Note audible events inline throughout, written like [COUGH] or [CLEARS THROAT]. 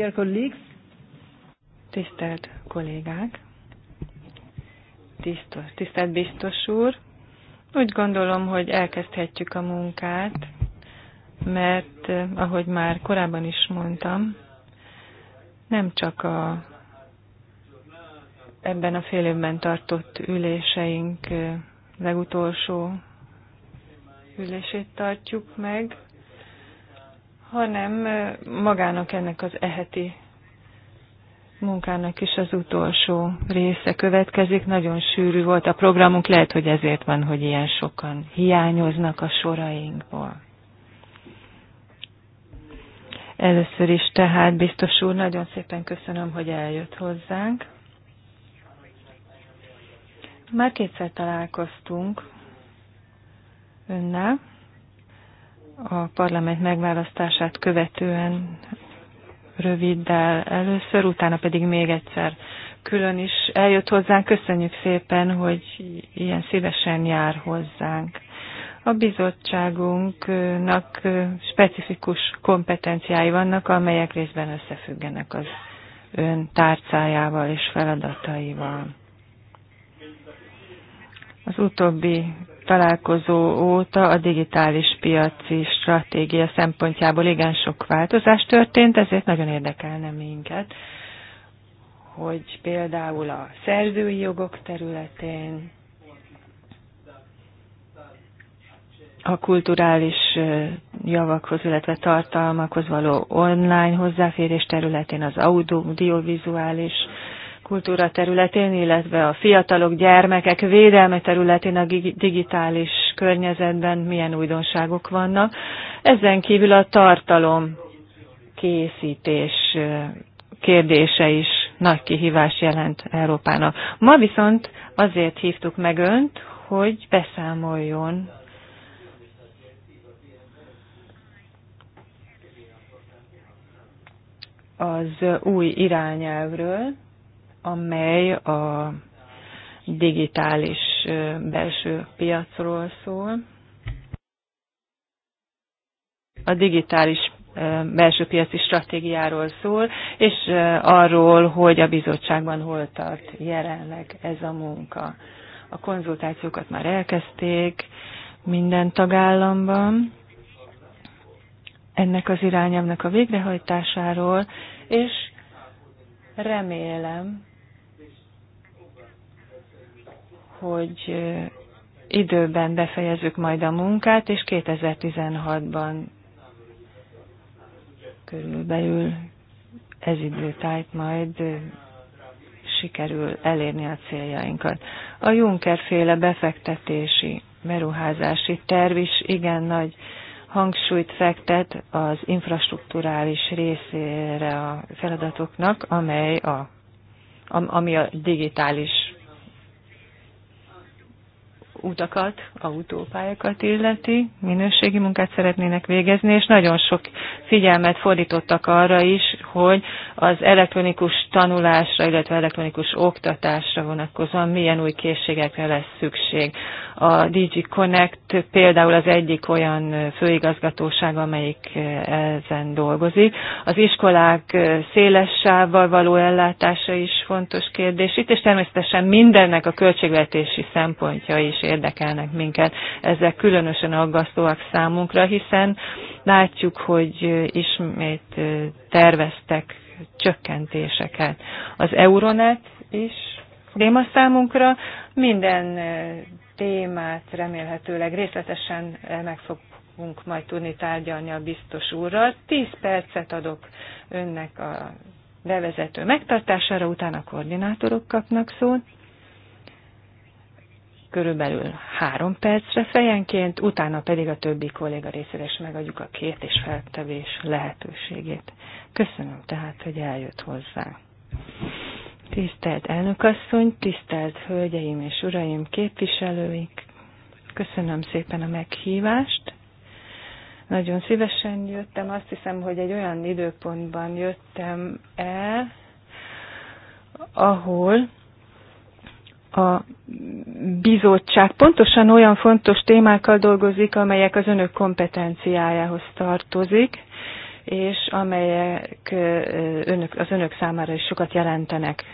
Dear colleagues, tisztelt kollégák, tisztos, tisztelt biztos úr, úgy gondolom, hogy elkezdhetjük a munkát, mert eh, ahogy már korábban is mondtam, nem csak a ebben a fél évben tartott üléseink eh, legutolsó ülését tartjuk meg, hanem magának ennek az eheti munkának is az utolsó része következik. Nagyon sűrű volt a programunk, lehet, hogy ezért van, hogy ilyen sokan hiányoznak a sorainkból. Először is tehát, biztos úr, nagyon szépen köszönöm, hogy eljött hozzánk. Már kétszer találkoztunk önnel a parlament megválasztását követően röviddel először, utána pedig még egyszer külön is eljött hozzánk. Köszönjük szépen, hogy ilyen szívesen jár hozzánk. A bizottságunknak specifikus kompetenciái vannak, amelyek részben összefüggenek az ön tárcájával és feladataival. Az utóbbi találkozó óta a digitális piaci stratégia szempontjából igen sok változás történt, ezért nagyon érdekelne minket, hogy például a szerzői jogok területén, a kulturális javakhoz, illetve tartalmakhoz való online hozzáférés területén, az audiovizuális kultúra területén, illetve a fiatalok, gyermekek védelme területén a digitális környezetben milyen újdonságok vannak. Ezen kívül a tartalom készítés kérdése is nagy kihívás jelent Európának. Ma viszont azért hívtuk meg önt, hogy beszámoljon az új irányelvről, amely a digitális belső piacról szól. A digitális belső piaci stratégiáról szól, és arról, hogy a bizottságban hol tart jelenleg ez a munka. A konzultációkat már elkezdték minden tagállamban ennek az irányámnak a végrehajtásáról, és remélem, hogy időben befejezzük majd a munkát, és 2016-ban körülbelül ez időtájt majd sikerül elérni a céljainkat. A Juncker féle befektetési, beruházási terv is igen nagy hangsúlyt fektet az infrastruktúrális részére a feladatoknak, amely a, ami a digitális utakat, autópályákat illeti, minőségi munkát szeretnének végezni, és nagyon sok figyelmet fordítottak arra is, hogy az elektronikus tanulásra, illetve elektronikus oktatásra vonatkozóan milyen új készségekre lesz szükség. A DG Connect például az egyik olyan főigazgatóság, amelyik eh, ezen dolgozik. Az iskolák eh, széles sávval való ellátása is fontos kérdés itt, és természetesen mindennek a költségvetési szempontja is érdekelnek minket. Ezek különösen aggasztóak számunkra, hiszen látjuk, hogy eh, ismét terveztek csökkentéseket. Az Euronet is téma számunkra. Minden témát remélhetőleg részletesen meg fogunk majd tudni tárgyalni a biztos úrral. Tíz percet adok önnek a bevezető megtartására, utána a koordinátorok kapnak szót körülbelül három percre fejenként, utána pedig a többi kolléga részére is megadjuk a két és feltevés lehetőségét. Köszönöm tehát, hogy eljött hozzá. Tisztelt elnökasszony, tisztelt hölgyeim és uraim képviselőik, köszönöm szépen a meghívást. Nagyon szívesen jöttem, azt hiszem, hogy egy olyan időpontban jöttem el, ahol a bizottság pontosan olyan fontos témákkal dolgozik, amelyek az önök kompetenciájához tartozik, és amelyek önök, az önök számára is sokat jelentenek.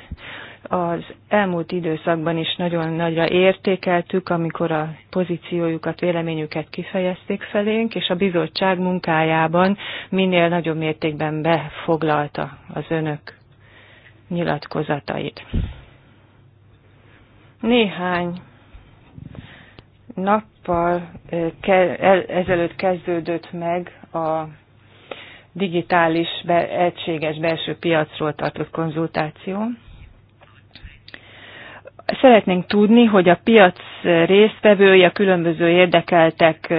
Az elmúlt időszakban is nagyon nagyra értékeltük, amikor a pozíciójukat, véleményüket kifejezték felénk, és a bizottság munkájában minél nagyobb mértékben befoglalta az önök nyilatkozatait. Néhány nappal ezelőtt kezdődött meg a digitális be, egységes belső piacról tartott konzultáció. Szeretnénk tudni, hogy a piac résztvevői, a különböző érdekeltek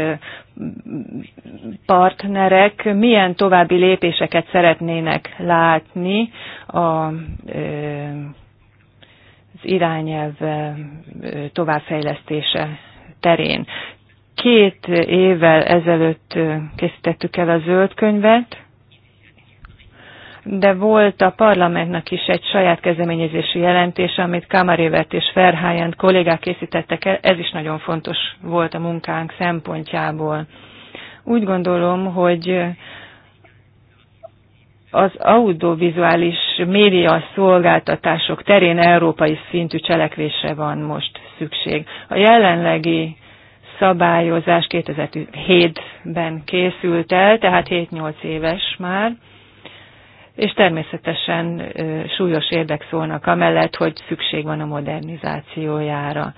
partnerek milyen további lépéseket szeretnének látni a az irányelv továbbfejlesztése terén. Két évvel ezelőtt készítettük el a zöld könyvet, de volt a parlamentnek is egy saját kezdeményezési jelentése, amit Kamarévet és Ferhájent kollégák készítettek el, ez is nagyon fontos volt a munkánk szempontjából. Úgy gondolom, hogy az audiovizuális média szolgáltatások terén európai szintű cselekvése van most szükség. A jelenlegi szabályozás 2007-ben készült el, tehát 7-8 éves már, és természetesen súlyos érdek szólnak amellett, hogy szükség van a modernizációjára.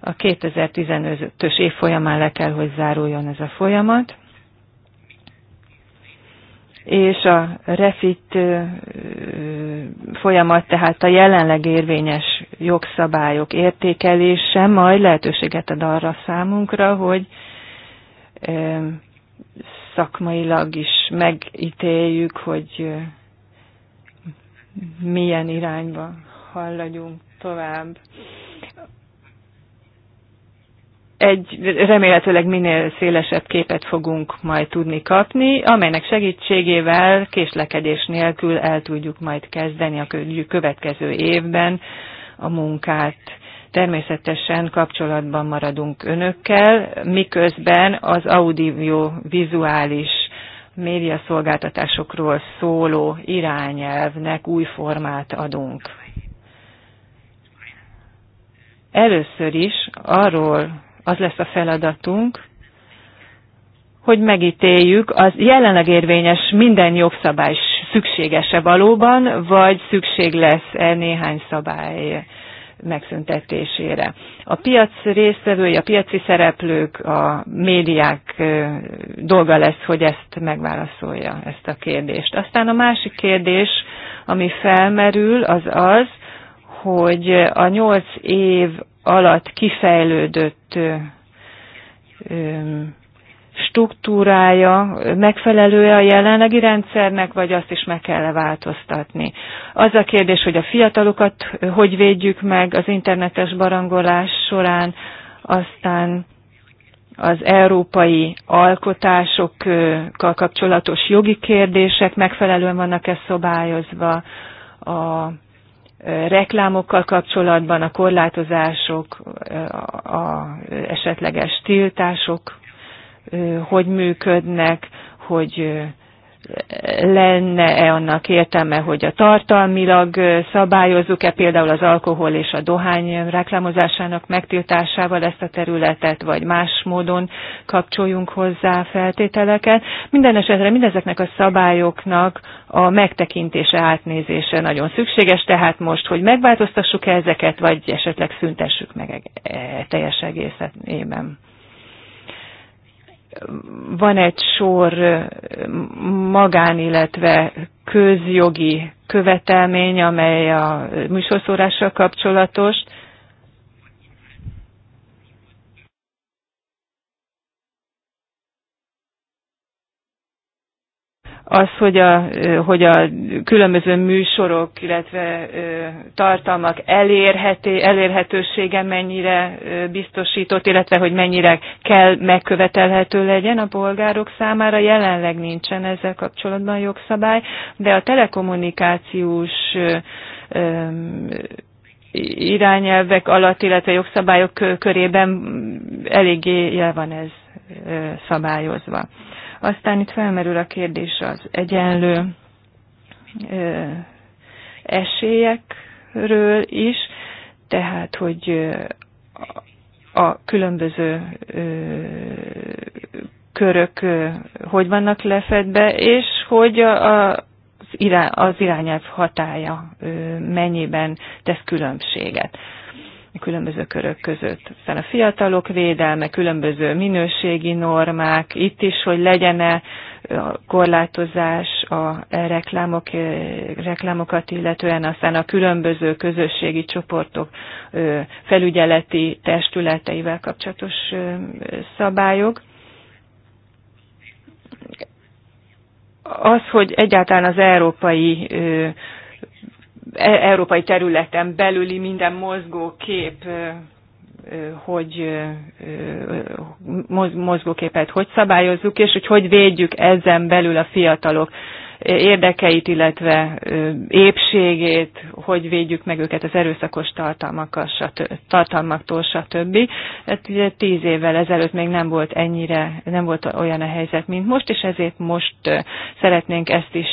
A 2015-ös év folyamán le kell, hogy záruljon ez a folyamat, és a refit folyamat, tehát a jelenleg érvényes jogszabályok értékelése majd lehetőséget ad arra számunkra, hogy szakmailag is megítéljük, hogy milyen irányba halladjunk tovább. Egy remélhetőleg minél szélesebb képet fogunk majd tudni kapni, amelynek segítségével késlekedés nélkül el tudjuk majd kezdeni a következő évben a munkát Természetesen kapcsolatban maradunk önökkel, miközben az audiovizuális médiaszolgáltatásokról szóló irányelvnek új formát adunk. Először is arról az lesz a feladatunk, hogy megítéljük, az jelenleg érvényes minden jogszabály szükséges-e valóban, vagy szükség lesz-e néhány szabály megszüntetésére. A piac résztvevői, a piaci szereplők, a médiák dolga lesz, hogy ezt megválaszolja, ezt a kérdést. Aztán a másik kérdés, ami felmerül, az az, hogy a nyolc év alatt kifejlődött struktúrája megfelelő a jelenlegi rendszernek, vagy azt is meg kell -e változtatni. Az a kérdés, hogy a fiatalokat hogy védjük meg az internetes barangolás során, aztán az európai alkotásokkal kapcsolatos jogi kérdések megfelelően vannak-e szobályozva, a reklámokkal kapcsolatban a korlátozások, a esetleges tiltások hogy működnek, hogy lenne-e annak értelme, hogy a tartalmilag szabályozzuk-e például az alkohol és a dohány reklámozásának megtiltásával ezt a területet, vagy más módon kapcsoljunk hozzá feltételeket. Minden esetre mindezeknek a szabályoknak a megtekintése, átnézése nagyon szükséges, tehát most, hogy megváltoztassuk -e ezeket, vagy esetleg szüntessük meg e- e- teljes egészében van egy sor magán, illetve közjogi követelmény, amely a műsorszórással kapcsolatos, az, hogy a, hogy a különböző műsorok, illetve tartalmak elérheté, elérhetősége mennyire biztosított, illetve hogy mennyire kell megkövetelhető legyen a polgárok számára. Jelenleg nincsen ezzel kapcsolatban jogszabály, de a telekommunikációs irányelvek alatt, illetve jogszabályok körében eléggé jel van ez szabályozva. Aztán itt felmerül a kérdés az egyenlő esélyekről is, tehát hogy a különböző körök hogy vannak lefedve, és hogy a, az irányelv hatája mennyiben tesz különbséget különböző körök között. Aztán a fiatalok védelme, különböző minőségi normák, itt is, hogy legyen-e korlátozás a reklámok, reklámokat illetően, aztán a különböző közösségi csoportok felügyeleti testületeivel kapcsolatos szabályok az, hogy egyáltalán az európai E, európai területen belüli minden mozgókép e, e, hogy mozgóképet hogy szabályozzuk, és hogy hogy védjük ezen belül a fiatalok érdekeit, illetve épségét, hogy védjük meg őket az erőszakos tartalmaktól, stb. Hát ugye tíz évvel ezelőtt még nem volt ennyire, nem volt olyan a helyzet, mint most, és ezért most szeretnénk ezt is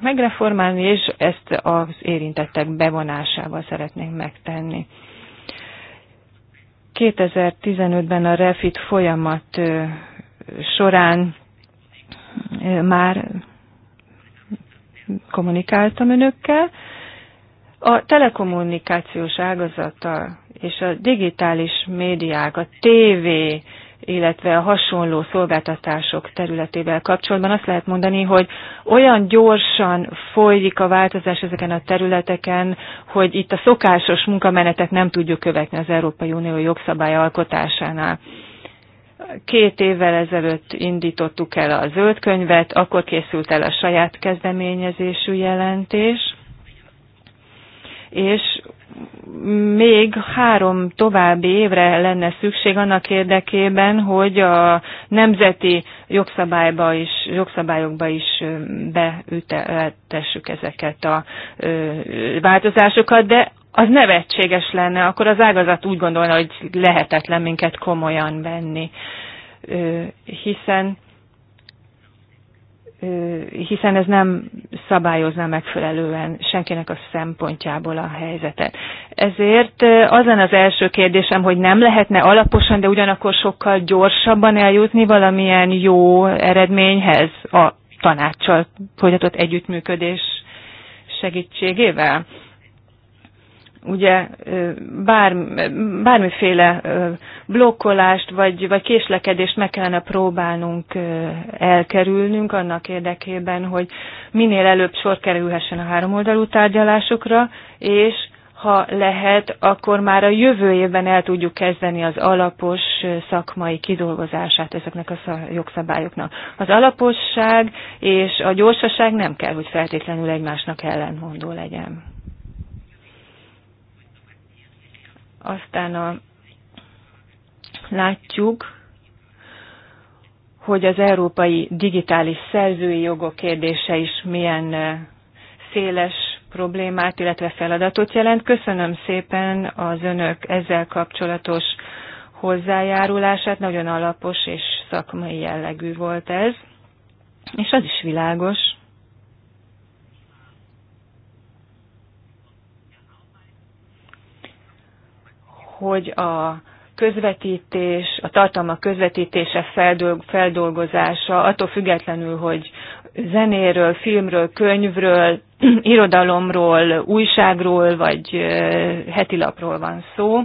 megreformálni, és ezt az érintettek bevonásával szeretnénk megtenni. 2015-ben a REFIT folyamat során már kommunikáltam önökkel. A telekommunikációs ágazata és a digitális médiák, a tévé, illetve a hasonló szolgáltatások területével kapcsolatban azt lehet mondani, hogy olyan gyorsan folyik a változás ezeken a területeken, hogy itt a szokásos munkamenetet nem tudjuk követni az Európai Unió jogszabály alkotásánál. Két évvel ezelőtt indítottuk el a zöld könyvet, akkor készült el a saját kezdeményezésű jelentés, és még három további évre lenne szükség annak érdekében, hogy a nemzeti jogszabályba is, jogszabályokba is beütetessük ezeket a változásokat, de az nevetséges lenne, akkor az ágazat úgy gondolna, hogy lehetetlen minket komolyan venni, hiszen hiszen ez nem szabályozna megfelelően senkinek a szempontjából a helyzetet. Ezért az lenne az első kérdésem, hogy nem lehetne alaposan, de ugyanakkor sokkal gyorsabban eljutni valamilyen jó eredményhez a tanácssal folytatott együttműködés segítségével ugye bár, bármiféle blokkolást vagy, vagy késlekedést meg kellene próbálnunk elkerülnünk annak érdekében, hogy minél előbb sor kerülhessen a háromoldalú tárgyalásokra, és ha lehet, akkor már a jövő évben el tudjuk kezdeni az alapos szakmai kidolgozását ezeknek a jogszabályoknak. Az alaposság és a gyorsaság nem kell, hogy feltétlenül egymásnak ellenmondó legyen. Aztán a, látjuk, hogy az európai digitális szerzői jogok kérdése is milyen széles problémát, illetve feladatot jelent. Köszönöm szépen az önök ezzel kapcsolatos hozzájárulását, nagyon alapos és szakmai jellegű volt ez. És az is világos, hogy a közvetítés, a tartalma közvetítése, feldolgozása, attól függetlenül, hogy zenéről, filmről, könyvről, [CLEARS THROAT] irodalomról, újságról vagy hetilapról van szó.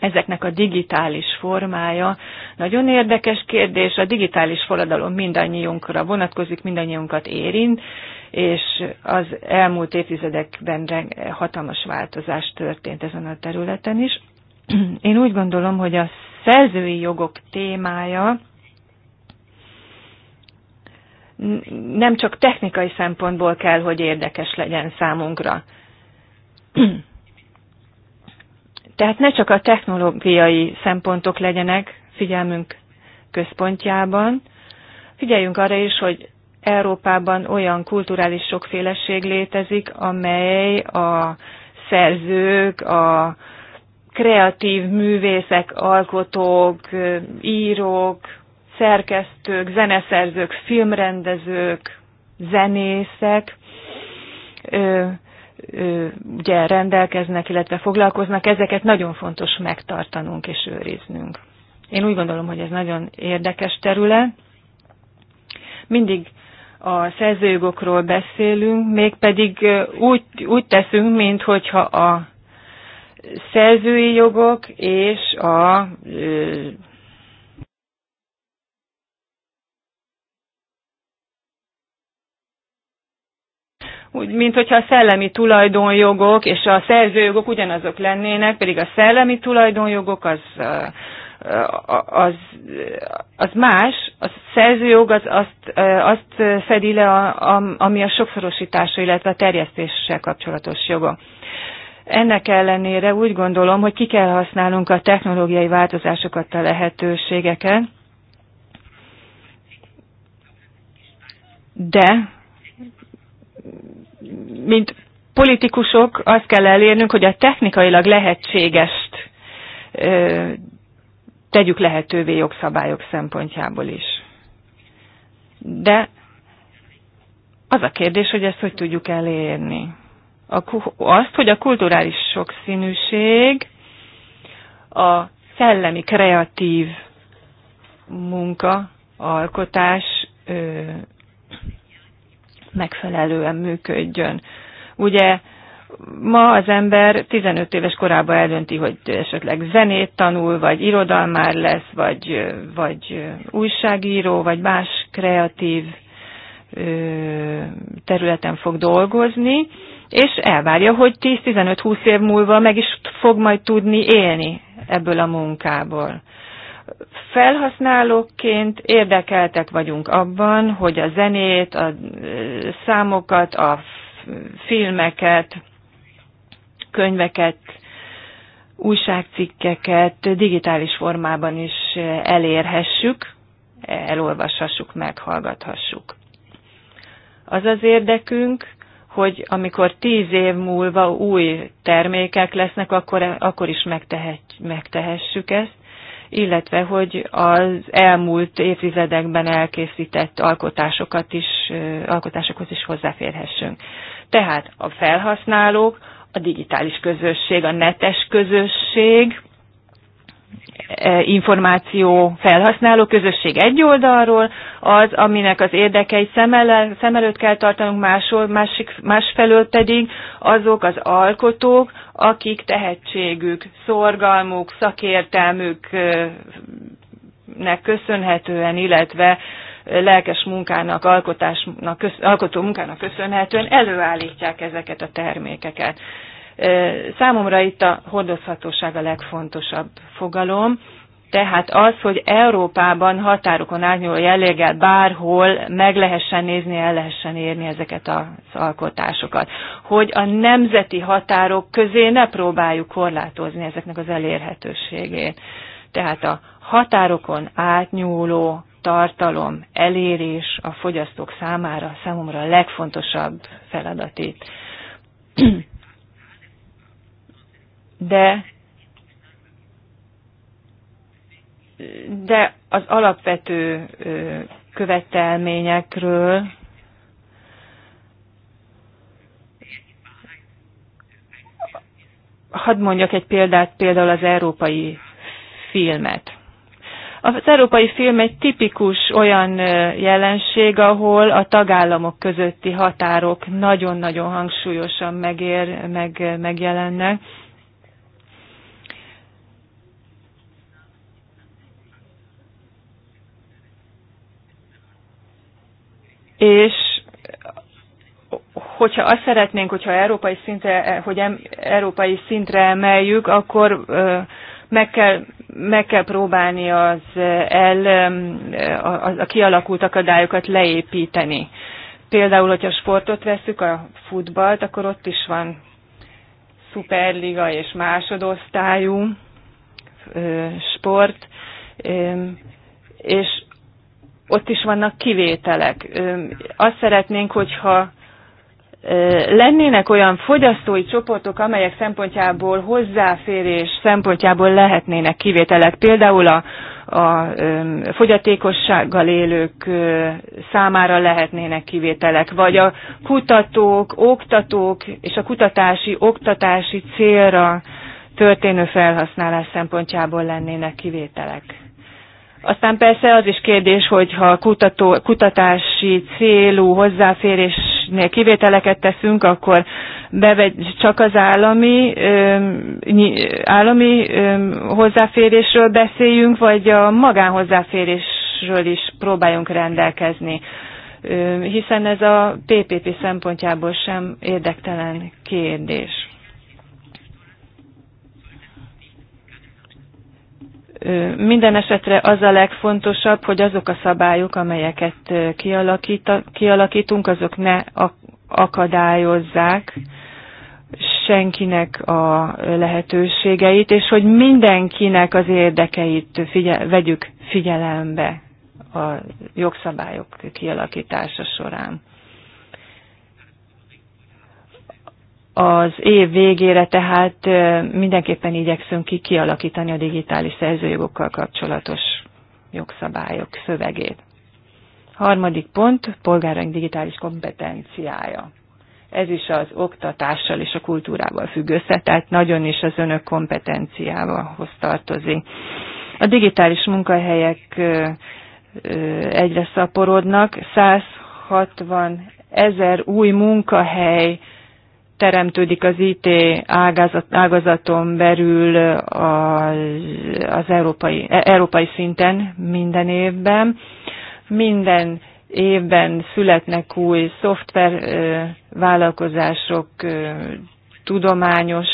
Ezeknek a digitális formája nagyon érdekes kérdés. A digitális forradalom mindannyiunkra vonatkozik, mindannyiunkat érint, és az elmúlt évtizedekben hatalmas változás történt ezen a területen is. Én úgy gondolom, hogy a szerzői jogok témája nem csak technikai szempontból kell, hogy érdekes legyen számunkra. Tehát ne csak a technológiai szempontok legyenek figyelmünk központjában, figyeljünk arra is, hogy Európában olyan kulturális sokféleség létezik, amely a szerzők, a kreatív művészek, alkotók, írók, szerkesztők, zeneszerzők, filmrendezők, zenészek ö, ö, ugye rendelkeznek, illetve foglalkoznak, ezeket nagyon fontos megtartanunk és őriznünk. Én úgy gondolom, hogy ez nagyon érdekes terület. Mindig a szerzőjogokról beszélünk, mégpedig úgy, úgy teszünk, hogyha a szerzői jogok és a úgy, mint hogyha a szellemi tulajdonjogok és a szerzőjogok ugyanazok lennének, pedig a szellemi tulajdonjogok az, az, az más, a szerzőjog az azt, azt fedi le, a, a, ami a sokszorosítása, illetve a terjesztéssel kapcsolatos jogok. Ennek ellenére úgy gondolom, hogy ki kell használnunk a technológiai változásokat, a lehetőségeken, de mint politikusok azt kell elérnünk, hogy a technikailag lehetségest ö, tegyük lehetővé jogszabályok szempontjából is. De az a kérdés, hogy ezt hogy tudjuk elérni a, azt, hogy a kulturális sokszínűség a szellemi kreatív munka, alkotás ö, megfelelően működjön. Ugye ma az ember 15 éves korában eldönti, hogy esetleg zenét tanul, vagy irodalmár lesz, vagy, vagy újságíró, vagy más kreatív területen fog dolgozni, és elvárja, hogy 10-15-20 év múlva meg is fog majd tudni élni ebből a munkából. Felhasználóként érdekeltek vagyunk abban, hogy a zenét, a számokat, a filmeket, könyveket, újságcikkeket digitális formában is elérhessük, elolvashassuk, meghallgathassuk. Az az érdekünk, hogy amikor tíz év múlva új termékek lesznek, akkor, akkor is megtehet, megtehessük ezt, illetve hogy az elmúlt évtizedekben elkészített alkotásokat is, alkotásokhoz is hozzáférhessünk. Tehát a felhasználók, a digitális közösség, a netes közösség, E, információ felhasználó közösség egy oldalról, az, aminek az érdekei szem, szem előtt kell tartanunk, másol, másik, másfelől pedig azok az alkotók, akik tehetségük, szorgalmuk, szakértelmüknek e, köszönhetően, illetve lelkes munkának, alkotásnak, alkotó munkának köszönhetően előállítják ezeket a termékeket. Számomra itt a hordozhatóság a legfontosabb fogalom, tehát az, hogy Európában határokon átnyúló jelleggel bárhol meg lehessen nézni, el lehessen érni ezeket az alkotásokat. Hogy a nemzeti határok közé ne próbáljuk korlátozni ezeknek az elérhetőségét. Tehát a határokon átnyúló tartalom elérés a fogyasztók számára számomra a legfontosabb feladat itt de de az alapvető követelményekről hadd mondjak egy példát, például az európai filmet. Az európai film egy tipikus olyan jelenség, ahol a tagállamok közötti határok nagyon-nagyon hangsúlyosan megér, meg, megjelennek, és hogyha azt szeretnénk, hogyha európai szintre, hogy em, európai szintre emeljük, akkor ö, meg kell, meg kell próbálni az el, a, a kialakult akadályokat leépíteni. Például, hogyha sportot veszük, a futballt, akkor ott is van szuperliga és másodosztályú sport, és ott is vannak kivételek. Azt szeretnénk, hogyha lennének olyan fogyasztói csoportok, amelyek szempontjából hozzáférés szempontjából lehetnének kivételek. Például a, a fogyatékossággal élők számára lehetnének kivételek, vagy a kutatók, oktatók és a kutatási, oktatási célra történő felhasználás szempontjából lennének kivételek. Aztán persze az is kérdés, hogyha kutató, kutatási célú hozzáférésnél kivételeket teszünk, akkor bevegy csak az állami, állami hozzáférésről beszéljünk, vagy a magánhozzáférésről is próbáljunk rendelkezni. Hiszen ez a PPP szempontjából sem érdektelen kérdés. Minden esetre az a legfontosabb, hogy azok a szabályok, amelyeket kialakítunk, azok ne akadályozzák senkinek a lehetőségeit, és hogy mindenkinek az érdekeit figye- vegyük figyelembe a jogszabályok kialakítása során. Az év végére tehát mindenképpen igyekszünk ki kialakítani a digitális szerzőjogokkal kapcsolatos jogszabályok szövegét. Harmadik pont, polgáraink digitális kompetenciája. Ez is az oktatással és a kultúrával függ össze, tehát nagyon is az önök kompetenciához tartozik. A digitális munkahelyek egyre szaporodnak, 160 ezer új munkahely teremtődik az IT ágazat, ágazaton belül az, az európai, e, európai szinten minden évben. Minden évben születnek új szoftver vállalkozások, tudományos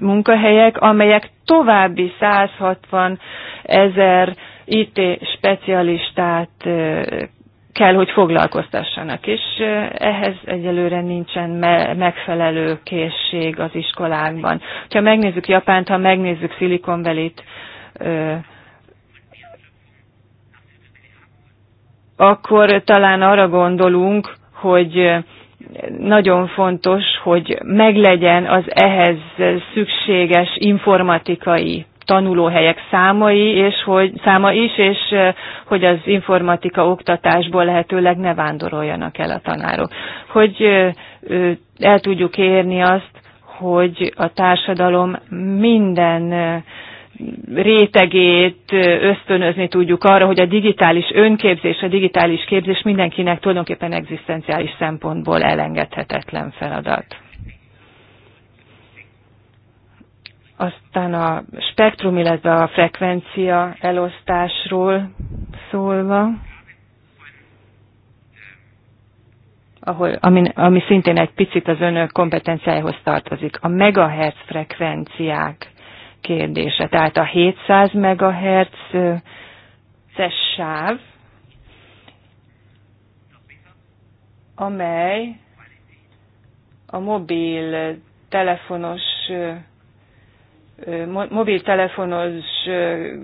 munkahelyek, amelyek további 160 ezer IT specialistát kell, hogy foglalkoztassanak, és ehhez egyelőre nincsen me megfelelő készség az iskolákban. Ha megnézzük Japánt, ha megnézzük Silicon akkor talán arra gondolunk, hogy nagyon fontos, hogy meglegyen az ehhez szükséges informatikai tanulóhelyek számai, és hogy, száma is, és hogy az informatika oktatásból lehetőleg ne vándoroljanak el a tanárok. Hogy el tudjuk érni azt, hogy a társadalom minden rétegét ösztönözni tudjuk arra, hogy a digitális önképzés, a digitális képzés mindenkinek tulajdonképpen egzisztenciális szempontból elengedhetetlen feladat. Aztán a spektrum, illetve a frekvencia elosztásról szólva, ahol, ami, ami szintén egy picit az önök kompetenciájához tartozik, a megahertz frekvenciák kérdése. Tehát a 700 megahertz sáv, amely a mobil telefonos mobiltelefonos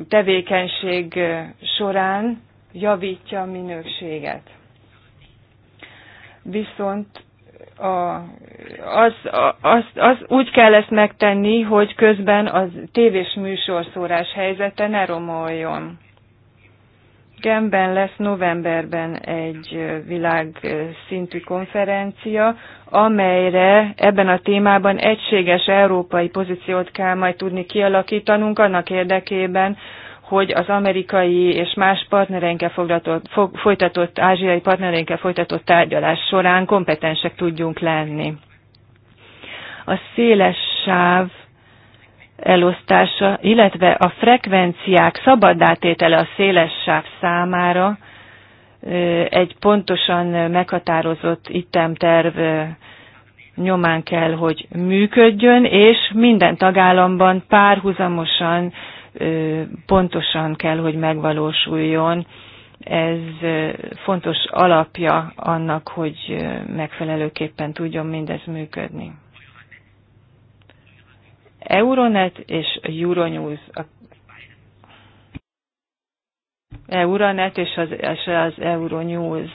tevékenység során javítja a minőséget. Viszont a, az, az, az úgy kell ezt megtenni, hogy közben az tévés műsorszórás helyzete ne romoljon. Genben lesz novemberben egy világszintű konferencia, amelyre ebben a témában egységes európai pozíciót kell majd tudni kialakítanunk annak érdekében, hogy az amerikai és más partnereinkkel folytatott, ázsiai partnereinkkel folytatott tárgyalás során kompetensek tudjunk lenni. A széles sáv elosztása, illetve a frekvenciák szabad a széles sáv számára egy pontosan meghatározott ittemterv nyomán kell, hogy működjön, és minden tagállamban párhuzamosan pontosan kell, hogy megvalósuljon. Ez fontos alapja annak, hogy megfelelőképpen tudjon mindez működni. Euronet és Euronews. Euronet és az, és az Euronews.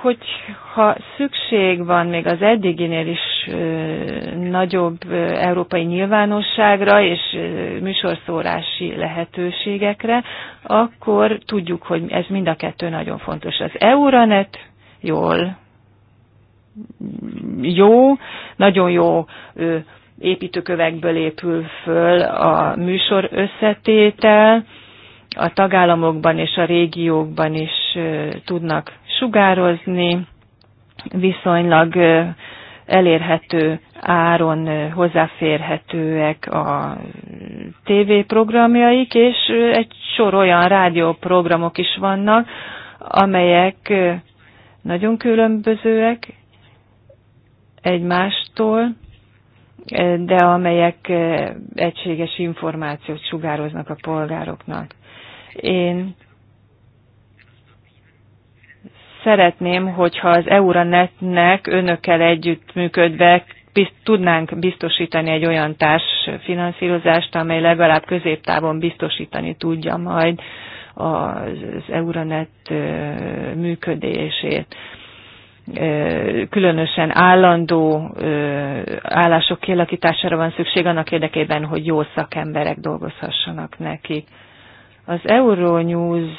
Hogyha szükség van még az eddiginél is nagyobb európai nyilvánosságra és műsorszórási lehetőségekre, akkor tudjuk, hogy ez mind a kettő nagyon fontos. Az Euronet jól jó, nagyon jó építőkövekből épül föl a műsor összetétel, a tagállamokban és a régiókban is tudnak sugározni, viszonylag elérhető áron hozzáférhetőek a TV programjaik, és egy sor olyan rádióprogramok is vannak, amelyek nagyon különbözőek, egymástól, e, de amelyek e, egységes információt sugároznak a polgároknak. Én szeretném, hogyha az Euronetnek önökkel együtt működve tudnánk biztosítani egy olyan társfinanszírozást, amely legalább középtávon biztosítani tudja majd az Euronet e, működését különösen állandó állások kialakítására van szükség annak érdekében, hogy jó szakemberek dolgozhassanak neki. Az Euronews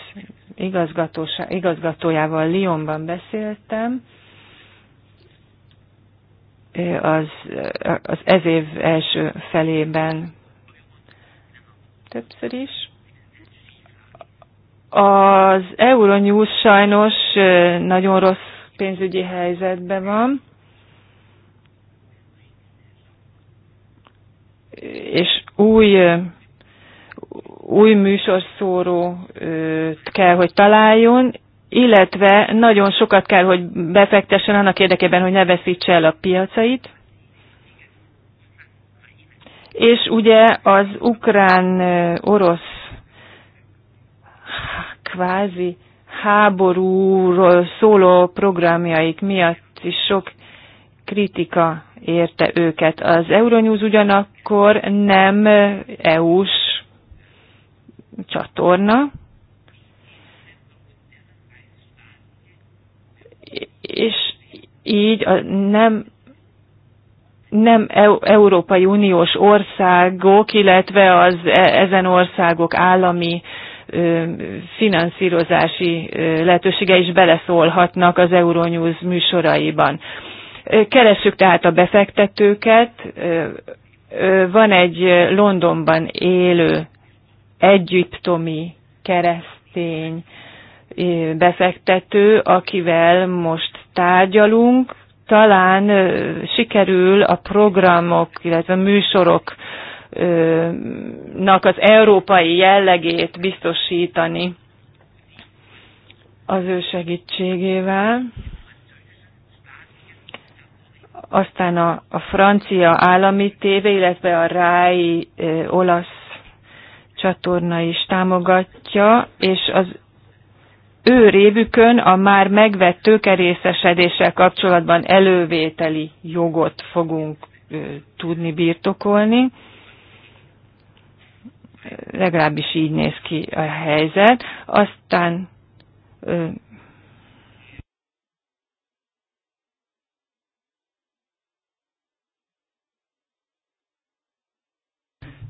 igazgatójával Lyonban beszéltem, az, az ez év első felében többször is. Az Euronews sajnos nagyon rossz pénzügyi helyzetben van, és új új műsorszórót kell, hogy találjon, illetve nagyon sokat kell, hogy befektessen annak érdekében, hogy ne veszítse el a piacait. És ugye az ukrán-orosz kvázi háborúról szóló programjaik miatt is sok kritika érte őket. Az Euronews ugyanakkor nem EU-s csatorna, és így a nem nem Európai Uniós országok, illetve az e- ezen országok állami finanszírozási lehetősége is beleszólhatnak az Euronews műsoraiban. Keressük tehát a befektetőket. Van egy Londonban élő egyiptomi keresztény befektető, akivel most tárgyalunk. Talán sikerül a programok, illetve a műsorok nak az európai jellegét biztosítani az ő segítségével. Aztán a, a francia állami tévé, illetve a RAI ö, olasz csatorna is támogatja, és az ő révükön a már megvett tőkerészesedéssel kapcsolatban elővételi jogot fogunk ö, tudni birtokolni legalábbis így néz ki a helyzet. Aztán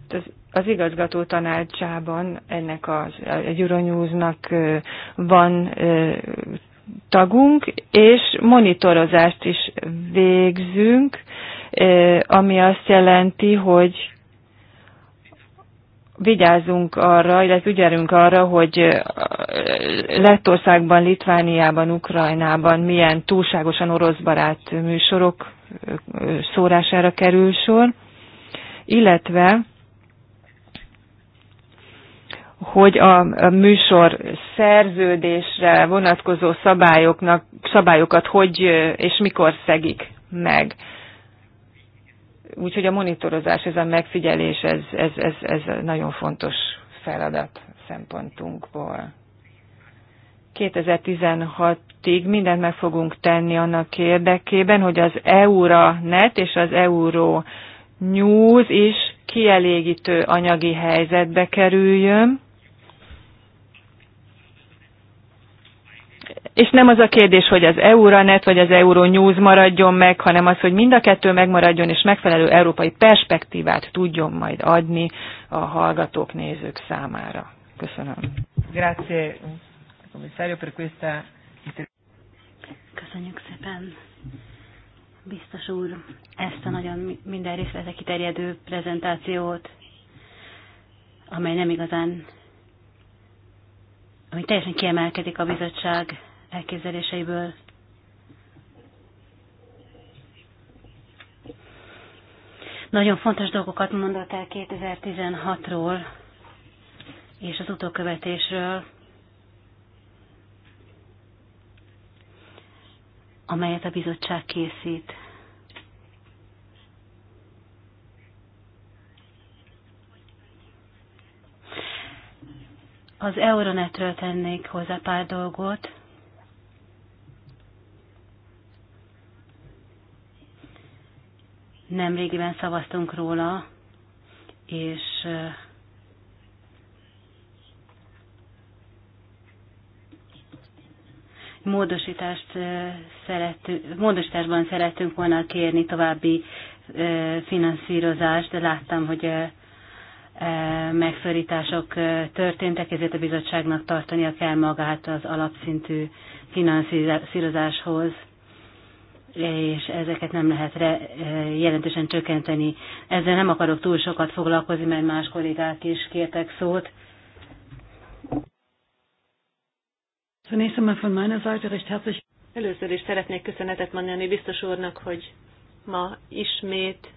az, az igazgató tanácsában ennek az, az Euronewsnak van tagunk, és monitorozást is végzünk, ami azt jelenti, hogy vigyázzunk arra, illetve ügyelünk arra, hogy Lettországban, Litvániában, Ukrajnában milyen túlságosan oroszbarát műsorok szórására kerül sor, illetve hogy a műsor szerződésre vonatkozó szabályoknak, szabályokat hogy és mikor szegik meg. Úgyhogy a monitorozás, ez a megfigyelés, ez, ez, ez, ez nagyon fontos feladat szempontunkból. 2016-ig mindent meg fogunk tenni annak érdekében, hogy az EURA net és az Euró News is kielégítő anyagi helyzetbe kerüljön, és nem az a kérdés, hogy az Euronet vagy az Euronews maradjon meg, hanem az, hogy mind a kettő megmaradjon, és megfelelő európai perspektívát tudjon majd adni a hallgatók, nézők számára. Köszönöm. Grazie, commissario, per questa... Köszönjük szépen, biztos úr, ezt a nagyon minden részletre kiterjedő prezentációt, amely nem igazán ami teljesen kiemelkedik a bizottság elképzeléseiből. Nagyon fontos dolgokat mondott el 2016-ról és az utókövetésről, amelyet a bizottság készít. Az Euronetről tennék hozzá pár dolgot. Nemrégiben szavaztunk róla, és módosítást szeretünk, módosításban szerettünk volna kérni további finanszírozást, de láttam, hogy megszorítások történtek, ezért a bizottságnak tartania kell magát az alapszintű finanszírozáshoz és ezeket nem lehet re, e, jelentősen csökkenteni. Ezzel nem akarok túl sokat foglalkozni, mert más kollégák is kértek szót. Először is szeretnék köszönetet mondani biztos úrnak, hogy ma ismét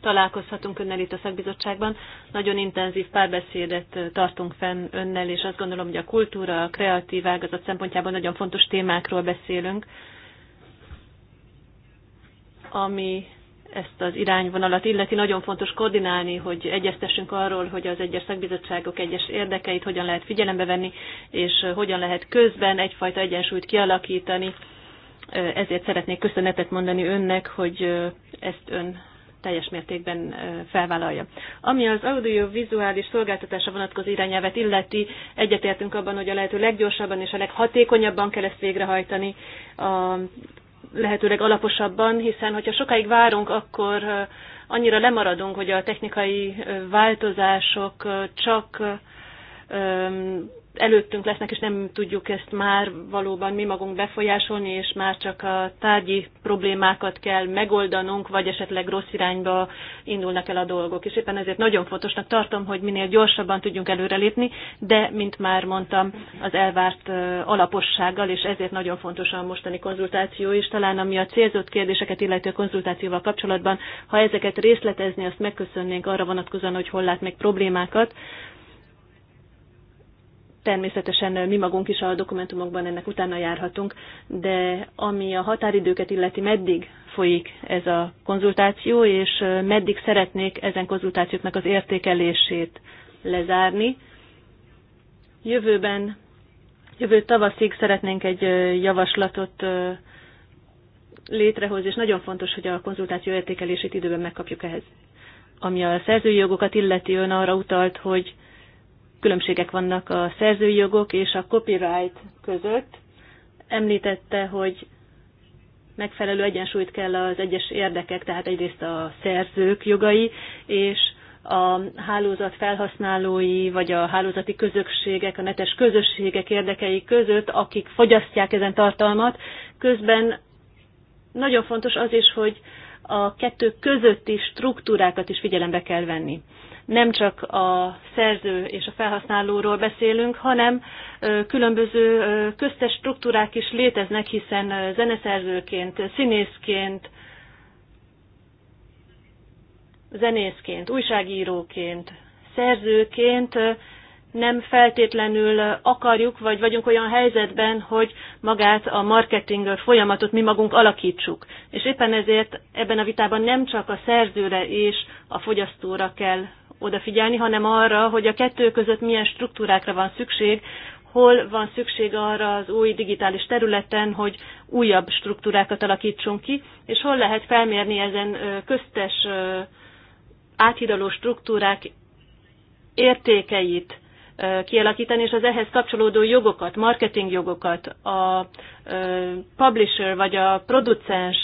találkozhatunk önnel itt a szakbizottságban. Nagyon intenzív párbeszédet tartunk fenn önnel, és azt gondolom, hogy a kultúra, a kreatív ágazat szempontjából nagyon fontos témákról beszélünk ami ezt az irányvonalat illeti. Nagyon fontos koordinálni, hogy egyeztessünk arról, hogy az egyes szakbizottságok egyes érdekeit hogyan lehet figyelembe venni, és hogyan lehet közben egyfajta egyensúlyt kialakítani. Ezért szeretnék köszönetet mondani önnek, hogy ezt ön teljes mértékben felvállalja. Ami az audiovizuális szolgáltatása vonatkozó irányelvet illeti, egyetértünk abban, hogy a lehető leggyorsabban és a leghatékonyabban kell ezt végrehajtani. A lehetőleg alaposabban, hiszen hogyha sokáig várunk, akkor annyira lemaradunk, hogy a technikai változások csak előttünk lesznek, és nem tudjuk ezt már valóban mi magunk befolyásolni, és már csak a tárgyi problémákat kell megoldanunk, vagy esetleg rossz irányba indulnak el a dolgok. És éppen ezért nagyon fontosnak tartom, hogy minél gyorsabban tudjunk előrelépni, de, mint már mondtam, az elvárt alapossággal, és ezért nagyon fontos a mostani konzultáció is, talán ami a célzott kérdéseket illető konzultációval kapcsolatban, ha ezeket részletezni, azt megköszönnénk arra vonatkozóan, hogy hol lát még problémákat, Természetesen mi magunk is a dokumentumokban ennek utána járhatunk, de ami a határidőket illeti, meddig folyik ez a konzultáció, és meddig szeretnék ezen konzultációknak az értékelését lezárni. Jövőben, jövő tavaszig szeretnénk egy javaslatot létrehozni, és nagyon fontos, hogy a konzultáció értékelését időben megkapjuk ehhez. Ami a szerzői jogokat illeti, ön arra utalt, hogy különbségek vannak a szerzői jogok és a copyright között. Említette, hogy megfelelő egyensúlyt kell az egyes érdekek, tehát egyrészt a szerzők jogai, és a hálózat felhasználói, vagy a hálózati közösségek, a netes közösségek érdekei között, akik fogyasztják ezen tartalmat. Közben nagyon fontos az is, hogy a kettő közötti struktúrákat is figyelembe kell venni nem csak a szerző és a felhasználóról beszélünk, hanem különböző köztes struktúrák is léteznek, hiszen zeneszerzőként, színészként, zenészként, újságíróként, szerzőként nem feltétlenül akarjuk, vagy vagyunk olyan helyzetben, hogy magát a marketing folyamatot mi magunk alakítsuk. És éppen ezért ebben a vitában nem csak a szerzőre és a fogyasztóra kell odafigyelni, hanem arra, hogy a kettő között milyen struktúrákra van szükség, hol van szükség arra az új digitális területen, hogy újabb struktúrákat alakítsunk ki, és hol lehet felmérni ezen köztes áthidaló struktúrák értékeit kialakítani, és az ehhez kapcsolódó jogokat, marketing jogokat, a publisher vagy a producens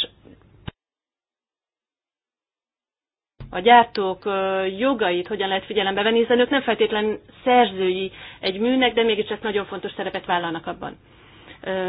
a gyártók jogait hogyan lehet figyelembe venni, hiszen ők nem feltétlenül szerzői egy műnek, de mégiscsak nagyon fontos szerepet vállalnak abban.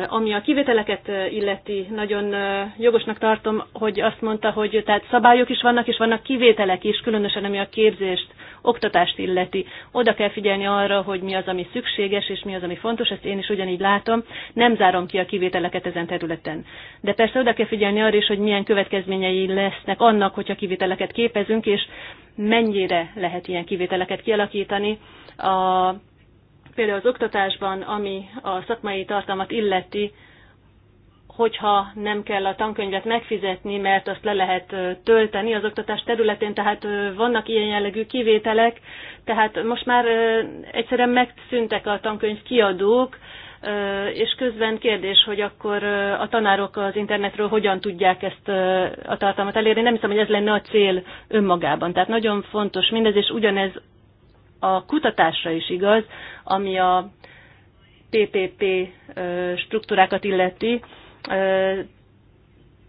Ami a kivételeket illeti, nagyon jogosnak tartom, hogy azt mondta, hogy tehát szabályok is vannak, és vannak kivételek is, különösen ami a képzést, oktatást illeti. Oda kell figyelni arra, hogy mi az, ami szükséges, és mi az, ami fontos, ezt én is ugyanígy látom. Nem zárom ki a kivételeket ezen területen. De persze oda kell figyelni arra is, hogy milyen következményei lesznek annak, hogyha kivételeket képezünk, és mennyire lehet ilyen kivételeket kialakítani. A például az oktatásban, ami a szakmai tartalmat illeti, hogyha nem kell a tankönyvet megfizetni, mert azt le lehet tölteni az oktatás területén, tehát vannak ilyen jellegű kivételek, tehát most már egyszerűen megszűntek a tankönyv kiadók, és közben kérdés, hogy akkor a tanárok az internetről hogyan tudják ezt a tartalmat elérni. Nem hiszem, hogy ez lenne a cél önmagában. Tehát nagyon fontos mindez, és ugyanez a kutatásra is igaz, ami a PPP struktúrákat illeti.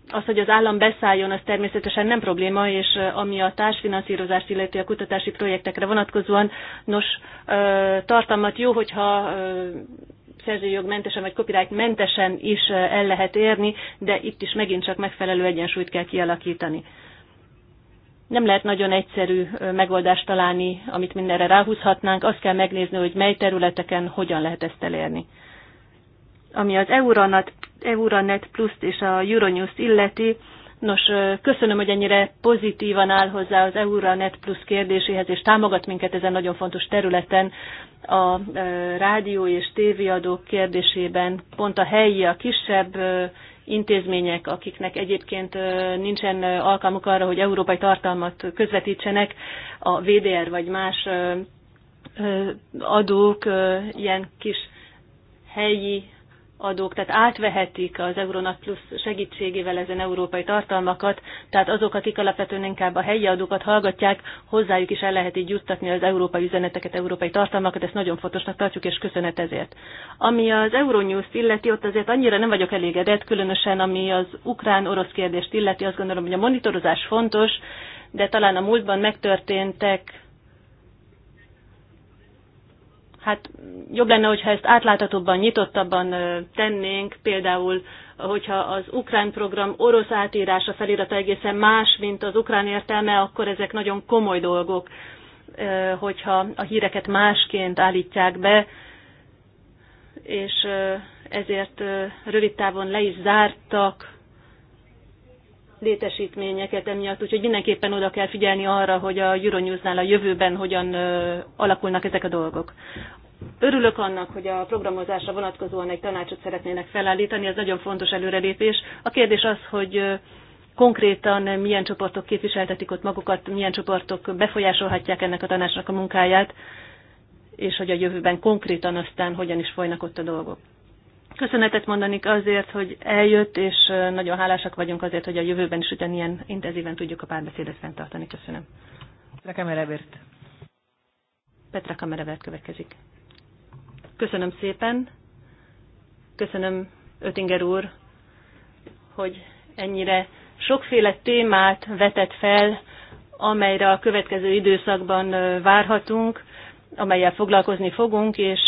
Az, hogy az állam beszálljon, az természetesen nem probléma, és ami a társfinanszírozást illeti a kutatási projektekre vonatkozóan, nos, tartalmat jó, hogyha szerzőjogmentesen vagy mentesen is el lehet érni, de itt is megint csak megfelelő egyensúlyt kell kialakítani nem lehet nagyon egyszerű megoldást találni, amit mindenre ráhúzhatnánk. Azt kell megnézni, hogy mely területeken hogyan lehet ezt elérni. Ami az Euronet, Euronet plus és a euronews illeti, nos, köszönöm, hogy ennyire pozitívan áll hozzá az Euronet Plus kérdéséhez, és támogat minket ezen nagyon fontos területen. A rádió és tévéadók kérdésében pont a helyi, a kisebb intézmények, akiknek egyébként nincsen alkalmuk arra, hogy európai tartalmat közvetítsenek, a VDR vagy más adók ilyen kis helyi adók, tehát átvehetik az Euronat Plus segítségével ezen európai tartalmakat, tehát azok, akik alapvetően inkább a helyi adókat hallgatják, hozzájuk is el lehet így juttatni az európai üzeneteket, európai tartalmakat, ezt nagyon fontosnak tartjuk, és köszönet ezért. Ami az euronews illeti, ott azért annyira nem vagyok elégedett, különösen ami az ukrán-orosz kérdést illeti, azt gondolom, hogy a monitorozás fontos, de talán a múltban megtörténtek hát jobb lenne, hogyha ezt átláthatóbban, nyitottabban tennénk, például, hogyha az ukrán program orosz átírása felirata egészen más, mint az ukrán értelme, akkor ezek nagyon komoly dolgok, hogyha a híreket másként állítják be, és ezért rövid távon le is zártak létesítményeket emiatt, úgyhogy mindenképpen oda kell figyelni arra, hogy a Euronewsnál a jövőben hogyan alakulnak ezek a dolgok. Örülök annak, hogy a programozásra vonatkozóan egy tanácsot szeretnének felállítani, ez nagyon fontos előrelépés. A kérdés az, hogy konkrétan milyen csoportok képviseltetik ott magukat, milyen csoportok befolyásolhatják ennek a tanácsnak a munkáját, és hogy a jövőben konkrétan aztán hogyan is folynak ott a dolgok köszönetet mondani azért, hogy eljött, és nagyon hálásak vagyunk azért, hogy a jövőben is ugyanilyen intenzíven tudjuk a párbeszédet fenntartani. Köszönöm. Petra Kamerevert. Petra Kamerevert következik. Köszönöm szépen. Köszönöm, Ötinger úr, hogy ennyire sokféle témát vetett fel, amelyre a következő időszakban várhatunk, amelyel foglalkozni fogunk, és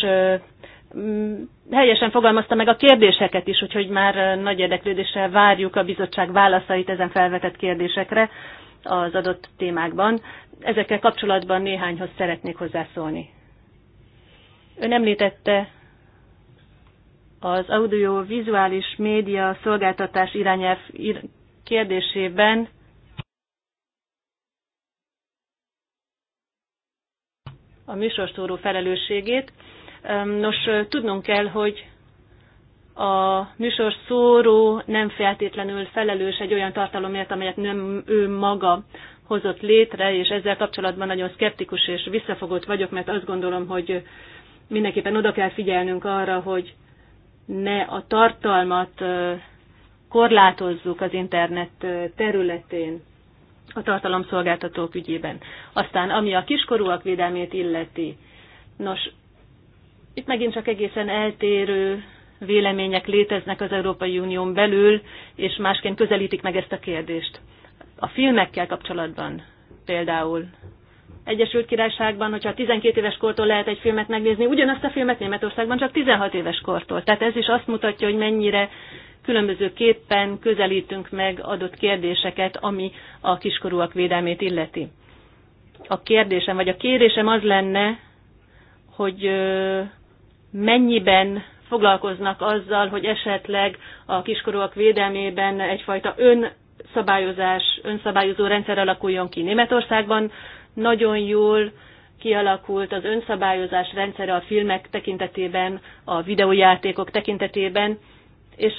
Mm, helyesen fogalmazta meg a kérdéseket is, úgyhogy már eh, nagy érdeklődéssel várjuk a bizottság válaszait ezen felvetett kérdésekre az adott témákban. Ezekkel kapcsolatban néhányhoz szeretnék hozzászólni. Ön említette az audiovizuális média szolgáltatás irányelv kérdésében a műsorszóró felelősségét. Nos, tudnunk kell, hogy a műsor szóró nem feltétlenül felelős egy olyan tartalomért, amelyet nem ő maga hozott létre, és ezzel kapcsolatban nagyon szkeptikus és visszafogott vagyok, mert azt gondolom, hogy mindenképpen oda kell figyelnünk arra, hogy ne a tartalmat korlátozzuk az internet területén a tartalomszolgáltatók ügyében. Aztán, ami a kiskorúak védelmét illeti, nos, itt megint csak egészen eltérő vélemények léteznek az Európai Unión belül, és másként közelítik meg ezt a kérdést. A filmekkel kapcsolatban például Egyesült Királyságban, hogyha 12 éves kortól lehet egy filmet megnézni, ugyanazt a filmet Németországban csak 16 éves kortól. Tehát ez is azt mutatja, hogy mennyire különbözőképpen közelítünk meg adott kérdéseket, ami a kiskorúak védelmét illeti. A kérdésem, vagy a kérésem az lenne, hogy mennyiben foglalkoznak azzal, hogy esetleg a kiskorúak védelmében egyfajta önszabályozás, önszabályozó rendszer alakuljon ki. Németországban nagyon jól kialakult az önszabályozás rendszere a filmek tekintetében, a videójátékok tekintetében, és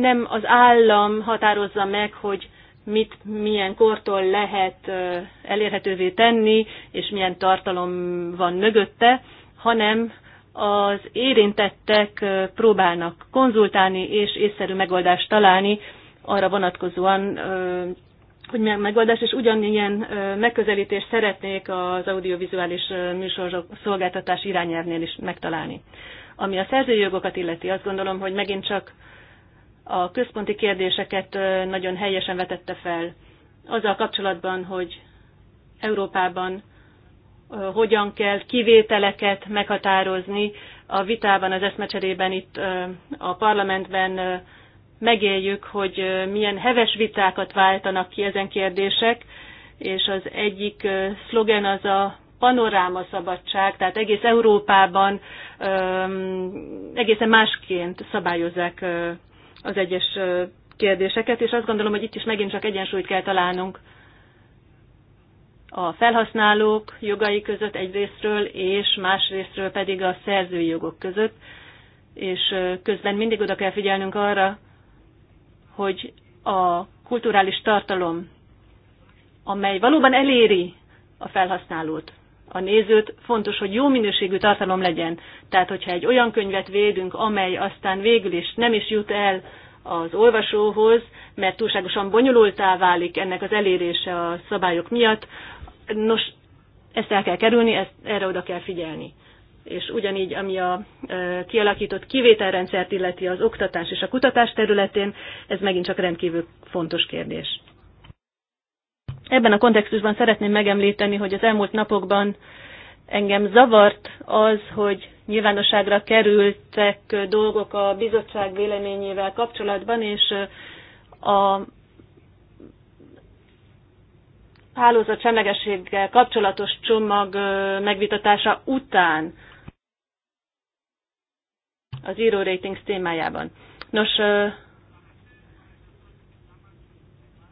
nem az állam határozza meg, hogy mit milyen kortól lehet elérhetővé tenni, és milyen tartalom van mögötte, hanem az érintettek próbálnak konzultálni és észszerű megoldást találni arra vonatkozóan, hogy milyen megoldás, és ugyanilyen megközelítést szeretnék az audiovizuális műsorok szolgáltatás irányelvnél is megtalálni. Ami a szerzői jogokat illeti, azt gondolom, hogy megint csak a központi kérdéseket nagyon helyesen vetette fel azzal kapcsolatban, hogy Európában hogyan kell kivételeket meghatározni. A vitában, az eszmecserében itt a parlamentben megéljük, hogy milyen heves vitákat váltanak ki ezen kérdések, és az egyik szlogen az a panoráma szabadság, tehát egész Európában egészen másként szabályozzák az egyes kérdéseket, és azt gondolom, hogy itt is megint csak egyensúlyt kell találnunk a felhasználók jogai között egyrésztről, és másrésztről pedig a szerzői jogok között, és közben mindig oda kell figyelnünk arra, hogy a kulturális tartalom, amely valóban eléri a felhasználót, a nézőt, fontos, hogy jó minőségű tartalom legyen. Tehát, hogyha egy olyan könyvet védünk, amely aztán végül is nem is jut el az olvasóhoz, mert túlságosan bonyolultá válik ennek az elérése a szabályok miatt, Nos, ezt el kell kerülni, ezt, erre oda kell figyelni. És ugyanígy, ami a e, kialakított kivételrendszert illeti az oktatás és a kutatás területén, ez megint csak rendkívül fontos kérdés. Ebben a kontextusban szeretném megemlíteni, hogy az elmúlt napokban engem zavart az, hogy nyilvánosságra kerültek dolgok a bizottság véleményével kapcsolatban, és a hálózat semlegességgel kapcsolatos csomag megvitatása után az író ratings témájában. Nos,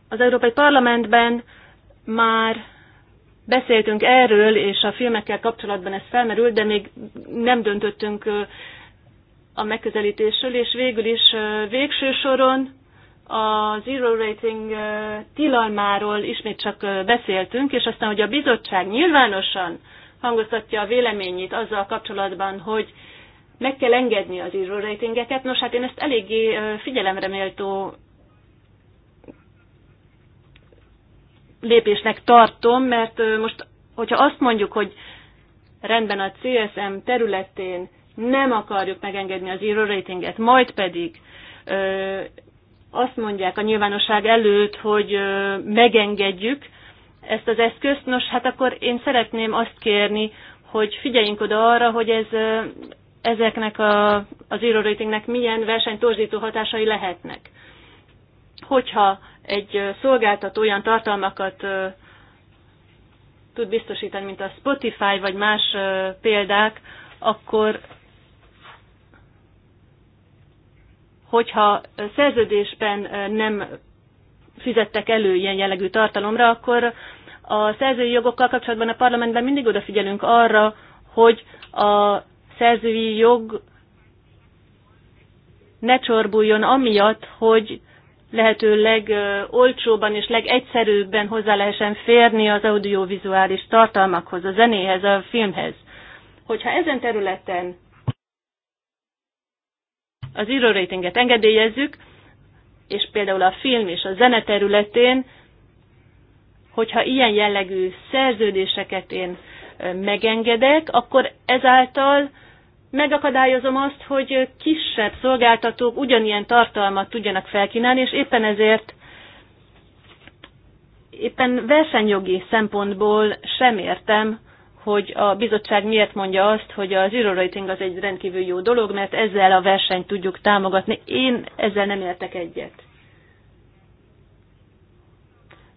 az Európai Parlamentben már beszéltünk erről, és a filmekkel kapcsolatban ez felmerült, de még nem döntöttünk a megközelítésről, és végül is végső soron a zero rating tilalmáról ismét csak beszéltünk, és aztán, hogy a bizottság nyilvánosan hangoztatja a véleményét azzal kapcsolatban, hogy meg kell engedni az zero ratingeket. Nos, hát én ezt eléggé figyelemre méltó lépésnek tartom, mert most, hogyha azt mondjuk, hogy rendben a CSM területén nem akarjuk megengedni az zero ratinget, majd pedig azt mondják a nyilvánosság előtt, hogy megengedjük ezt az eszközt, nos hát akkor én szeretném azt kérni, hogy figyeljünk oda arra, hogy ez ezeknek a, az zero ratingnek milyen versenytorzító hatásai lehetnek. Hogyha egy szolgáltató olyan tartalmakat tud biztosítani, mint a Spotify vagy más példák, akkor hogyha szerződésben nem fizettek elő ilyen jellegű tartalomra, akkor a szerzői jogokkal kapcsolatban a parlamentben mindig odafigyelünk arra, hogy a szerzői jog ne csorbuljon amiatt, hogy lehetőleg olcsóban és legegyszerűbben hozzá lehessen férni az audiovizuális tartalmakhoz, a zenéhez, a filmhez. Hogyha ezen területen az zero ratinget engedélyezzük, és például a film és a zene területén, hogyha ilyen jellegű szerződéseket én megengedek, akkor ezáltal megakadályozom azt, hogy kisebb szolgáltatók ugyanilyen tartalmat tudjanak felkínálni, és éppen ezért éppen versenyjogi szempontból sem értem, hogy a bizottság miért mondja azt, hogy a zero rating az egy rendkívül jó dolog, mert ezzel a versenyt tudjuk támogatni. Én ezzel nem értek egyet.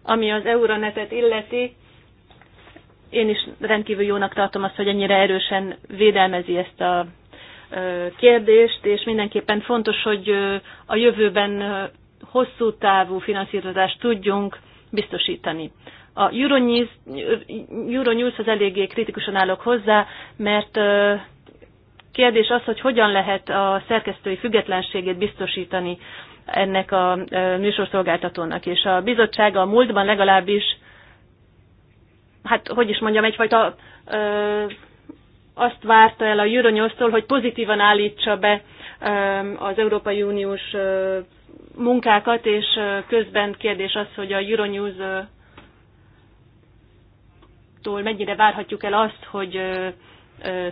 Ami az Euronetet illeti, én is rendkívül jónak tartom azt, hogy ennyire erősen védelmezi ezt a kérdést, és mindenképpen fontos, hogy a jövőben hosszú távú finanszírozást tudjunk biztosítani. A Euronews, az eléggé kritikusan állok hozzá, mert kérdés az, hogy hogyan lehet a szerkesztői függetlenségét biztosítani ennek a műsorszolgáltatónak. És a bizottság a múltban legalábbis, hát hogy is mondjam, egyfajta ö, azt várta el a Euronews-tól, hogy pozitívan állítsa be ö, az Európai Uniós ö, munkákat, és ö, közben kérdés az, hogy a Euronews Bizottságtól mennyire várhatjuk el azt, hogy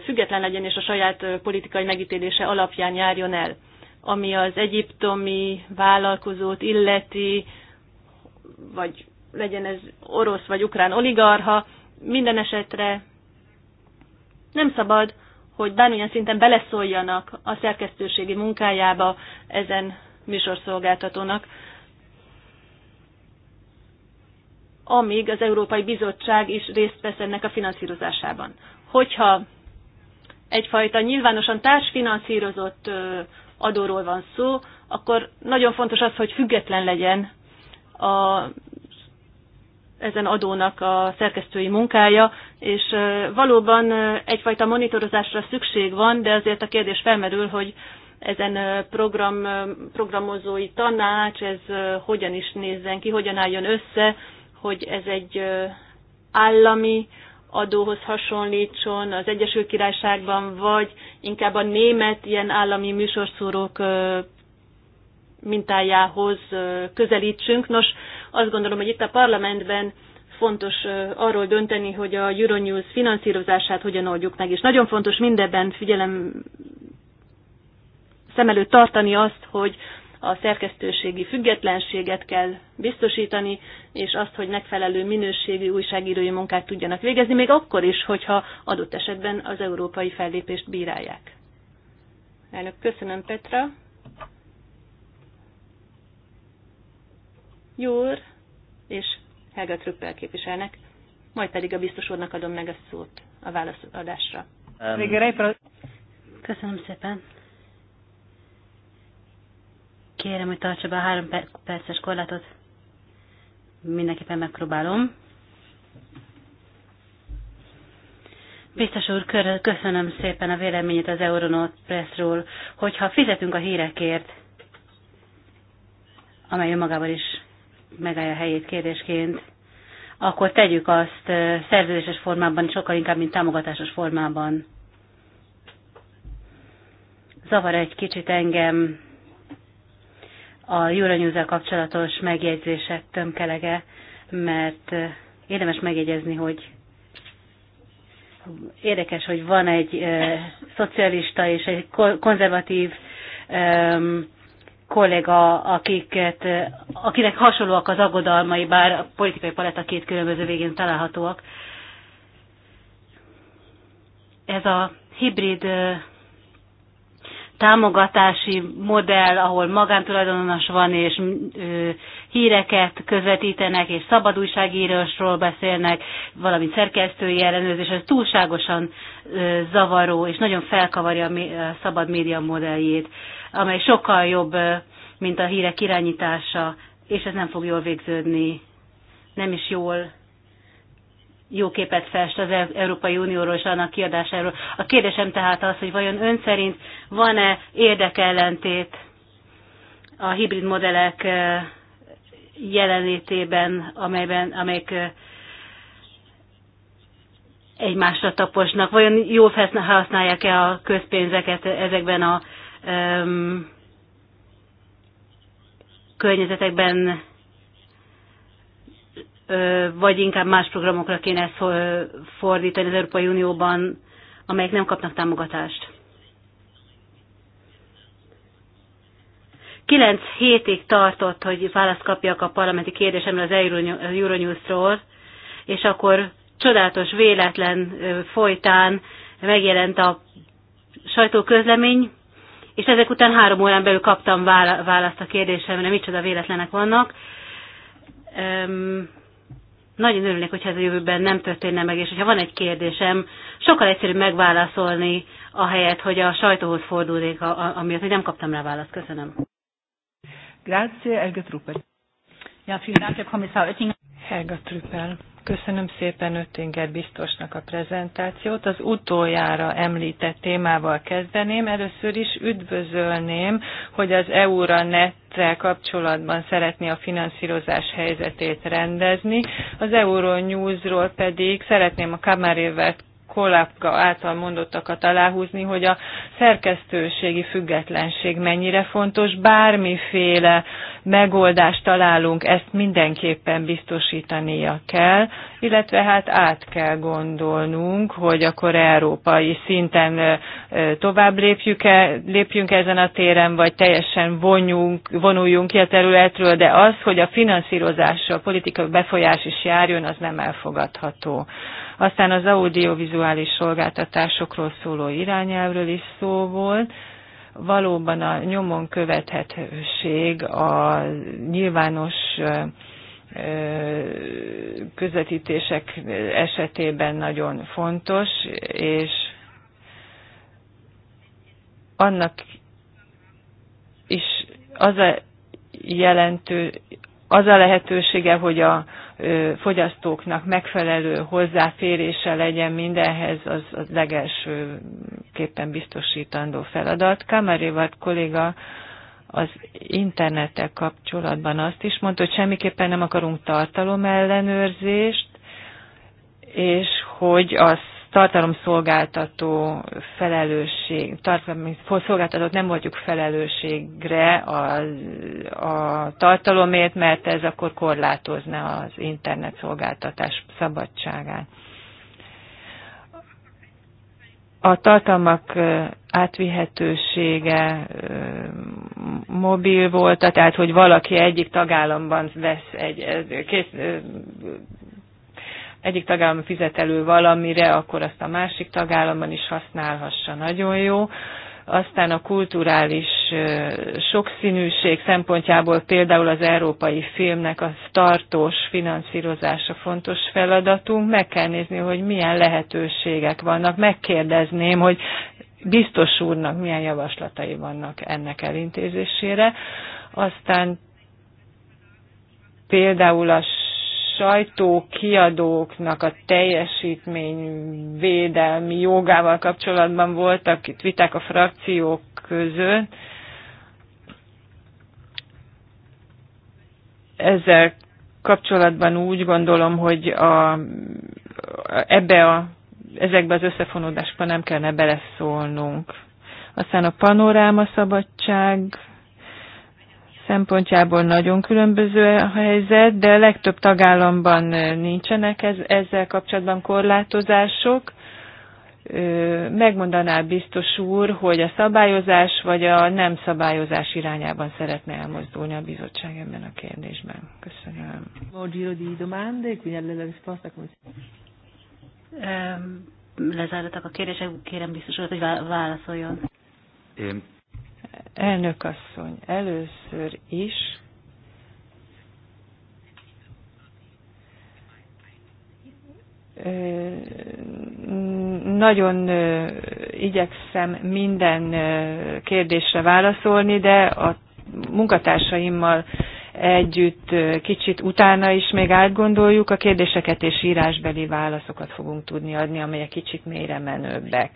független legyen és a saját politikai megítélése alapján járjon el. Ami az egyiptomi vállalkozót illeti, vagy legyen ez orosz vagy ukrán oligarha, minden esetre nem szabad, hogy bármilyen szinten beleszóljanak a szerkesztőségi munkájába ezen műsorszolgáltatónak, amíg az Európai Bizottság is részt vesz ennek a finanszírozásában. Hogyha egyfajta nyilvánosan társfinanszírozott adóról van szó, akkor nagyon fontos az, hogy független legyen a, ezen adónak a szerkesztői munkája, és valóban egyfajta monitorozásra szükség van, de azért a kérdés felmerül, hogy ezen program, programozói tanács, ez hogyan is nézzen ki, hogyan álljon össze, hogy ez egy állami adóhoz hasonlítson az Egyesült Királyságban, vagy inkább a német ilyen állami műsorszórók mintájához közelítsünk. Nos, azt gondolom, hogy itt a parlamentben fontos arról dönteni, hogy a Euronews finanszírozását hogyan oldjuk meg, és nagyon fontos mindebben figyelem szem előtt tartani azt, hogy a szerkesztőségi függetlenséget kell biztosítani, és azt, hogy megfelelő minőségű újságírói munkát tudjanak végezni, még akkor is, hogyha adott esetben az európai fellépést bírálják. Elnök, köszönöm Petra. Júr és Helga Trüppel képviselnek, majd pedig a biztos úrnak adom meg a szót a válaszadásra. Um. Köszönöm szépen. Kérem, hogy tartsa be a három perces korlátot. Mindenképpen megpróbálom. Biztos úr, köszönöm szépen a véleményét az Euronaut Pressról, hogyha fizetünk a hírekért, amely önmagában is megállja a helyét kérdésként, akkor tegyük azt szerződéses formában, sokkal inkább, mint támogatásos formában. Zavar egy kicsit engem a euronews kapcsolatos megjegyzések tömkelege, mert eh, érdemes megjegyezni, hogy érdekes, hogy van egy e, szocialista és egy konzervatív e, kollega, akiket, eh, akinek hasonlóak az aggodalmai, bár a politikai paletta két különböző végén találhatóak. Ez a hibrid támogatási modell, ahol magántulajdonos van, és ö, híreket közvetítenek, és szabad újságírósról beszélnek, valamint szerkesztői ellenőrzés, ez túlságosan ö, zavaró, és nagyon felkavarja a szabad média modelljét, amely sokkal jobb, ö, mint a hírek irányítása, és ez nem fog jól végződni, nem is jól jó képet fest az e- Európai Unióról és annak kiadásáról. A kérdésem tehát az, hogy vajon ön szerint van-e érdekellentét a hibrid modellek jelenlétében, amelyben, amelyek egymásra taposnak. Vajon jól használják-e a közpénzeket ezekben a um, környezetekben vagy inkább más programokra kéne ezt fordítani az Európai Unióban, amelyek nem kapnak támogatást. 9 hétig tartott, hogy választ kapjak a parlamenti kérdésemre az Euronews-ról, és akkor csodálatos véletlen folytán megjelent a sajtóközlemény, és ezek után három órán belül kaptam választ a kérdésemre, micsoda véletlenek vannak. Nagyon örülnék, hogyha ez a jövőben nem történne meg, és hogyha van egy kérdésem, sokkal egyszerűbb megválaszolni, a helyet, hogy a sajtóhoz fordulnék, amiatt, hogy nem kaptam rá választ. Köszönöm. Grazie, Helga Truppel. Ja, vielen Dank, Herr Kommissar Oettinger. Helga Truppel. Köszönöm szépen Öttinger biztosnak a prezentációt. Az utoljára említett témával kezdeném. Először is üdvözölném, hogy az Euronettel kapcsolatban szeretné a finanszírozás helyzetét rendezni. Az Euronews-ról pedig szeretném a Kamarévet kollapka által mondottakat aláhúzni, hogy a szerkesztőségi függetlenség mennyire fontos, bármiféle megoldást találunk, ezt mindenképpen biztosítania kell, illetve hát át kell gondolnunk, hogy akkor európai szinten tovább lépjük -e, lépjünk ezen a téren, vagy teljesen vonjunk, vonuljunk ki a területről, de az, hogy a finanszírozással a politikai befolyás is járjon, az nem elfogadható. Aztán az audiovizuális szolgáltatásokról szóló irányelvről is szó volt. Valóban a nyomon követhetőség a nyilvános közvetítések esetében nagyon fontos, és annak is az a jelentő, az a lehetősége, hogy a, fogyasztóknak megfelelő hozzáférése legyen mindenhez, az, az legelsőképpen biztosítandó feladat. Kamarévat kolléga az internettel kapcsolatban azt is mondta, hogy semmiképpen nem akarunk tartalomellenőrzést, és hogy az tartalomszolgáltató felelősség, tartalomszolgáltatót nem mondjuk felelősségre a, a tartalomért, mert ez akkor korlátozna az internet szolgáltatás szabadságát. A tartalmak átvihetősége mobil volt, tehát hogy valaki egyik tagállamban vesz egy, kész, egyik tagállam fizet elő valamire, akkor azt a másik tagállamban is használhassa. Nagyon jó aztán a kulturális sokszínűség szempontjából például az európai filmnek a tartós finanszírozása fontos feladatunk. Meg kell nézni, hogy milyen lehetőségek vannak. Megkérdezném, hogy biztos úrnak milyen javaslatai vannak ennek elintézésére. Aztán például a sajtókiadóknak a teljesítmény védelmi jogával kapcsolatban voltak itt viták a frakciók között. Ezzel kapcsolatban úgy gondolom, hogy a, ebbe a, ezekbe az összefonódásba nem kellene beleszólnunk. Aztán a panoráma szabadság szempontjából nagyon különböző a helyzet, de a legtöbb tagállamban nincsenek ez, ezzel kapcsolatban korlátozások. Megmondaná biztos úr, hogy a szabályozás vagy a nem szabályozás irányában szeretne elmozdulni a bizottság ebben a kérdésben. Köszönöm. Lezárultak a kérdések, kérem biztos úr, hogy válaszoljon. Én Elnök asszony, először is nagyon igyekszem minden kérdésre válaszolni, de a munkatársaimmal együtt kicsit utána is még átgondoljuk a kérdéseket, és írásbeli válaszokat fogunk tudni adni, amelyek kicsit mélyre menőbbek.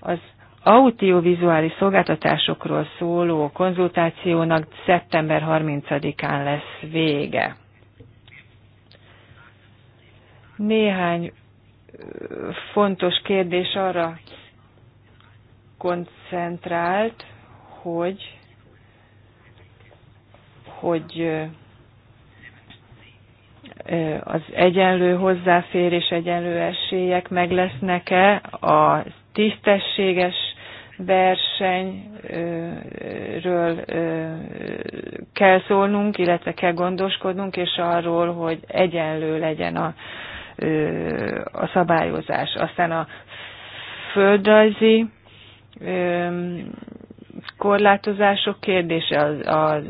Az audiovizuális szolgáltatásokról szóló konzultációnak szeptember 30-án lesz vége. Néhány fontos kérdés arra koncentrált, hogy, hogy az egyenlő hozzáférés, egyenlő esélyek meg lesznek-e, a tisztességes versenyről kell szólnunk, illetve kell gondoskodnunk, és arról, hogy egyenlő legyen a, a szabályozás. Aztán a földrajzi korlátozások kérdése az, az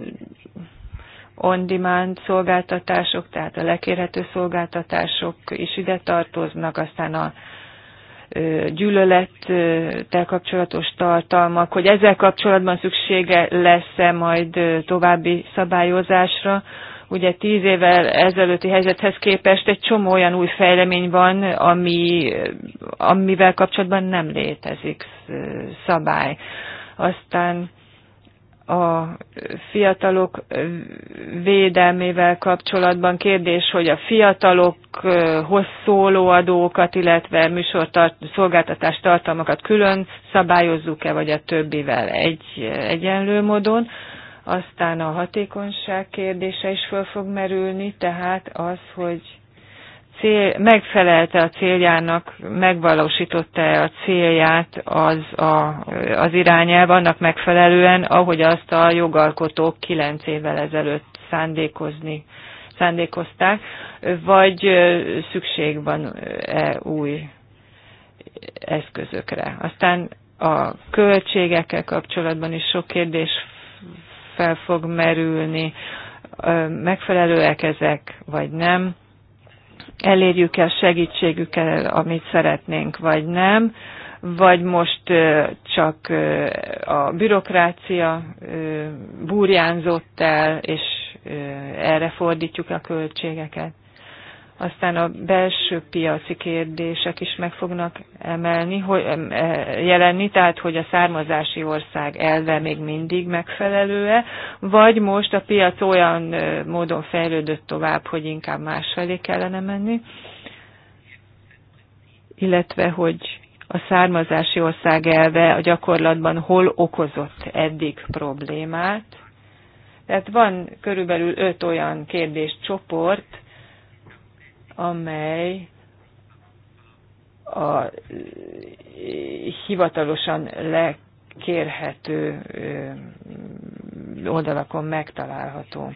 on-demand szolgáltatások, tehát a lekérhető szolgáltatások is ide tartoznak, aztán a gyűlölettel kapcsolatos tartalmak, hogy ezzel kapcsolatban szüksége lesz-e majd további szabályozásra. Ugye tíz évvel ezelőtti helyzethez képest egy csomó olyan új fejlemény van, ami, amivel kapcsolatban nem létezik szabály. Aztán a fiatalok védelmével kapcsolatban kérdés, hogy a fiatalokhoz szóló adókat, illetve műsortart, szolgáltatás tartalmakat külön szabályozzuk-e, vagy a többivel egy, egyenlő módon. Aztán a hatékonyság kérdése is föl fog merülni, tehát az, hogy cél, megfelelte a céljának, megvalósította-e a célját az, a, az irányelv annak megfelelően, ahogy azt a jogalkotók kilenc évvel ezelőtt szándékozni, szándékozták, vagy szükség van -e új eszközökre. Aztán a költségekkel kapcsolatban is sok kérdés fel fog merülni, megfelelőek ezek, vagy nem elérjük e segítségüket, amit szeretnénk, vagy nem, vagy most csak a bürokrácia búrjánzott el, és erre fordítjuk a költségeket aztán a belső piaci kérdések is meg fognak emelni, hogy, e, jelenni, tehát hogy a származási ország elve még mindig megfelelő-e, vagy most a piac olyan módon fejlődött tovább, hogy inkább másfelé kellene menni, illetve hogy a származási ország elve a gyakorlatban hol okozott eddig problémát. Tehát van körülbelül öt olyan kérdéscsoport, amely a hivatalosan lekérhető oldalakon megtalálható.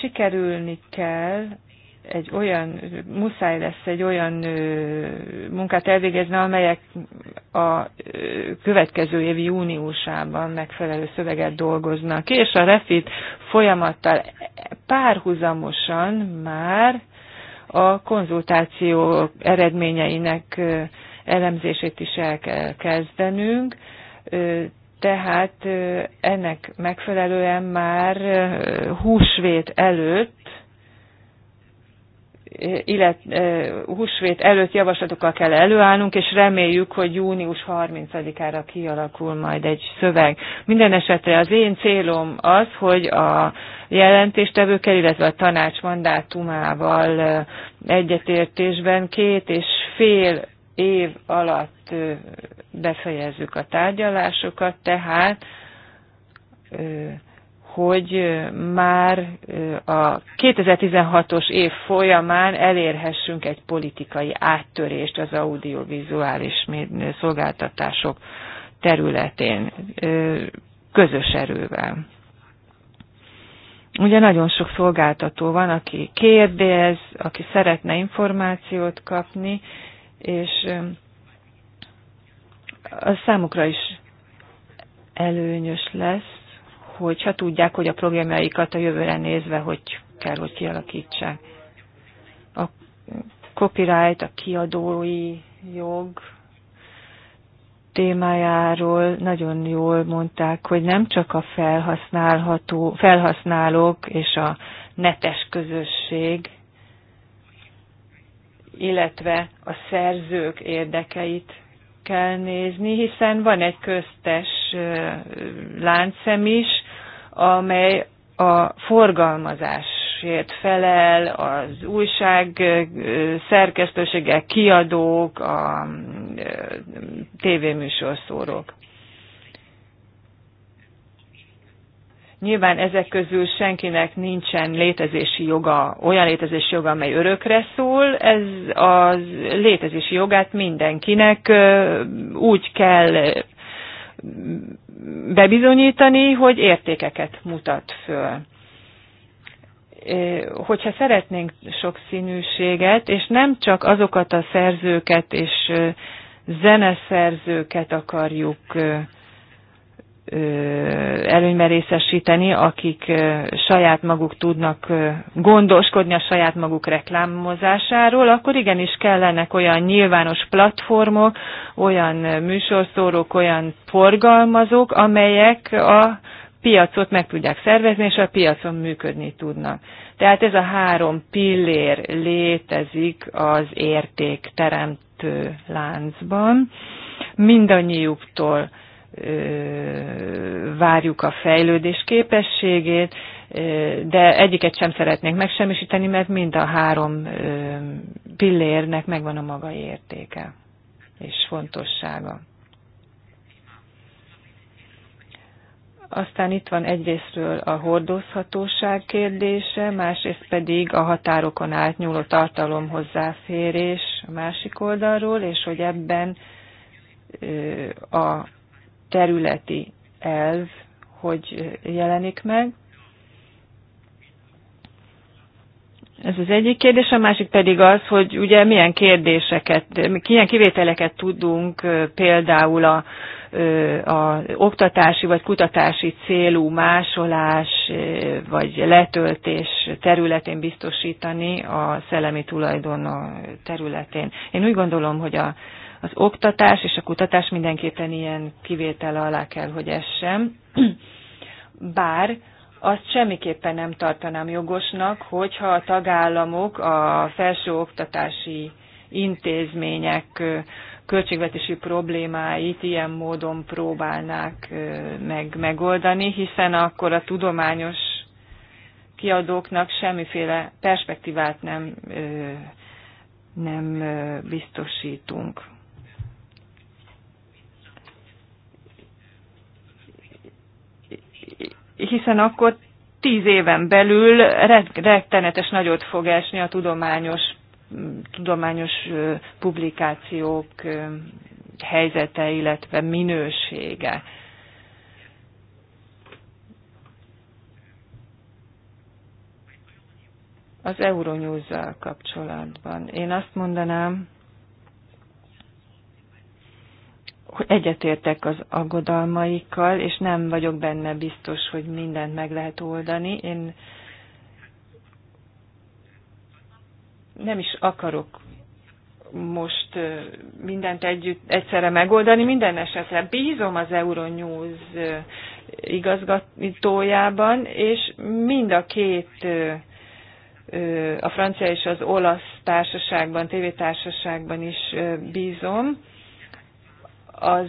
Sikerülni kell egy olyan, muszáj lesz egy olyan ö, munkát elvégezni, amelyek a ö, következő év júniusában megfelelő szöveget dolgoznak és a refit folyamattal párhuzamosan már a konzultáció eredményeinek ö, elemzését is el kell kezdenünk, ö, tehát ö, ennek megfelelően már ö, húsvét előtt illet, húsvét előtt javaslatokkal kell előállnunk, és reméljük, hogy június 30-ára kialakul majd egy szöveg. Minden esetre az én célom az, hogy a jelentéstevőkkel, illetve a tanács mandátumával egyetértésben két és fél év alatt befejezzük a tárgyalásokat, tehát hogy már a 2016-os év folyamán elérhessünk egy politikai áttörést az audiovizuális szolgáltatások területén közös erővel. Ugye nagyon sok szolgáltató van, aki kérdez, aki szeretne információt kapni, és az számukra is előnyös lesz, hogy hogyha tudják, hogy a programjaikat a jövőre nézve, hogy kell, hogy kialakítsák. A copyright, a kiadói jog témájáról nagyon jól mondták, hogy nem csak a felhasználható, felhasználók és a netes közösség, illetve a szerzők érdekeit kell nézni, hiszen van egy köztes láncszem is, amely a forgalmazásért felel, az újság szerkesztőségek, kiadók, a tévéműsorszórók. Nyilván ezek közül senkinek nincsen létezési joga, olyan létezési joga, amely örökre szól, ez a létezési jogát mindenkinek úgy kell bebizonyítani, hogy értékeket mutat föl. Hogyha szeretnénk sok színűséget, és nem csak azokat a szerzőket és zeneszerzőket akarjuk előnyben részesíteni, akik saját maguk tudnak gondoskodni a saját maguk reklámozásáról, akkor igenis kellenek olyan nyilvános platformok, olyan műsorszórók, olyan forgalmazók, amelyek a piacot meg tudják szervezni, és a piacon működni tudnak. Tehát ez a három pillér létezik az értékteremtő láncban. Mindannyiuktól várjuk a fejlődés képességét, de egyiket sem szeretnék megsemmisíteni, mert mind a három pillérnek megvan a maga értéke és fontossága. Aztán itt van egyrésztről a hordozhatóság kérdése, másrészt pedig a határokon átnyúló tartalom hozzáférés a másik oldalról, és hogy ebben a területi elv hogy jelenik meg. Ez az egyik kérdés, a másik pedig az, hogy ugye milyen kérdéseket, milyen kivételeket tudunk például a, a oktatási vagy kutatási célú másolás vagy letöltés területén biztosítani a szellemi tulajdon területén. Én úgy gondolom, hogy a az oktatás és a kutatás mindenképpen ilyen kivétele alá kell, hogy essem. [CLEARS THROAT] Bár azt semmiképpen nem tartanám jogosnak, hogyha a tagállamok a felsőoktatási intézmények költségvetési problémáit ilyen módon próbálnák meg megoldani, hiszen akkor a tudományos kiadóknak semmiféle perspektívát nem, nem biztosítunk. hiszen akkor tíz éven belül rettenetes nagyot fog esni a tudományos, tudományos publikációk helyzete, illetve minősége. Az euronews kapcsolatban. Én azt mondanám, egyetértek az aggodalmaikkal, és nem vagyok benne biztos, hogy mindent meg lehet oldani. Én nem is akarok most mindent együtt egyszerre megoldani. Minden esetre bízom az Euronews igazgatójában, és mind a két a francia és az olasz társaságban, tévétársaságban is bízom. Az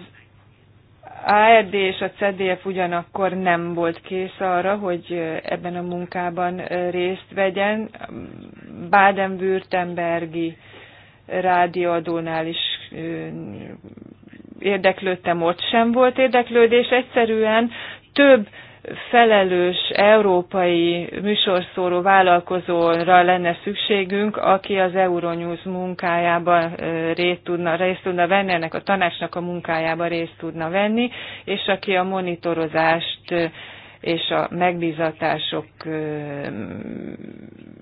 ARD és a CDF ugyanakkor nem volt kész arra, hogy ebben a munkában részt vegyen. Baden-Württembergi rádióadónál is érdeklődtem, ott sem volt érdeklődés. Egyszerűen több felelős európai műsorszóró vállalkozóra lenne szükségünk, aki az Euronews munkájában részt tudna, részt tudna venni, ennek a tanácsnak a munkájában részt tudna venni, és aki a monitorozást és a megbízatások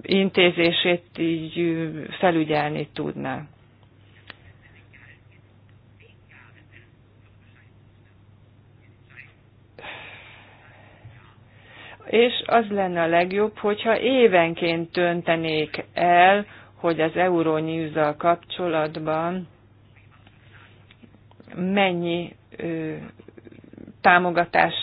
intézését így felügyelni tudná. és az lenne a legjobb, hogyha évenként döntenék el, hogy az Euronews-zal kapcsolatban mennyi ö, támogatásról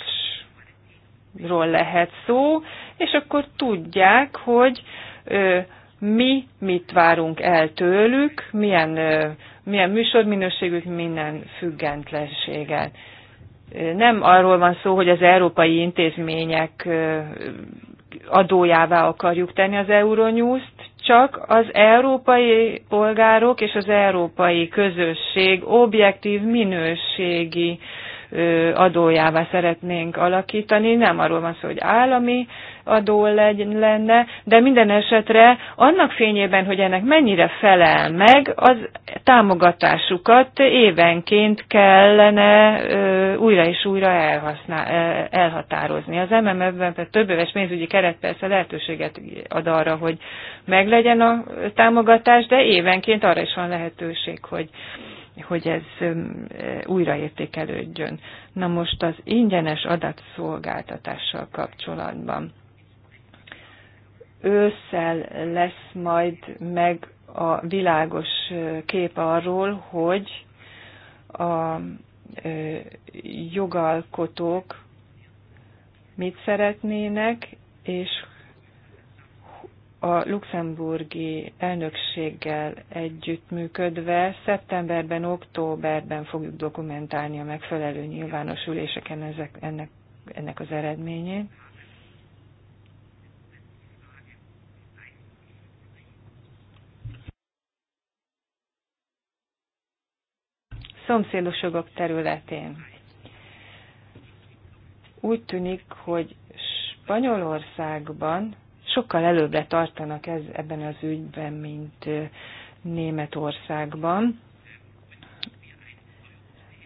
lehet szó, és akkor tudják, hogy ö, mi mit várunk el tőlük, milyen, ö, milyen műsorminőségük, minden függetlenséget nem arról van szó, hogy az európai intézmények adójává akarjuk tenni az Euronews-t, csak az európai polgárok és az európai közösség objektív minőségi adójává szeretnénk alakítani. Nem arról van szó, hogy állami adó lenne, de minden esetre annak fényében, hogy ennek mennyire felel meg, az támogatásukat évenként kellene újra és újra e, elhatározni. Az MMF-ben több éves pénzügyi keret persze lehetőséget ad arra, hogy meglegyen a támogatás, de évenként arra is van lehetőség, hogy hogy ez újraértékelődjön. Na most az ingyenes adatszolgáltatással kapcsolatban. Ősszel lesz majd meg a világos kép arról, hogy a jogalkotók mit szeretnének, és a luxemburgi elnökséggel együttműködve szeptemberben, októberben fogjuk dokumentálni a megfelelő nyilvános üléseken ezek, ennek, ennek az eredményét. Szomszédos jogok területén. Úgy tűnik, hogy Spanyolországban sokkal előbbre tartanak ez, ebben az ügyben, mint Németországban.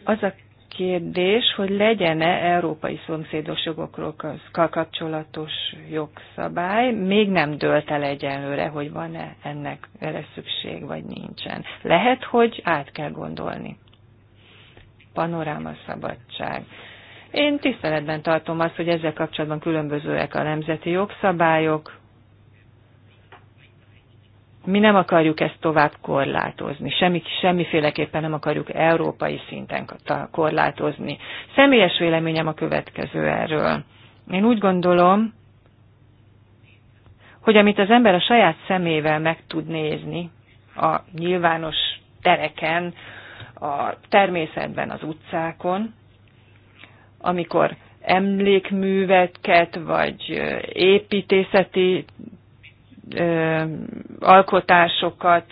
Az a kérdés, hogy legyen-e európai szomszédos jogokkal kapcsolatos jogszabály, még nem dölt el egyenlőre, hogy van-e ennek erre szükség, vagy nincsen. Lehet, hogy át kell gondolni. Panoráma szabadság. Én tiszteletben tartom azt, hogy ezzel kapcsolatban különbözőek a nemzeti jogszabályok. Mi nem akarjuk ezt tovább korlátozni, Semmi, semmiféleképpen nem akarjuk európai szinten korlátozni. Személyes véleményem a következő erről. Én úgy gondolom, hogy amit az ember a saját szemével meg tud nézni a nyilvános tereken, a természetben, az utcákon, amikor emlékműveket vagy építészeti alkotásokat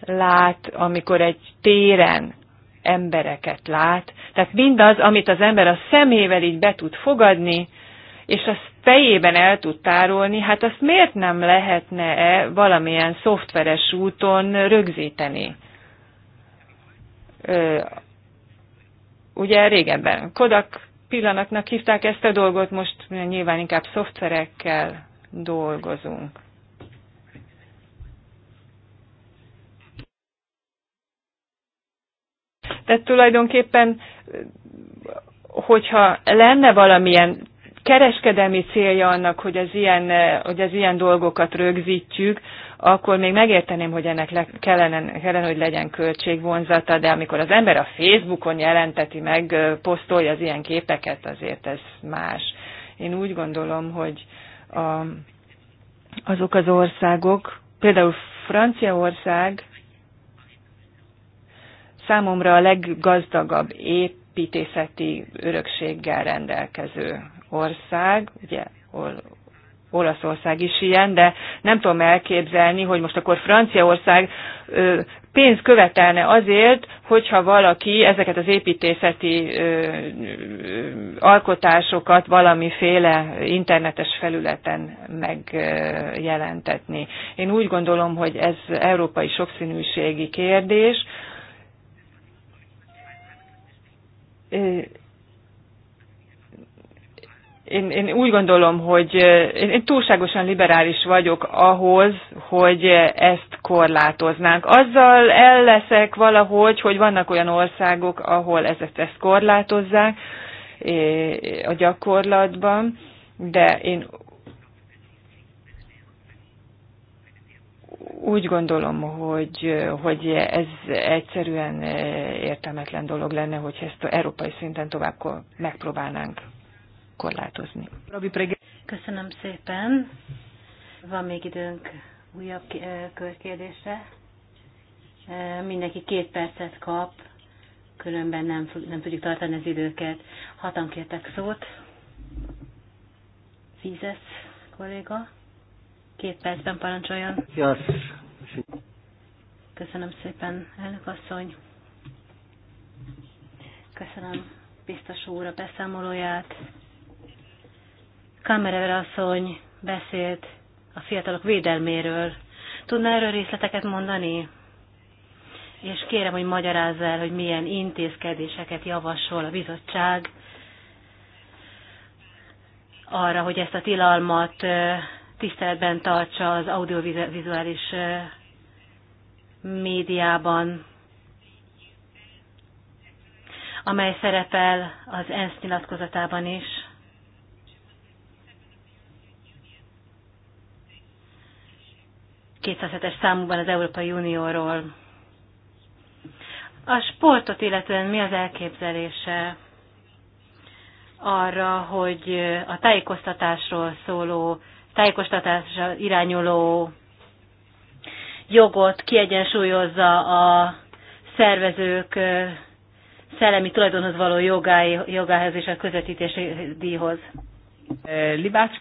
lát, amikor egy téren embereket lát. Tehát mindaz, amit az ember a szemével így be tud fogadni, és azt fejében el tud tárolni, hát azt miért nem lehetne -e valamilyen szoftveres úton rögzíteni? Ö, ugye régebben Kodak pillanatnak hívták ezt a dolgot, most nyilván inkább szoftverekkel dolgozunk. Tehát tulajdonképpen, hogyha lenne valamilyen kereskedelmi célja annak, hogy az ilyen, hogy az ilyen dolgokat rögzítjük, akkor még megérteném, hogy ennek le, kellene, kellene, hogy legyen költségvonzata, de amikor az ember a Facebookon jelenteti meg, posztolja az ilyen képeket, azért ez más. Én úgy gondolom, hogy a, azok az országok, például Franciaország számomra a leggazdagabb építészeti örökséggel rendelkező ország, ugye Olaszország is ilyen, de nem tudom elképzelni, hogy most akkor Franciaország pénzt követelne azért, hogyha valaki ezeket az építészeti alkotásokat valamiféle internetes felületen megjelentetni. Én úgy gondolom, hogy ez európai sokszínűségi kérdés én, én úgy gondolom, hogy én, én túlságosan liberális vagyok ahhoz, hogy ezt korlátoznánk. Azzal leszek valahogy, hogy vannak olyan országok, ahol ezt, ezt korlátozzák a gyakorlatban, de én úgy gondolom, hogy, hogy ez egyszerűen értelmetlen dolog lenne, hogy ezt európai szinten tovább megpróbálnánk korlátozni. Köszönöm szépen. Van még időnk újabb körkérdésre. Mindenki két percet kap, különben nem, nem tudjuk tartani az időket. Hatan kértek szót. Fízes kolléga. Két percben parancsoljon. Köszönöm szépen, elnök asszony. Köszönöm biztos úr a beszámolóját. Kamerever asszony beszélt a fiatalok védelméről. Tudna erről részleteket mondani? És kérem, hogy magyarázz el, hogy milyen intézkedéseket javasol a bizottság arra, hogy ezt a tilalmat tiszteletben tartsa az audiovizuális médiában, amely szerepel az ENSZ nyilatkozatában is. 207-es számúban az Európai Unióról. A sportot illetően mi az elképzelése arra, hogy a tájékoztatásról szóló, tájékoztatásra irányuló jogot kiegyensúlyozza a szervezők szellemi tulajdonhoz való jogái, jogához és a közvetítési díjhoz. Eh, Libács.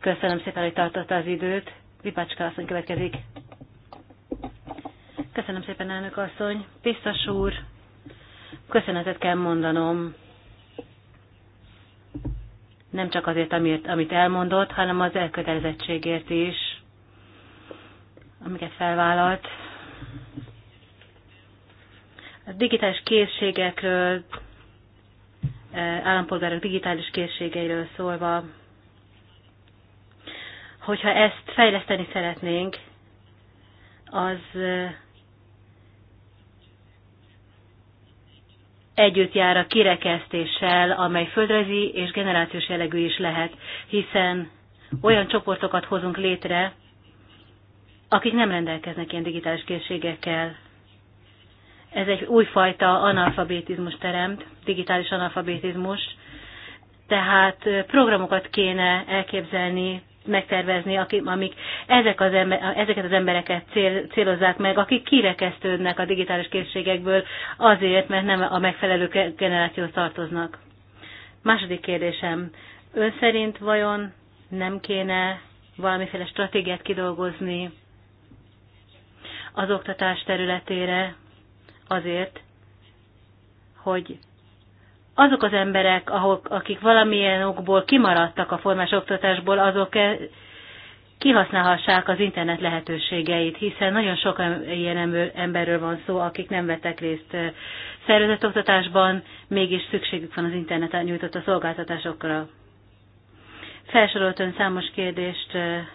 Köszönöm szépen, hogy tartotta az időt. Lipácska asszony következik. Köszönöm szépen, elnök asszony. Biztos úr, köszönetet kell mondanom nem csak azért, amit, amit elmondott, hanem az elkötelezettségért is, amiket felvállalt. A digitális készségekről, eh, állampolgárok digitális készségeiről szólva, Hogyha ezt fejleszteni szeretnénk, az együtt jár a kirekesztéssel, amely földrajzi és generációs jellegű is lehet, hiszen olyan csoportokat hozunk létre, akik nem rendelkeznek ilyen digitális készségekkel. Ez egy újfajta analfabetizmus teremt, digitális analfabetizmus, tehát programokat kéne elképzelni megtervezni, akik, amik ezek az ember, ezeket az embereket cél, célozzák meg, akik kirekesztődnek a digitális készségekből azért, mert nem a megfelelő generációhoz tartoznak. Második kérdésem. Ön szerint vajon nem kéne valamiféle stratégiát kidolgozni az oktatás területére azért, hogy azok az emberek, ahok, akik valamilyen okból kimaradtak a formás oktatásból, azok e- kihasználhassák az internet lehetőségeit, hiszen nagyon sok ilyen emberről van szó, akik nem vettek részt e, szervezett oktatásban, mégis szükségük van az interneten nyújtott a szolgáltatásokra. Felsorolt ön számos kérdést, e,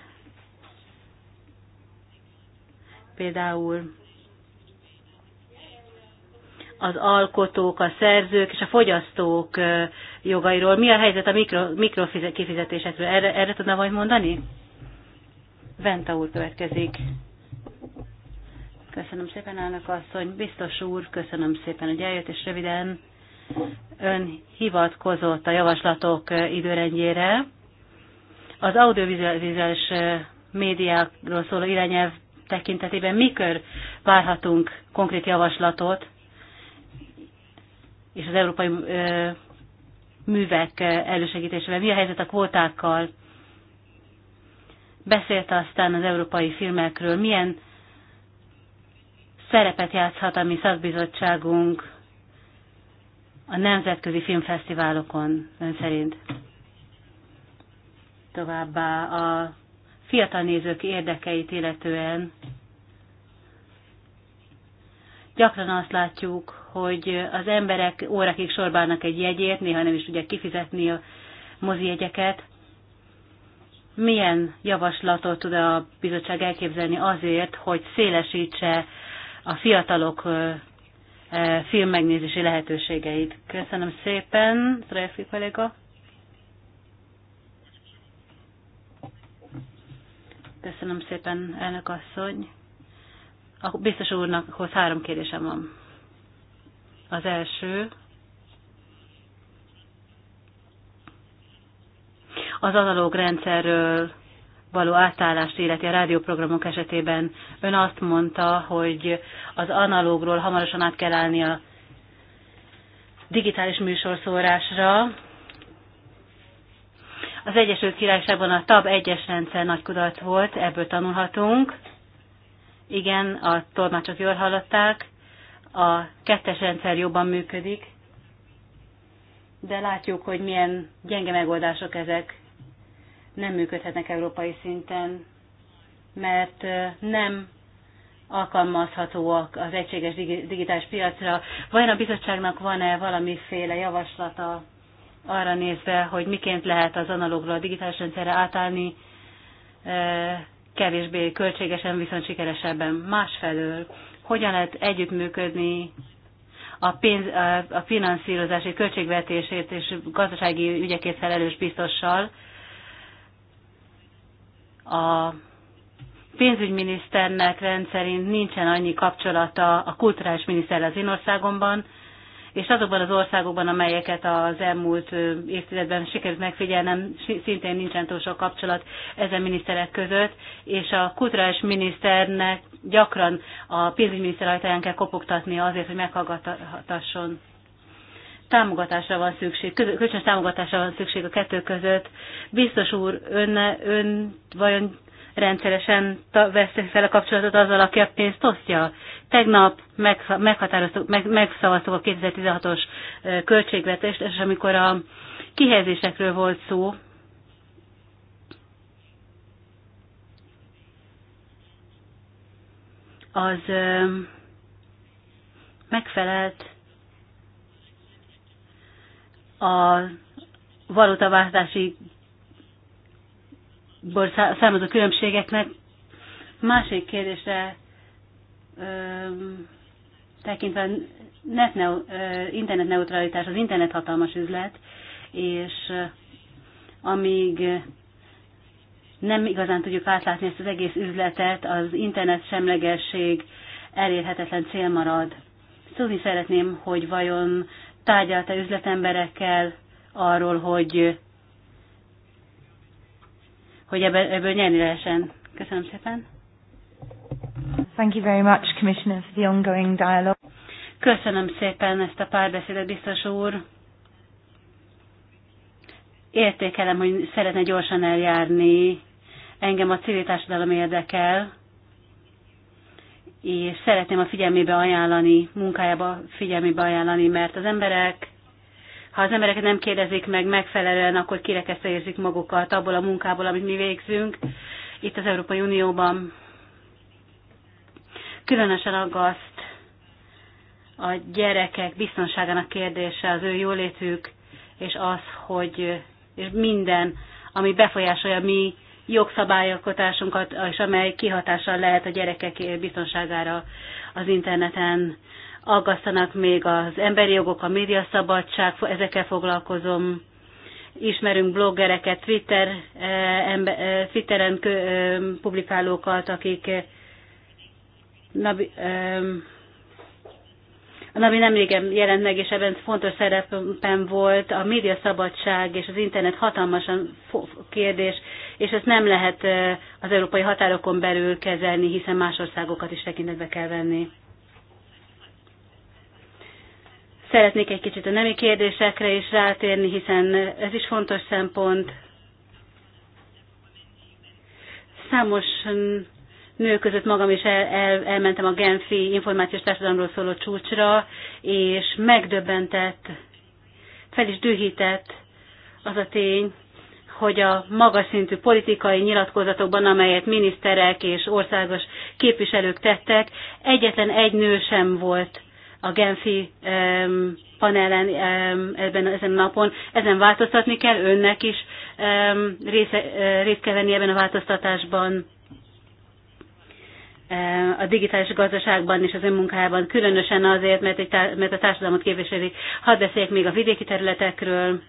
például az alkotók, a szerzők és a fogyasztók jogairól. Mi a helyzet a mikro, mikrokifizetésekről? Erre, erre tudna majd mondani? Venta úr következik. Köszönöm szépen, elnök asszony. Biztos úr, köszönöm szépen, hogy eljött, és röviden ön hivatkozott a javaslatok időrendjére. Az audiovizuális médiákról szóló irányelv tekintetében mikor várhatunk konkrét javaslatot és az európai művek elősegítésével. Mi a helyzet a kvótákkal? Beszélt aztán az európai filmekről. Milyen szerepet játszhat a mi szakbizottságunk a nemzetközi filmfesztiválokon ön szerint? Továbbá a fiatal nézők érdekeit illetően gyakran azt látjuk, hogy az emberek órakig sorbálnak egy jegyért, néha nem is tudják kifizetni a mozi jegyeket. Milyen javaslatot tud a bizottság elképzelni azért, hogy szélesítse a fiatalok megnézési lehetőségeit? Köszönöm szépen, Szrefi kolléga. Köszönöm szépen, elnök asszony. A biztos úrnak három kérdésem van. Az első az analóg rendszerről való átállást illeti a rádióprogramok esetében. Ön azt mondta, hogy az analógról hamarosan át kell állni a digitális műsorszórásra. Az Egyesült Királyságban a TAB 1-es rendszer nagy kudarc volt, ebből tanulhatunk. Igen, a tolmácsok jól hallották a kettes rendszer jobban működik, de látjuk, hogy milyen gyenge megoldások ezek nem működhetnek európai szinten, mert nem alkalmazhatóak az egységes digitális piacra. Vajon a bizottságnak van-e valamiféle javaslata arra nézve, hogy miként lehet az analógról a digitális rendszerre átállni kevésbé költségesen, viszont sikeresebben. Másfelől hogyan lehet együttműködni a, pénz, a finanszírozási költségvetését és gazdasági ügyekért felelős biztossal. A pénzügyminiszternek rendszerint nincsen annyi kapcsolata a kulturális miniszter az én országomban, és azokban az országokban, amelyeket az elmúlt évtizedben sikerült megfigyelnem, szintén nincsen túl sok kapcsolat ezen miniszterek között, és a kulturális miniszternek gyakran a pénzügyminiszter ajtaján kell kopogtatni azért, hogy meghallgathasson. Támogatásra van szükség, kölcsönös támogatásra van szükség a kettő között. Biztos úr, ön, ön vajon rendszeresen veszte fel a kapcsolatot azzal, aki a pénzt osztja. Tegnap meghatároztuk, meg, megszavaztuk a 2016-os költségvetést, és amikor a kihelyezésekről volt szó, az megfelelt a valutaváltási származó különbségeknek. Másik kérdésre tekintve internet internetneutralitás, az internet hatalmas üzlet, és amíg nem igazán tudjuk átlátni ezt az egész üzletet, az internet semlegesség elérhetetlen cél marad. Tudni szeretném, hogy vajon tárgyalta üzletemberekkel arról, hogy, hogy ebből, ebből nyerni lehessen. Köszönöm szépen. Thank you very much, Commissioner, for the ongoing dialogue. Köszönöm szépen ezt a párbeszédet, biztos úr. Értékelem, hogy szeretne gyorsan eljárni, Engem a civil társadalom érdekel, és szeretném a figyelmébe ajánlani, munkájába figyelmébe ajánlani, mert az emberek, ha az embereket nem kérdezik meg megfelelően, akkor kirekesztve érzik magukat abból a munkából, amit mi végzünk itt az Európai Unióban. Különösen aggaszt a gyerekek biztonságának kérdése, az ő jólétük, és az, hogy és minden, ami befolyásolja mi jogszabályalkotásunkat, és amely kihatással lehet a gyerekek biztonságára az interneten. Aggasztanak még az emberi jogok, a médiaszabadság, ezekkel foglalkozom. Ismerünk bloggereket, Twitter, eh, ember, eh, Twitteren eh, publikálókat, akik na, ami nem régen jelent meg, és ebben fontos szerepem volt, a média szabadság és az internet hatalmasan kérdés, és ezt nem lehet az európai határokon belül kezelni, hiszen más országokat is tekintetbe kell venni. Szeretnék egy kicsit a nemi kérdésekre is rátérni, hiszen ez is fontos szempont. Számos nők között magam is el, el, elmentem a Genfi információs társadalomról szóló csúcsra, és megdöbbentett, fel is dühített az a tény, hogy a magas szintű politikai nyilatkozatokban, amelyet miniszterek és országos képviselők tettek, egyetlen egy nő sem volt a Genfi um, panelen um, ebben ezen napon. Ezen változtatni kell, önnek is um, része, uh, részt kell venni ebben a változtatásban a digitális gazdaságban és az önmunkájában, különösen azért, mert, egy, mert a társadalmat képviselik. Hadd beszéljek még a vidéki területekről,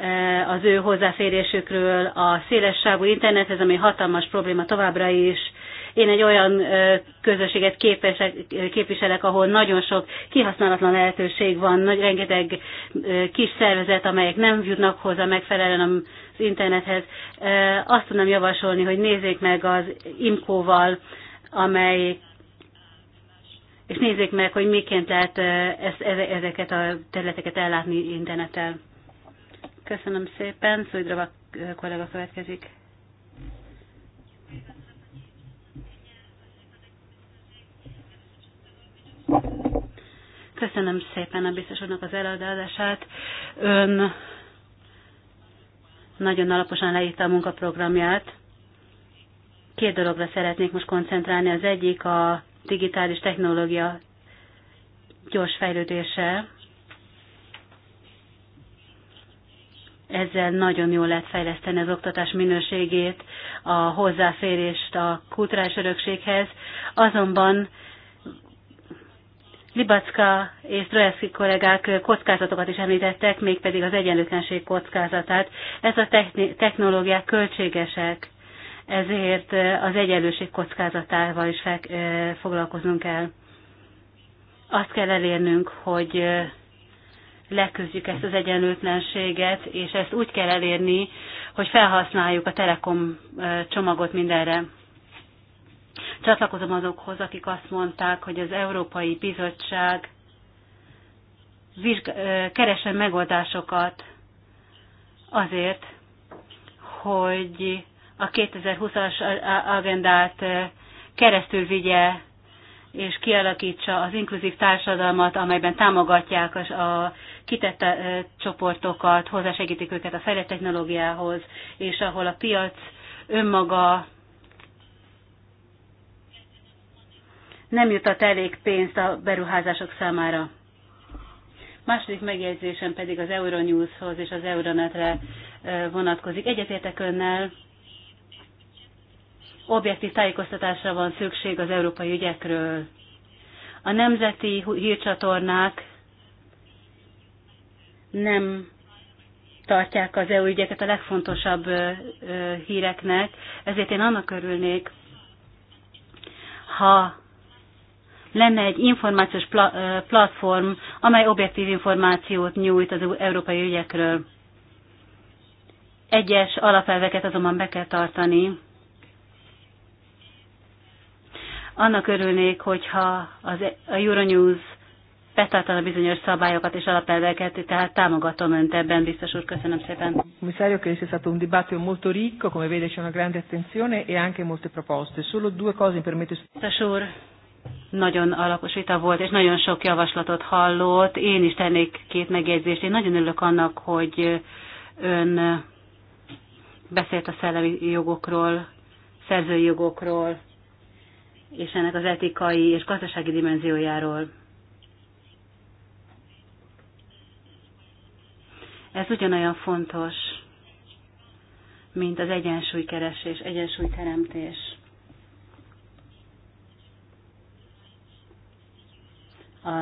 eh, az ő hozzáférésükről, a széles sávú internethez, ami hatalmas probléma továbbra is. Én egy olyan eh, közösséget képesek, képviselek, ahol nagyon sok kihasználatlan lehetőség van, nagy, rengeteg eh, kis szervezet, amelyek nem jutnak hozzá megfelelően az internethez. Azt tudnám javasolni, hogy nézzék meg az IMCO-val amely és nézzék meg, hogy miként lehet ezeket a területeket ellátni internettel. Köszönöm szépen. Szújdrava kollega következik. Köszönöm szépen a biztos úrnak az előadását. Ön nagyon alaposan leírta a munkaprogramját. Két dologra szeretnék most koncentrálni. Az egyik a digitális technológia gyors fejlődése. Ezzel nagyon jól lehet fejleszteni az oktatás minőségét, a hozzáférést a kulturális örökséghez. Azonban Libacka és Trojeszki kollégák kockázatokat is említettek, mégpedig az egyenlőtlenség kockázatát. Ez a technológiák költségesek, ezért eh, az egyenlőség kockázatával is fel, eh, foglalkoznunk kell. Azt kell elérnünk, hogy eh, leküzdjük ezt az egyenlőtlenséget, és ezt úgy kell elérni, hogy felhasználjuk a Telekom csomagot mindenre. Csatlakozom azokhoz, akik azt mondták, hogy az Európai Bizottság keresen megoldásokat azért, hogy a 2020-as agendát keresztül vigye és kialakítsa az inkluzív társadalmat, amelyben támogatják a kitett csoportokat, hozzásegítik őket a fejlett technológiához, és ahol a piac önmaga nem jutott elég pénzt a beruházások számára. Második megjegyzésem pedig az Euronewshoz és az Euronetre vonatkozik. Egyetértek önnel, objektív tájékoztatásra van szükség az európai ügyekről. A nemzeti hírcsatornák nem tartják az EU ügyeket a legfontosabb híreknek, ezért én annak örülnék, ha lenne egy információs platform, amely objektív információt nyújt az európai ügyekről. Egyes alapelveket azonban be kell tartani, annak örülnék, hogyha az, a Euronews betartana bizonyos szabályokat és alapelveket, tehát támogatom Önt ebben, biztos úr, köszönöm szépen. Commissario, che è stato un dibattito molto ricco, come vede c'è una grande attenzione e anche molte proposte. Solo due cose mi permette... Biztos úr, nagyon alapos vita volt, és nagyon sok javaslatot hallott. Én is tennék két megjegyzést. Én nagyon örülök annak, hogy ön beszélt a szellemi jogokról, szerzői jogokról, és ennek az etikai és gazdasági dimenziójáról. Ez ugyanolyan fontos, mint az egyensúlykeresés, egyensúlyteremtés. A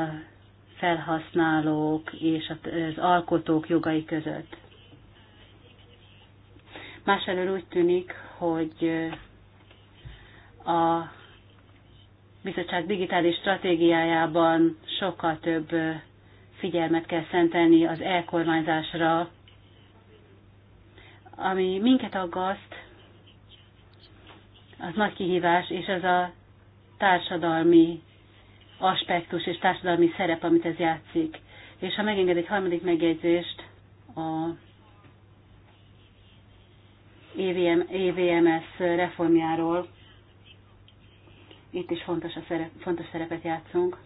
felhasználók és az alkotók jogai között. Másfelől úgy tűnik, hogy a bizottság digitális stratégiájában sokkal több figyelmet kell szentelni az elkormányzásra, ami minket aggaszt, az nagy kihívás, és ez a társadalmi aspektus és társadalmi szerep, amit ez játszik. És ha megenged egy harmadik megjegyzést, a EVM, EVMS reformjáról, itt is fontos, a szerep, fontos szerepet játszunk.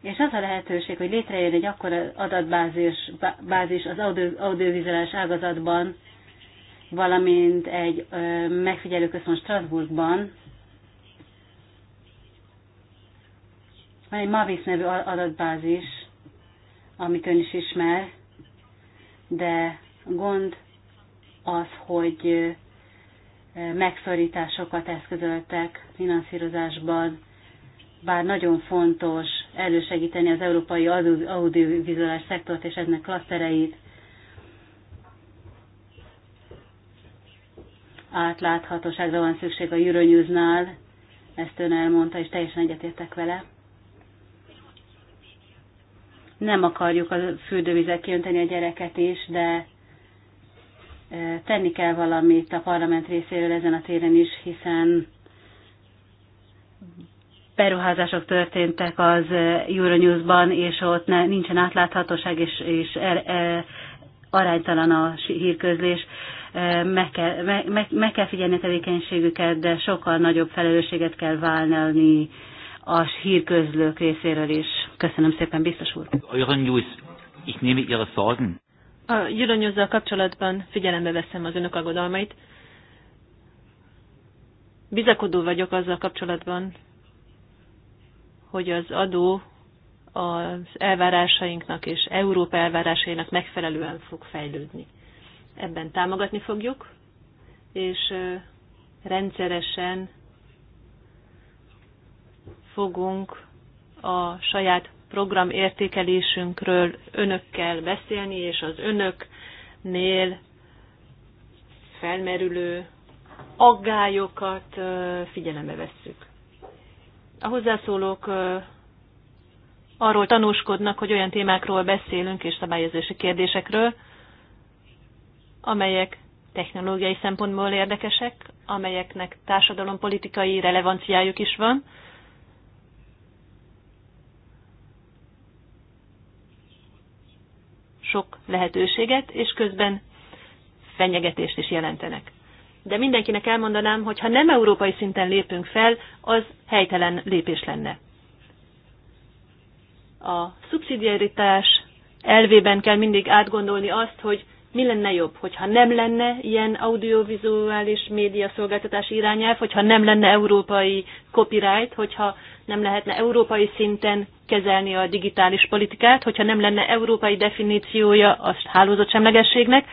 És az a lehetőség, hogy létrejön egy akkora adatbázis bázis az audio, audiovizuális ágazatban, valamint egy ö, központ Strasbourgban, van egy Mavis nevű adatbázis, amit ön is ismer, de gond az, hogy megszorításokat eszközöltek finanszírozásban, bár nagyon fontos elősegíteni az európai audiovizuális szektort és ennek klasztereit, átláthatóságra van szükség a Euronews-nál, ezt ön elmondta, és teljesen egyetértek vele. Nem akarjuk a fürdővizet kiönteni a gyereket is, de tenni kell valamit a parlament részéről ezen a téren is, hiszen beruházások történtek az Euronews-ban, és ott ne, nincsen átláthatóság, és, és er, e, aránytalan a hírközlés. Meg kell, meg, meg kell figyelni a tevékenységüket, de sokkal nagyobb felelősséget kell vállalni a hírközlők részéről is. Köszönöm szépen, biztos úr. Euronews, ich nehme Ihre Sorgen. A gyuronyozzel kapcsolatban figyelembe veszem az önök aggodalmait. Bizakodó vagyok azzal kapcsolatban, hogy az adó az elvárásainknak és Európa elvárásainak megfelelően fog fejlődni. Ebben támogatni fogjuk, és rendszeresen fogunk a saját programértékelésünkről önökkel beszélni, és az önöknél felmerülő aggályokat figyelembe vesszük. A hozzászólók arról tanúskodnak, hogy olyan témákról beszélünk és szabályozási kérdésekről, amelyek technológiai szempontból érdekesek, amelyeknek társadalompolitikai relevanciájuk is van, sok lehetőséget, és közben fenyegetést is jelentenek. De mindenkinek elmondanám, hogy ha nem európai szinten lépünk fel, az helytelen lépés lenne. A szubszidiaritás elvében kell mindig átgondolni azt, hogy mi lenne jobb, hogyha nem lenne ilyen audiovizuális média szolgáltatás irányelv, hogyha nem lenne európai copyright, hogyha nem lehetne európai szinten kezelni a digitális politikát, hogyha nem lenne európai definíciója a hálózatsemlegességnek,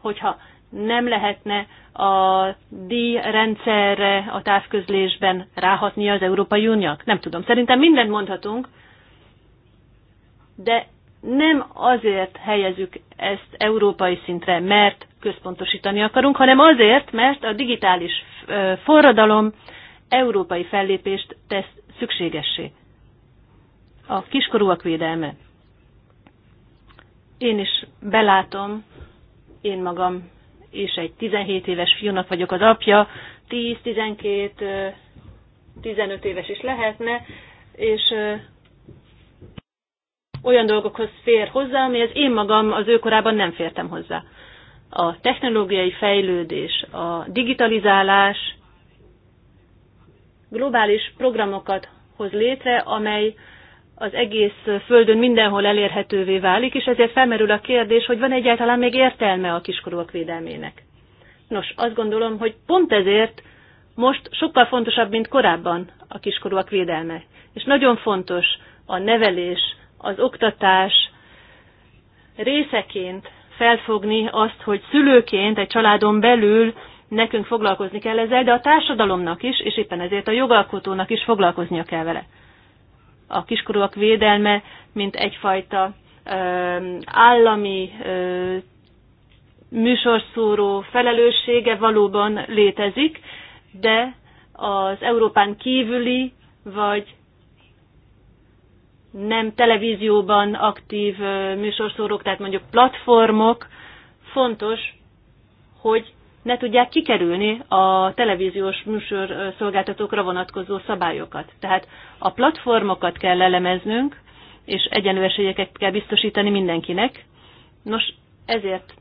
hogyha nem lehetne a díjrendszerre a távközlésben ráhatni az Európai Uniónak? Nem tudom. Szerintem mindent mondhatunk, de nem azért helyezzük ezt európai szintre, mert központosítani akarunk, hanem azért, mert a digitális forradalom európai fellépést tesz szükségessé a kiskorúak védelme. Én is belátom, én magam és egy 17 éves fiúnak vagyok az apja, 10-12, 15 éves is lehetne, és olyan dolgokhoz fér hozzá, amihez én magam az ő korában nem fértem hozzá. A technológiai fejlődés, a digitalizálás globális programokat hoz létre, amely az egész földön mindenhol elérhetővé válik, és ezért felmerül a kérdés, hogy van egyáltalán még értelme a kiskorúak védelmének. Nos, azt gondolom, hogy pont ezért most sokkal fontosabb, mint korábban a kiskorúak védelme. És nagyon fontos a nevelés, az oktatás részeként felfogni azt, hogy szülőként egy családon belül nekünk foglalkozni kell ezzel, de a társadalomnak is, és éppen ezért a jogalkotónak is foglalkoznia kell vele a kiskorúak védelme, mint egyfajta állami műsorszóró felelőssége valóban létezik, de az Európán kívüli vagy nem televízióban aktív műsorszórók, tehát mondjuk platformok, fontos, hogy ne tudják kikerülni a televíziós műsor szolgáltatókra vonatkozó szabályokat. Tehát a platformokat kell elemeznünk, és egyenlő esélyeket kell biztosítani mindenkinek. Nos, ezért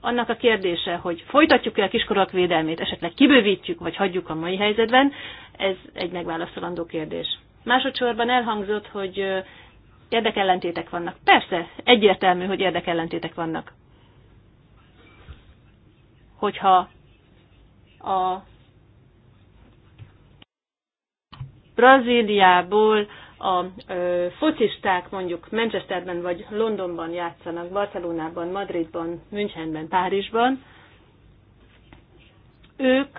annak a kérdése, hogy folytatjuk-e a kiskorak védelmét, esetleg kibővítjük, vagy hagyjuk a mai helyzetben, ez egy megválaszolandó kérdés. Másodszorban elhangzott, hogy érdekellentétek vannak. Persze, egyértelmű, hogy érdekellentétek vannak hogyha a Brazíliából a ö, focisták mondjuk Manchesterben vagy Londonban játszanak, Barcelonában, Madridban, Münchenben, Párizsban, ők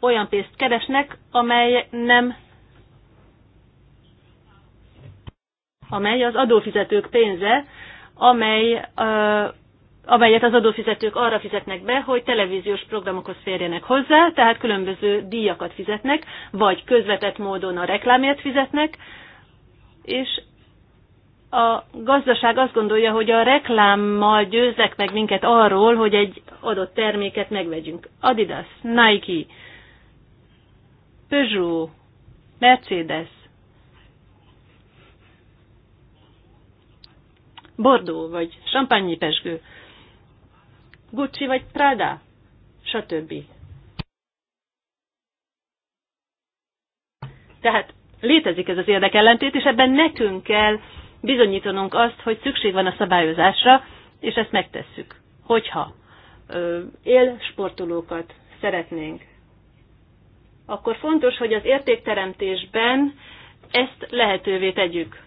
olyan pénzt keresnek, amely nem amely az adófizetők pénze, amely ö, amelyet az adófizetők arra fizetnek be, hogy televíziós programokhoz férjenek hozzá, tehát különböző díjakat fizetnek, vagy közvetett módon a reklámért fizetnek, és a gazdaság azt gondolja, hogy a reklámmal győznek meg minket arról, hogy egy adott terméket megvegyünk. Adidas, Nike, Peugeot, Mercedes, Bordó vagy Champagne pesgő. Gucci vagy Prada, stb. Tehát létezik ez az érdekellentét, és ebben nekünk kell bizonyítanunk azt, hogy szükség van a szabályozásra, és ezt megtesszük. Hogyha él sportolókat szeretnénk, akkor fontos, hogy az értékteremtésben ezt lehetővé tegyük.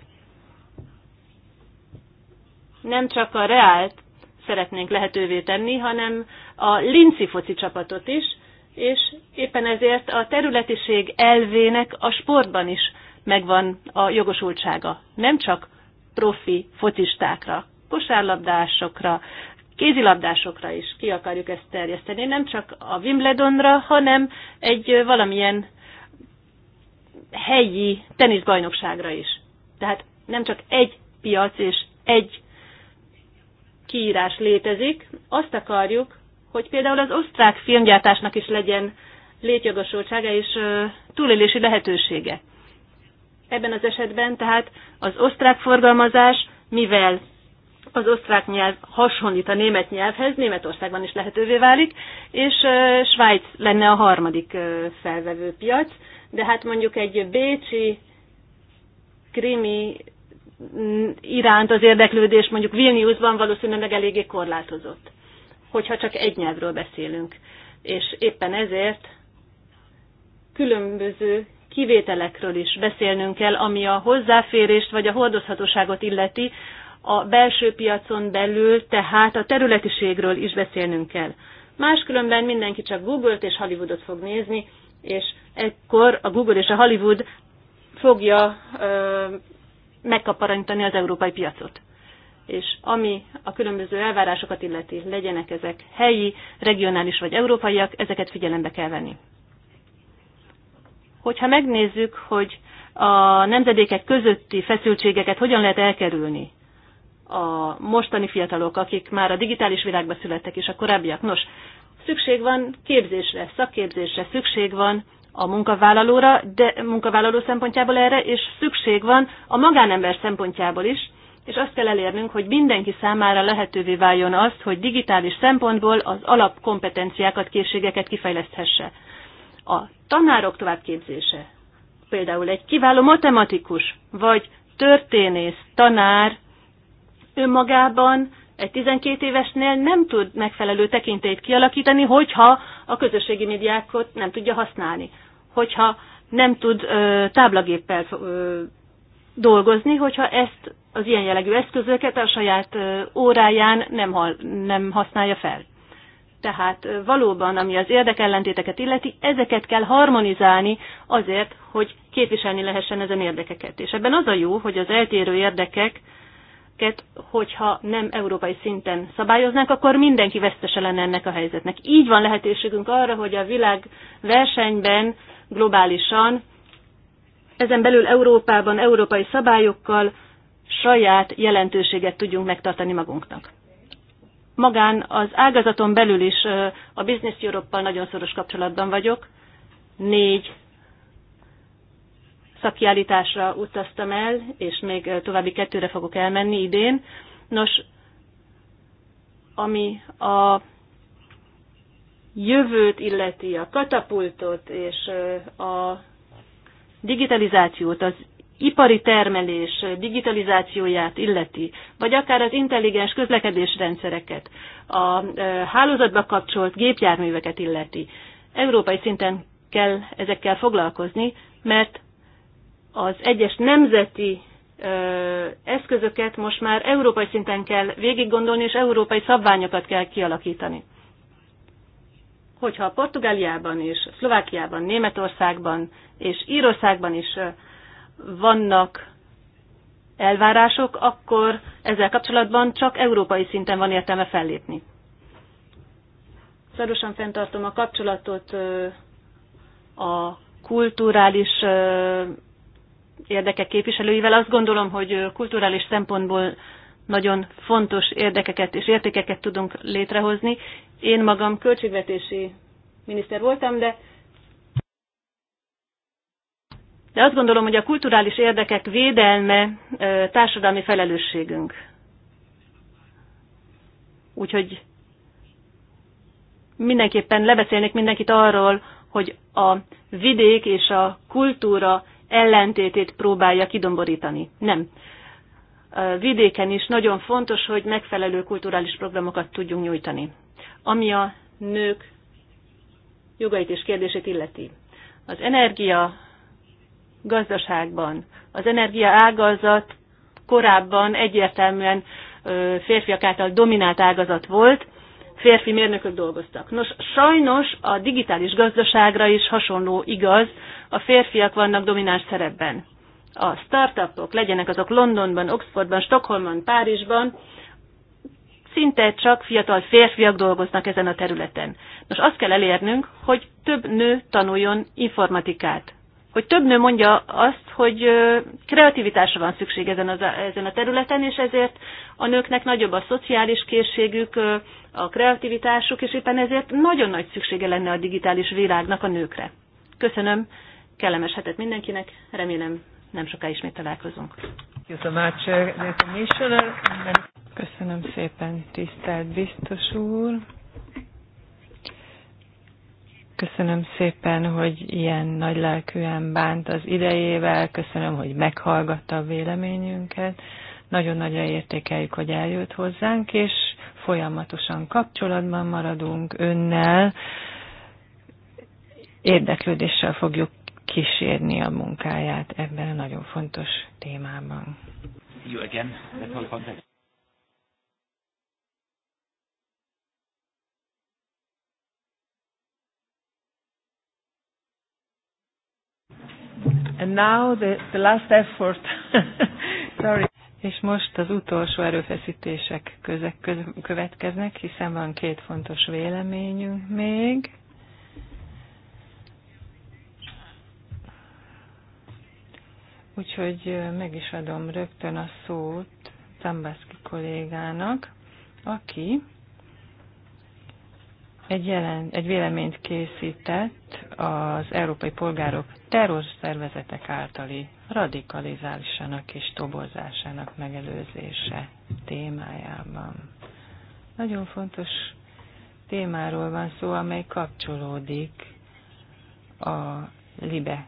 Nem csak a reált szeretnénk lehetővé tenni, hanem a Linci foci csapatot is, és éppen ezért a területiség elvének a sportban is megvan a jogosultsága. Nem csak profi focistákra, kosárlabdásokra, kézilabdásokra is ki akarjuk ezt terjeszteni, nem csak a Wimbledonra, hanem egy valamilyen helyi teniszbajnokságra is. Tehát nem csak egy piac és egy kiírás létezik. Azt akarjuk, hogy például az osztrák filmgyártásnak is legyen létjogosultsága és túlélési lehetősége. Ebben az esetben tehát az osztrák forgalmazás, mivel az osztrák nyelv hasonlít a német nyelvhez, Németországban is lehetővé válik, és Svájc lenne a harmadik felvevő piac, de hát mondjuk egy bécsi krimi iránt az érdeklődés mondjuk Vilniusban valószínűleg eléggé korlátozott, hogyha csak egy nyelvről beszélünk. És éppen ezért különböző kivételekről is beszélnünk kell, ami a hozzáférést vagy a hordozhatóságot illeti, a belső piacon belül, tehát a területiségről is beszélnünk kell. Máskülönben mindenki csak Google-t és Hollywoodot fog nézni, és ekkor a Google és a Hollywood fogja ö, megkaparanítani az európai piacot. És ami a különböző elvárásokat illeti, legyenek ezek helyi, regionális vagy európaiak, ezeket figyelembe kell venni. Hogyha megnézzük, hogy a nemzedékek közötti feszültségeket hogyan lehet elkerülni, a mostani fiatalok, akik már a digitális világba születtek, és a korábbiak. Nos, szükség van képzésre, szakképzésre, szükség van a munkavállalóra, de munkavállaló szempontjából erre, és szükség van a magánember szempontjából is, és azt kell elérnünk, hogy mindenki számára lehetővé váljon azt, hogy digitális szempontból az alapkompetenciákat, készségeket kifejleszthesse. A tanárok továbbképzése, például egy kiváló matematikus vagy történész tanár önmagában egy 12 évesnél nem tud megfelelő tekintélyt kialakítani, hogyha a közösségi médiákat nem tudja használni hogyha nem tud ö, táblagéppel ö, dolgozni, hogyha ezt az ilyen jellegű eszközöket a saját ö, óráján nem, ha, nem használja fel. Tehát valóban, ami az érdekellentéteket illeti, ezeket kell harmonizálni azért, hogy képviselni lehessen ezen érdekeket. És ebben az a jó, hogy az eltérő érdekek, hogyha nem európai szinten szabályoznánk, akkor mindenki vesztese lenne ennek a helyzetnek. Így van lehetőségünk arra, hogy a világ versenyben globálisan, ezen belül Európában, európai szabályokkal saját jelentőséget tudjunk megtartani magunknak. Magán az ágazaton belül is a Business europe nagyon szoros kapcsolatban vagyok. Négy szakkiállításra utaztam el, és még további kettőre fogok elmenni idén. Nos, ami a jövőt illeti, a katapultot és a digitalizációt, az ipari termelés digitalizációját illeti, vagy akár az intelligens közlekedésrendszereket, a hálózatba kapcsolt gépjárműveket illeti. Európai szinten kell ezekkel foglalkozni, mert az egyes nemzeti eszközöket most már európai szinten kell végiggondolni, és európai szabványokat kell kialakítani hogyha Portugáliában és Szlovákiában, Németországban és Írországban is vannak elvárások, akkor ezzel kapcsolatban csak európai szinten van értelme fellépni. Szorosan fenntartom a kapcsolatot a kulturális érdekek képviselőivel. Azt gondolom, hogy kulturális szempontból nagyon fontos érdekeket és értékeket tudunk létrehozni. Én magam költségvetési miniszter voltam, de de azt gondolom, hogy a kulturális érdekek védelme társadalmi felelősségünk. Úgyhogy mindenképpen lebeszélnék mindenkit arról, hogy a vidék és a kultúra ellentétét próbálja kidomborítani. Nem vidéken is nagyon fontos, hogy megfelelő kulturális programokat tudjunk nyújtani. Ami a nők jogait és kérdését illeti. Az energia gazdaságban, az energia ágazat korábban egyértelműen férfiak által dominált ágazat volt, férfi mérnökök dolgoztak. Nos, sajnos a digitális gazdaságra is hasonló igaz, a férfiak vannak domináns szerepben a startupok, legyenek azok Londonban, Oxfordban, Stockholmban, Párizsban, szinte csak fiatal férfiak dolgoznak ezen a területen. Nos, azt kell elérnünk, hogy több nő tanuljon informatikát. Hogy több nő mondja azt, hogy kreativitásra van szükség ezen, az, ezen a területen, és ezért a nőknek nagyobb a szociális készségük, a kreativitásuk, és éppen ezért nagyon nagy szüksége lenne a digitális világnak a nőkre. Köszönöm, kellemes hetet mindenkinek, remélem nem soká ismét találkozunk. Uh, köszönöm szépen, tisztelt biztos úr. Köszönöm szépen, hogy ilyen nagy lelkűen bánt az idejével, köszönöm, hogy meghallgatta a véleményünket. Nagyon nagyon értékeljük, hogy eljött hozzánk, és folyamatosan kapcsolatban maradunk önnel. Érdeklődéssel fogjuk kísérni a munkáját ebben a nagyon fontos témában. You again. context. And now the, the last effort. [LAUGHS] Sorry. És most az utolsó erőfeszítések közek, köz, következnek, hiszen van két fontos véleményünk még. Úgyhogy meg is adom rögtön a szót Zambaszki kollégának, aki egy, jelen, egy véleményt készített az európai polgárok terrorszervezetek általi radikalizálásának és tobozásának megelőzése témájában. Nagyon fontos témáról van szó, amely kapcsolódik a LIBE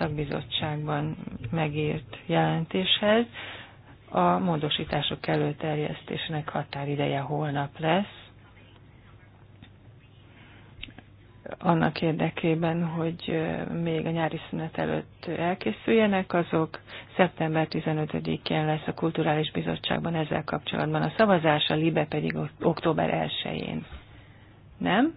szakbizottságban megírt jelentéshez. A módosítások előterjesztésének határideje holnap lesz. Annak érdekében, hogy még a nyári szünet előtt elkészüljenek, azok szeptember 15-én lesz a Kulturális Bizottságban ezzel kapcsolatban a szavazás, a LIBE pedig október 1-én. Nem?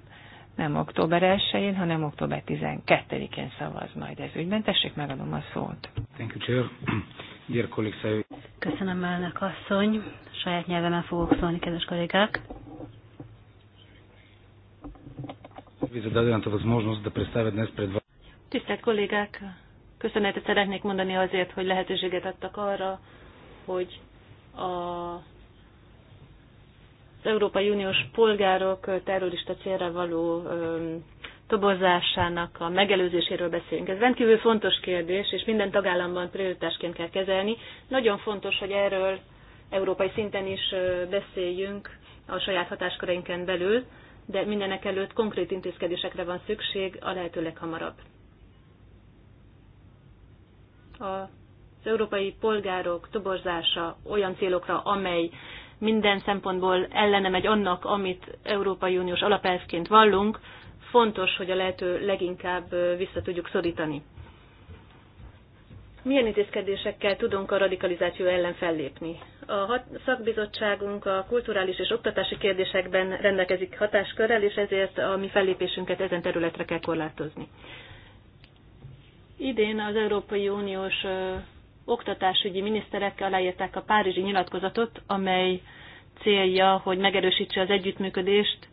nem október 1-én, hanem október 12-én szavaz majd ez ügyben. Tessék, megadom a szót. Thank you, Chair. [CLEARS THROAT] Dear colleagues, Köszönöm elnök asszony. Saját nyelvemen fogok szólni, kedves kollégák. Tisztelt kollégák, köszönetet szeretnék mondani azért, hogy lehetőséget adtak arra, hogy a az Európai Uniós polgárok terrorista célra való toborzásának a megelőzéséről beszélünk. Ez rendkívül fontos kérdés, és minden tagállamban prioritásként kell kezelni. Nagyon fontos, hogy erről európai szinten is beszéljünk a saját hatáskörénken belül, de mindenek előtt konkrét intézkedésekre van szükség a lehető leghamarabb. Az európai polgárok toborzása olyan célokra, amely minden szempontból ellene megy annak, amit Európai Uniós alapelvként vallunk, fontos, hogy a lehető leginkább vissza tudjuk szorítani. Milyen intézkedésekkel tudunk a radikalizáció ellen fellépni? A szakbizottságunk a kulturális és oktatási kérdésekben rendelkezik hatáskörrel, és ezért a mi fellépésünket ezen területre kell korlátozni. Idén az Európai Uniós oktatásügyi miniszterek aláírták a Párizsi nyilatkozatot, amely célja, hogy megerősítse az együttműködést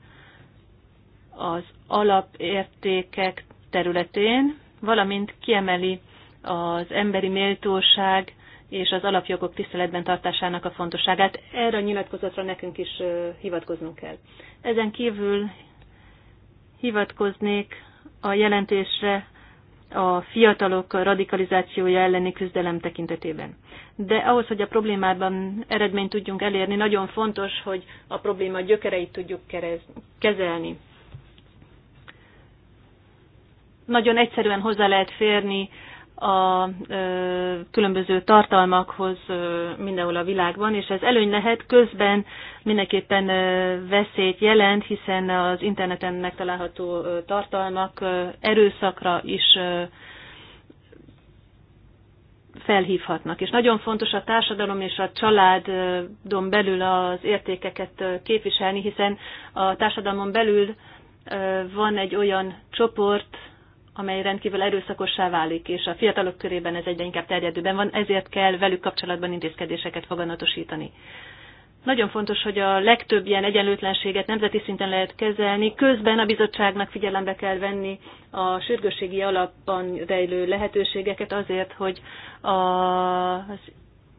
az alapértékek területén, valamint kiemeli az emberi méltóság és az alapjogok tiszteletben tartásának a fontosságát. Erre a nyilatkozatra nekünk is hivatkoznunk kell. Ezen kívül hivatkoznék a jelentésre, a fiatalok radikalizációja elleni küzdelem tekintetében. De ahhoz, hogy a problémában eredményt tudjunk elérni, nagyon fontos, hogy a probléma gyökereit tudjuk kezelni. Nagyon egyszerűen hozzá lehet férni a különböző tartalmakhoz mindenhol a világban, és ez előny lehet, közben mindenképpen veszélyt jelent, hiszen az interneten megtalálható tartalmak erőszakra is felhívhatnak. És nagyon fontos a társadalom és a családon belül az értékeket képviselni, hiszen a társadalmon belül van egy olyan csoport, amely rendkívül erőszakossá válik, és a fiatalok körében ez egyre inkább terjedőben van, ezért kell velük kapcsolatban intézkedéseket foganatosítani. Nagyon fontos, hogy a legtöbb ilyen egyenlőtlenséget nemzeti szinten lehet kezelni, közben a bizottságnak figyelembe kell venni a sürgősségi alapban rejlő lehetőségeket azért, hogy a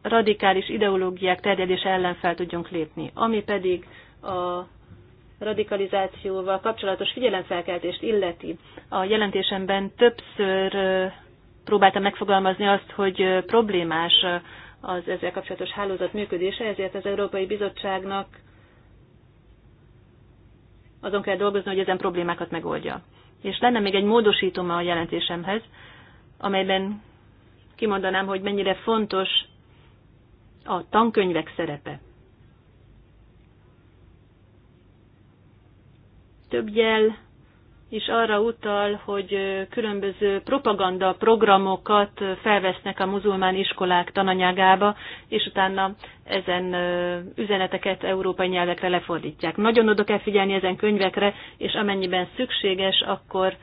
radikális ideológiák terjedése ellen fel tudjunk lépni. Ami pedig a radikalizációval kapcsolatos figyelemfelkeltést illeti. A jelentésemben többször próbáltam megfogalmazni azt, hogy problémás az ezzel kapcsolatos hálózat működése, ezért az Európai Bizottságnak azon kell dolgozni, hogy ezen problémákat megoldja. És lenne még egy módosítom a jelentésemhez, amelyben kimondanám, hogy mennyire fontos a tankönyvek szerepe. Több jel is arra utal, hogy különböző propaganda programokat felvesznek a muzulmán iskolák tananyágába, és utána ezen üzeneteket európai nyelvekre lefordítják. Nagyon oda kell figyelni ezen könyvekre, és amennyiben szükséges, akkor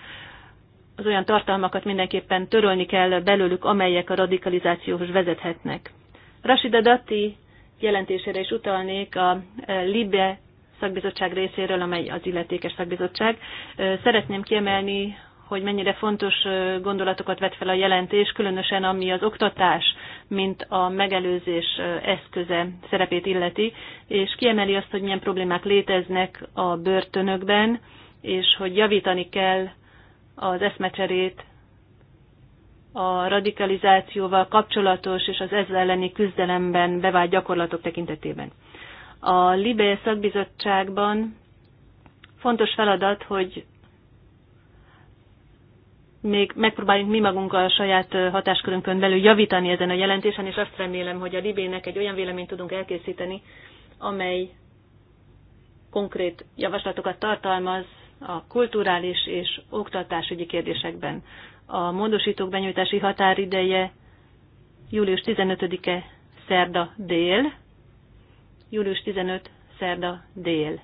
az olyan tartalmakat mindenképpen törölni kell belőlük, amelyek a radikalizációhoz vezethetnek. Rashida Dati jelentésére is utalnék a Libe szakbizottság részéről, amely az illetékes szakbizottság. Szeretném kiemelni, hogy mennyire fontos gondolatokat vet fel a jelentés, különösen ami az oktatás, mint a megelőzés eszköze szerepét illeti, és kiemeli azt, hogy milyen problémák léteznek a börtönökben, és hogy javítani kell az eszmecserét a radikalizációval kapcsolatos és az ezzel elleni küzdelemben bevált gyakorlatok tekintetében. A Libé szakbizottságban fontos feladat, hogy még megpróbáljunk mi magunk a saját hatáskörünkön belül javítani ezen a jelentésen, és azt remélem, hogy a Libének egy olyan véleményt tudunk elkészíteni, amely konkrét javaslatokat tartalmaz a kulturális és oktatásügyi kérdésekben. A módosítók benyújtási határideje július 15-e szerda dél, július 15 szerda dél.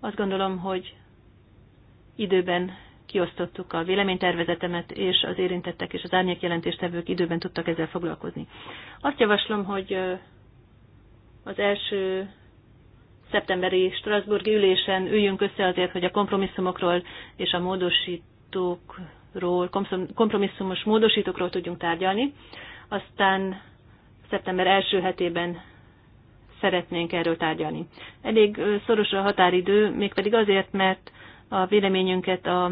Azt gondolom, hogy időben kiosztottuk a véleménytervezetemet, és az érintettek és az árnyékjelentéstevők időben tudtak ezzel foglalkozni. Azt javaslom, hogy az első szeptemberi Strasburgi ülésen üljünk össze azért, hogy a kompromisszumokról és a módosítókról, kompromisszumos módosítókról tudjunk tárgyalni. Aztán szeptember első hetében szeretnénk erről tárgyalni. Elég szoros a határidő, mégpedig azért, mert a véleményünket a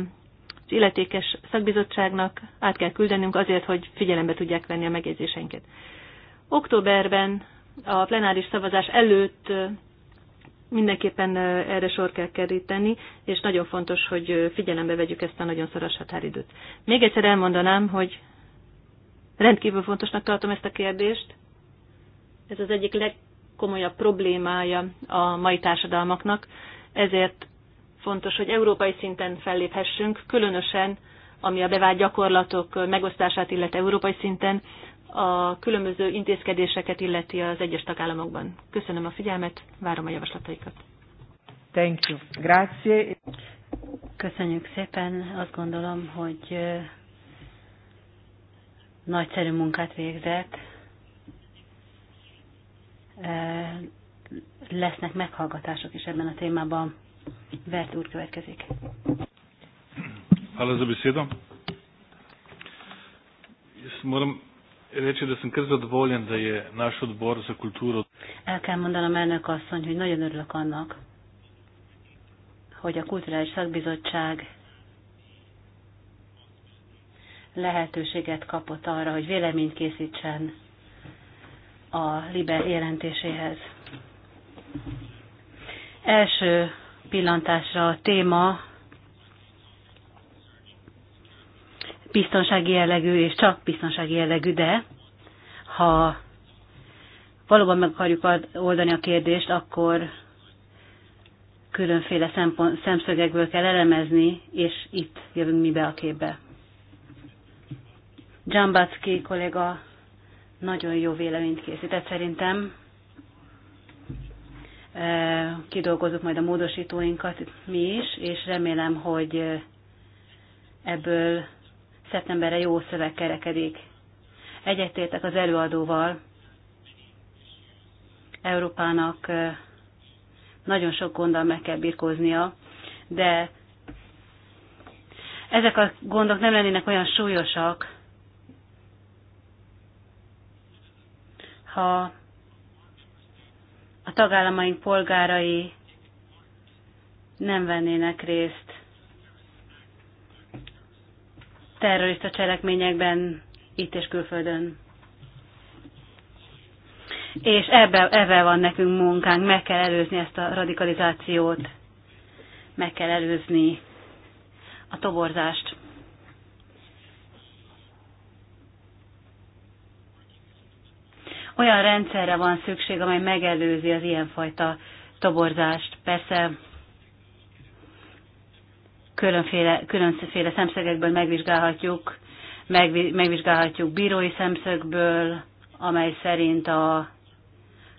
az illetékes szakbizottságnak át kell küldenünk azért, hogy figyelembe tudják venni a megjegyzéseinket. Októberben a plenáris szavazás előtt mindenképpen erre sor kell keríteni, és nagyon fontos, hogy figyelembe vegyük ezt a nagyon szoros határidőt. Még egyszer elmondanám, hogy rendkívül fontosnak tartom ezt a kérdést. Ez az egyik leg, legkomolyabb problémája a mai társadalmaknak, ezért fontos, hogy európai szinten felléphessünk, különösen ami a bevált gyakorlatok megosztását illet európai szinten, a különböző intézkedéseket illeti az egyes tagállamokban. Köszönöm a figyelmet, várom a javaslataikat. Thank you. Grazie. Köszönjük szépen. Azt gondolom, hogy nagyszerű munkát végzett lesznek meghallgatások is ebben a témában. Vert úr következik. Hvala za besedo. Jaz moram reči, da sem kar zadovoljen, da je naš odbor za kulturo. El kell mondanom elnök asszony, hogy nagyon örülök annak, hogy a Kulturális Szakbizottság lehetőséget kapott arra, hogy véleményt készítsen a Libe jelentéséhez. Első pillantásra a téma biztonsági jellegű, és csak biztonsági jellegű, de ha valóban meg akarjuk oldani a kérdést, akkor különféle szempont, szemszögekből kell elemezni, és itt jövünk mi be a képbe. Dzsambacki kolléga nagyon jó véleményt készített szerintem. E, Kidolgozunk majd a módosítóinkat mi is, és remélem, hogy ebből szeptemberre jó szöveg kerekedik. Egyetértek az előadóval. Európának e, nagyon sok gonddal meg kell birkóznia, de ezek a gondok nem lennének olyan súlyosak, ha a tagállamaink polgárai nem vennének részt terrorista cselekményekben itt és külföldön. És ebben ebbe van nekünk munkánk, meg kell előzni ezt a radikalizációt, meg kell előzni a toborzást. olyan rendszerre van szükség, amely megelőzi az ilyenfajta toborzást. Persze különféle, különféle szemszögekből megvizsgálhatjuk, megvi, megvizsgálhatjuk bírói szemszögből, amely szerint a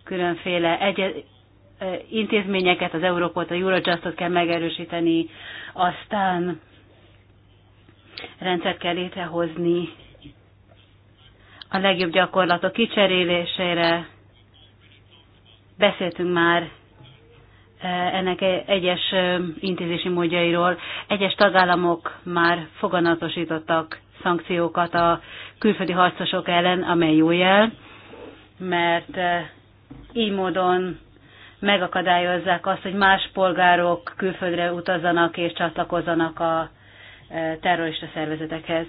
különféle egy, intézményeket, az Európot, a Eurojustot kell megerősíteni, aztán rendszert kell létrehozni a legjobb gyakorlatok kicserélésére. Beszéltünk már e, ennek e, egyes e, intézési módjairól. Egyes tagállamok már foganatosítottak szankciókat a külföldi harcosok ellen, amely jó jel, mert így módon megakadályozzák azt, hogy más polgárok külföldre utazzanak és csatlakozzanak a terrorista szervezetekhez.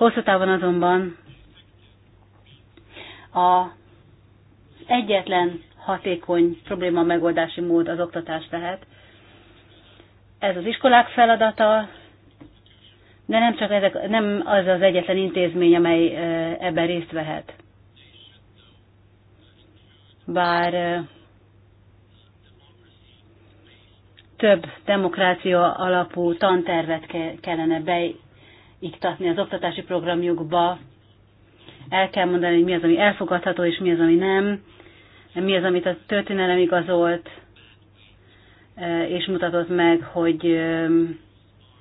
Hosszú távon azonban a egyetlen hatékony probléma megoldási mód az oktatás lehet. Ez az iskolák feladata, de nem csak ezek, nem az az egyetlen intézmény, amely ebben részt vehet. Bár több demokrácia alapú tantervet kellene iktatni az oktatási programjukba. El kell mondani, hogy mi az, ami elfogadható, és mi az, ami nem. Mi az, amit a történelem igazolt, e, és mutatott meg, hogy e,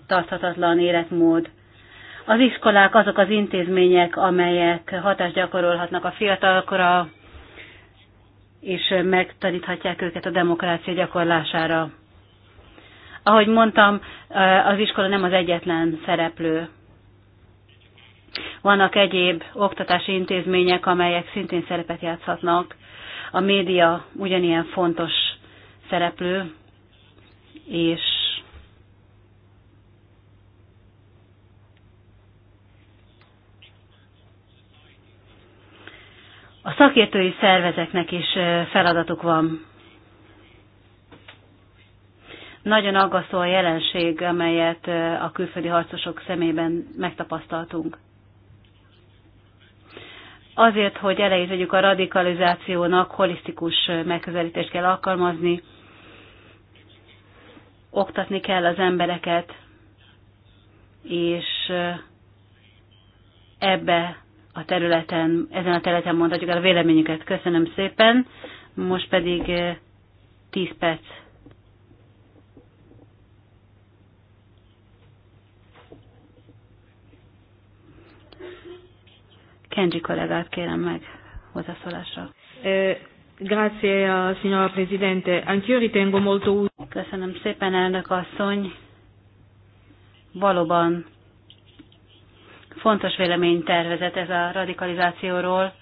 tarthatatlan életmód. Az iskolák azok az intézmények, amelyek hatást gyakorolhatnak a fiatalokra, és megtaníthatják őket a demokrácia gyakorlására. Ahogy mondtam, e, az iskola nem az egyetlen szereplő. Vannak egyéb oktatási intézmények, amelyek szintén szerepet játszhatnak. A média ugyanilyen fontos szereplő, és a szakértői szervezeknek is feladatuk van. Nagyon aggasztó a jelenség, amelyet a külföldi harcosok szemében megtapasztaltunk azért, hogy elejét vegyük a radikalizációnak, holisztikus megközelítést kell alkalmazni, oktatni kell az embereket, és eh, ebbe a területen, ezen a területen mondhatjuk el a véleményüket. Köszönöm szépen. Most pedig 10 eh, perc Kenji kollégát kérem meg hozzászólásra. Eh, grazie, eh, signora Presidente. Anch'io ritengo molto Köszönöm szépen, elnök asszony. Valóban fontos véleménytervezet ez a radikalizációról,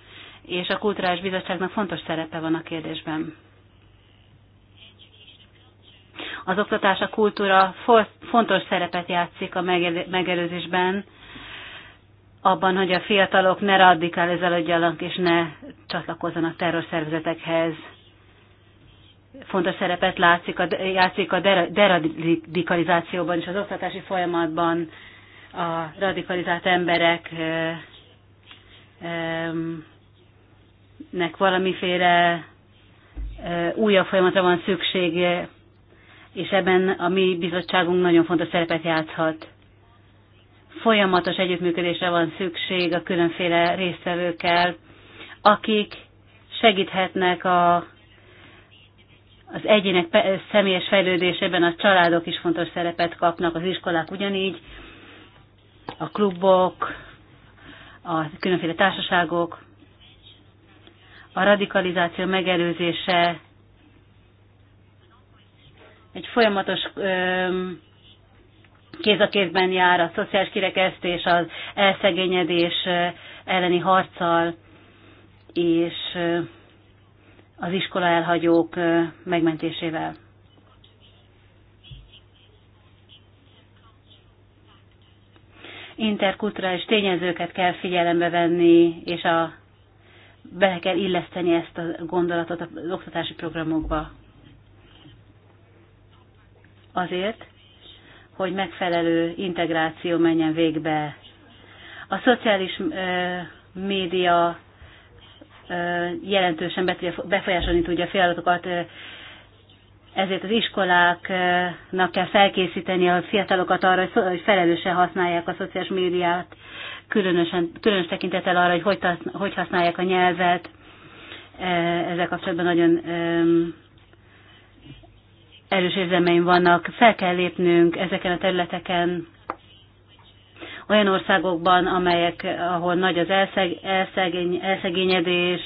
és a Kulturális Bizottságnak fontos szerepe van a kérdésben. Az oktatás, a kultúra fontos szerepet játszik a megelőzésben, abban, hogy a fiatalok ne radikalizálódjanak és ne csatlakozzanak terrorszervezetekhez. Fontos szerepet látszik a, játszik a deradikalizációban és az oktatási folyamatban a radikalizált emberek nek valamiféle újabb folyamatra van szüksége, és ebben a mi bizottságunk nagyon fontos szerepet játszhat folyamatos együttműködésre van szükség a különféle résztvevőkkel, akik segíthetnek a, az egyének személyes fejlődésében, a családok is fontos szerepet kapnak, az iskolák ugyanígy, a klubok, a különféle társaságok, a radikalizáció megelőzése egy folyamatos kéz a kézben jár a szociális kirekesztés, az elszegényedés elleni harccal, és az iskola elhagyók megmentésével. Interkulturális tényezőket kell figyelembe venni, és a, bele kell illeszteni ezt a gondolatot az oktatási programokba. Azért, hogy megfelelő integráció menjen végbe. A szociális média jelentősen befolyásolni tudja a fiatalokat, ezért az iskoláknak kell felkészíteni a fiatalokat arra, hogy felelősen használják a szociális médiát, különösen, különös tekintettel arra, hogy hogy használják a nyelvet. Ezzel kapcsolatban nagyon erős érzelmeim vannak, fel kell lépnünk ezeken a területeken, olyan országokban, amelyek, ahol nagy az elszeg, elszegény, elszegényedés,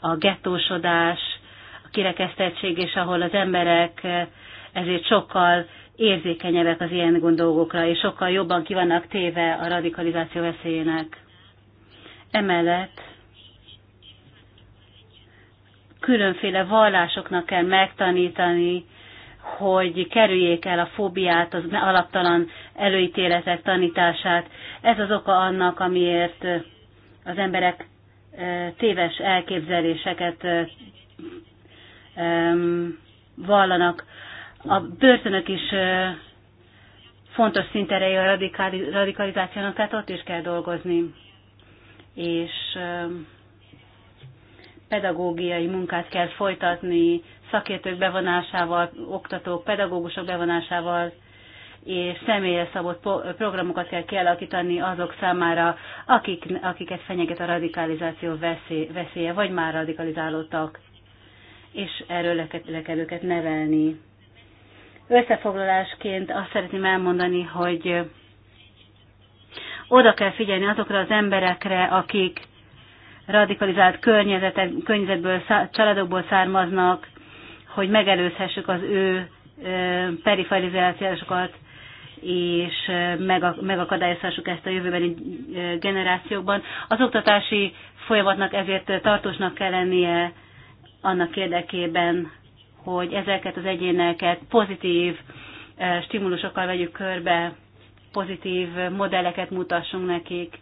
a gettósodás, a kirekesztettség, és ahol az emberek ezért sokkal érzékenyebbek az ilyen gondolgokra, és sokkal jobban kivannak téve a radikalizáció veszélyének. Emellett különféle vallásoknak kell megtanítani hogy kerüljék el a fóbiát, az alaptalan előítéletek tanítását. Ez az oka annak, amiért az emberek téves elképzeléseket vallanak. A börtönök is fontos szinterei a radikalizációnak, tehát ott is kell dolgozni. És pedagógiai munkát kell folytatni, szakértők bevonásával, oktatók, pedagógusok bevonásával, és személyre szabott programokat kell kialakítani azok számára, akik, akiket fenyeget a radikalizáció veszélye, vagy már radikalizálódtak, és erről le, le kell őket nevelni. Összefoglalásként azt szeretném elmondani, hogy oda kell figyelni azokra az emberekre, akik radikalizált környezetből, családokból származnak, hogy megelőzhessük az ő periferizációsokat, és megakadályozhassuk ezt a jövőbeni generációkban. Az oktatási folyamatnak ezért tartósnak kell lennie annak érdekében, hogy ezeket az egyéneket pozitív stimulusokkal vegyük körbe, pozitív modelleket mutassunk nekik,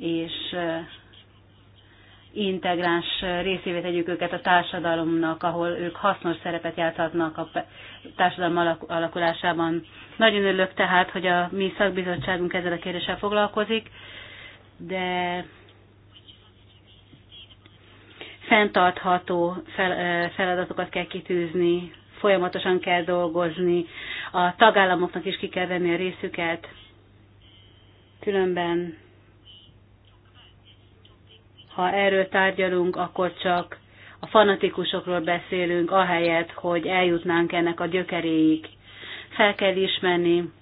és integráns részévé tegyük őket a társadalomnak, ahol ők hasznos szerepet játszhatnak a társadalom alakulásában. Nagyon örülök tehát, hogy a mi szakbizottságunk ezzel a kérdéssel foglalkozik, de fenntartható feladatokat kell kitűzni, folyamatosan kell dolgozni, a tagállamoknak is ki kell venni a részüket, különben ha erről tárgyalunk, akkor csak a fanatikusokról beszélünk, ahelyett, hogy eljutnánk ennek a gyökeréig. Fel kell ismerni,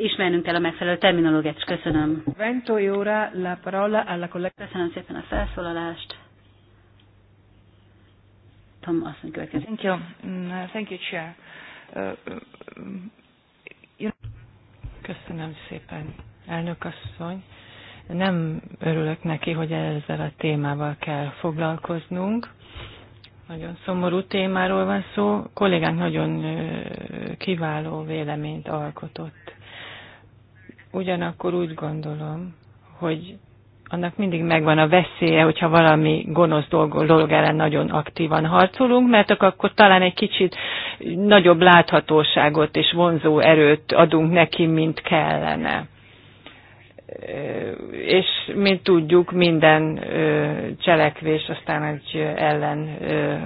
ismernünk kell a megfelelő terminológiát, és köszönöm. E köszönöm szépen a felszólalást. Tom, azt Thank you. Mm, uh, thank you, Chair. Uh, uh, mm, köszönöm szépen, elnök asszony. Nem örülök neki, hogy ezzel a témával kell foglalkoznunk. Nagyon szomorú témáról van szó. A kollégánk nagyon kiváló véleményt alkotott. Ugyanakkor úgy gondolom, hogy annak mindig megvan a veszélye, hogyha valami gonosz dolog ellen nagyon aktívan harcolunk, mert akkor talán egy kicsit nagyobb láthatóságot és vonzó erőt adunk neki, mint kellene és mint tudjuk, minden cselekvés aztán egy ellen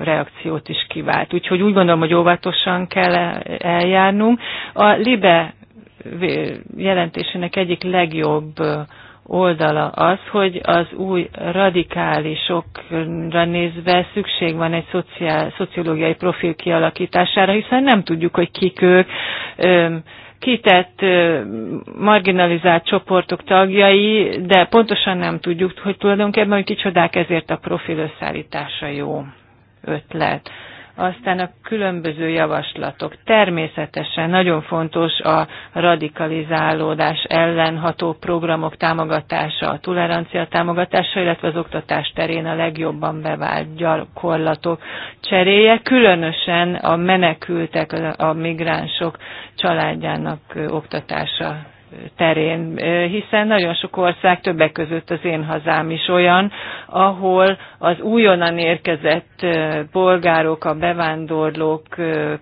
reakciót is kivált. Úgyhogy úgy gondolom, hogy óvatosan kell eljárnunk. A LIBE jelentésének egyik legjobb oldala az, hogy az új radikálisokra nézve szükség van egy szociál, szociológiai profil kialakítására, hiszen nem tudjuk, hogy kik ők, kitett, marginalizált csoportok tagjai, de pontosan nem tudjuk, hogy tulajdonképpen hogy kicsodák ezért a profil összeállítása jó ötlet. Aztán a különböző javaslatok. Természetesen nagyon fontos a radikalizálódás ellen ható programok támogatása, a tolerancia támogatása, illetve az oktatás terén a legjobban bevált gyakorlatok cseréje, különösen a menekültek, a migránsok családjának oktatása terén, hiszen nagyon sok ország, többek között az én hazám is olyan, ahol az újonnan érkezett polgárok, a bevándorlók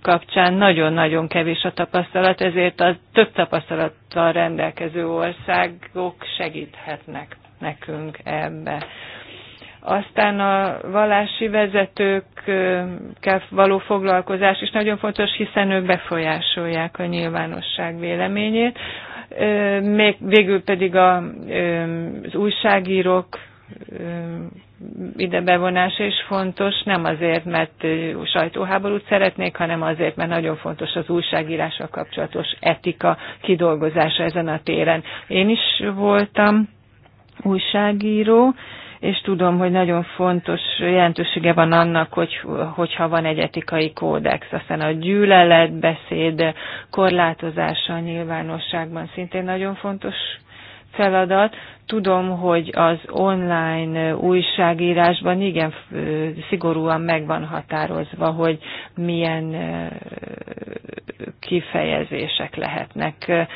kapcsán nagyon-nagyon kevés a tapasztalat, ezért a több tapasztalattal rendelkező országok segíthetnek nekünk ebbe. Aztán a vallási vezetőkkel való foglalkozás is nagyon fontos, hiszen ők befolyásolják a nyilvánosság véleményét még végül pedig a, az újságírók ide bevonása is fontos, nem azért, mert sajtóháborút szeretnék, hanem azért, mert nagyon fontos az újságírással kapcsolatos etika kidolgozása ezen a téren. Én is voltam újságíró, és tudom, hogy nagyon fontos jelentősége van annak, hogy, hogyha van egy etikai kódex. Aztán a beszéd, korlátozása a nyilvánosságban szintén nagyon fontos feladat. Tudom, hogy az online újságírásban igen szigorúan meg van határozva, hogy milyen kifejezések lehetnek,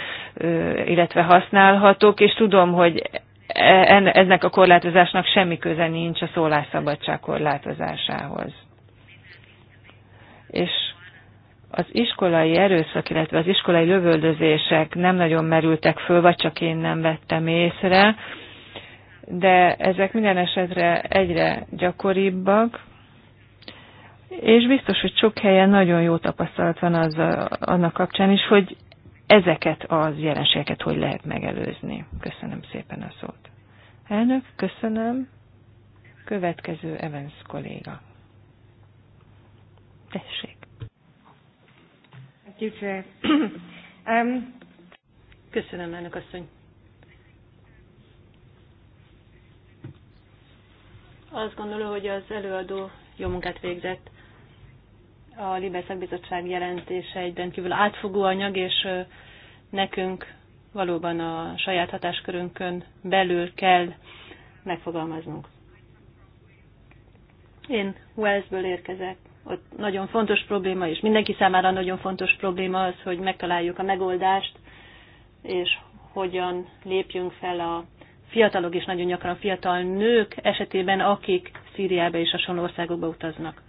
illetve használhatók, és tudom, hogy ennek a korlátozásnak semmi köze nincs a szólásszabadság korlátozásához. És az iskolai erőszak, illetve az iskolai lövöldözések nem nagyon merültek föl, vagy csak én nem vettem észre, de ezek minden esetre egyre gyakoribbak, és biztos, hogy sok helyen nagyon jó tapasztalat van az, annak kapcsán is, hogy ezeket az jelenségeket hogy lehet megelőzni. Köszönöm szépen a szót. Elnök, köszönöm. Következő Evans kolléga. Tessék. [CLEARS THROAT] Um, köszönöm, elnök asszony. Azt gondolom, hogy az előadó jó munkát végzett a Libe Szakbizottság jelentése egy rendkívül átfogó anyag, és nekünk valóban a saját hatáskörünkön belül kell megfogalmaznunk. Én Walesből érkezek. Ott nagyon fontos probléma, és mindenki számára nagyon fontos probléma az, hogy megtaláljuk a megoldást, és hogyan lépjünk fel a fiatalok, és nagyon gyakran fiatal nők esetében, akik Szíriába és a országokba utaznak.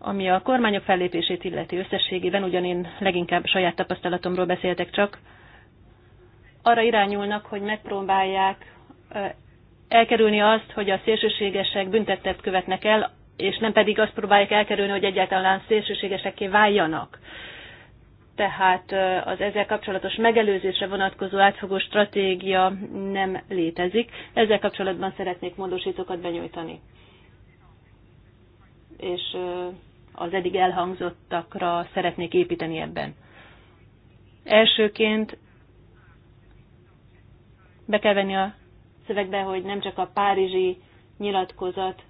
Ami a kormányok fellépését illeti összességében, ugyan én leginkább saját tapasztalatomról beszéltek csak, arra irányulnak, hogy megpróbálják elkerülni azt, hogy a szélsőségesek büntettet követnek el, és nem pedig azt próbálják elkerülni, hogy egyáltalán szélsőségesekké váljanak. Tehát az ezzel kapcsolatos megelőzésre vonatkozó átfogó stratégia nem létezik. Ezzel kapcsolatban szeretnék módosítókat benyújtani. És az eddig elhangzottakra szeretnék építeni ebben. Elsőként be kell venni a szövegbe, hogy nem csak a párizsi nyilatkozat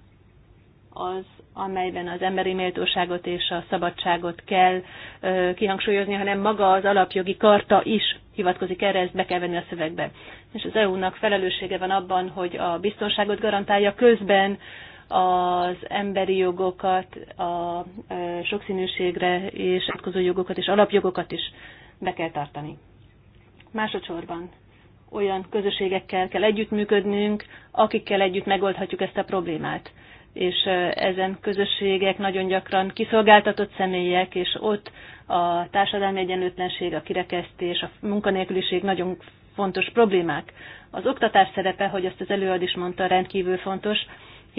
az, amelyben az emberi méltóságot és a szabadságot kell ö, kihangsúlyozni, hanem maga az alapjogi karta is hivatkozik erre, ezt be kell venni a szövegbe. És az EU-nak felelőssége van abban, hogy a biztonságot garantálja, közben az emberi jogokat, a sokszínűségre és átkozó jogokat és alapjogokat is be kell tartani. Másodszorban olyan közösségekkel kell együttműködnünk, akikkel együtt megoldhatjuk ezt a problémát. És ezen közösségek nagyon gyakran kiszolgáltatott személyek, és ott a társadalmi egyenlőtlenség, a kirekesztés, a munkanélküliség nagyon fontos problémák. Az oktatás szerepe, hogy azt az előad is mondta, rendkívül fontos,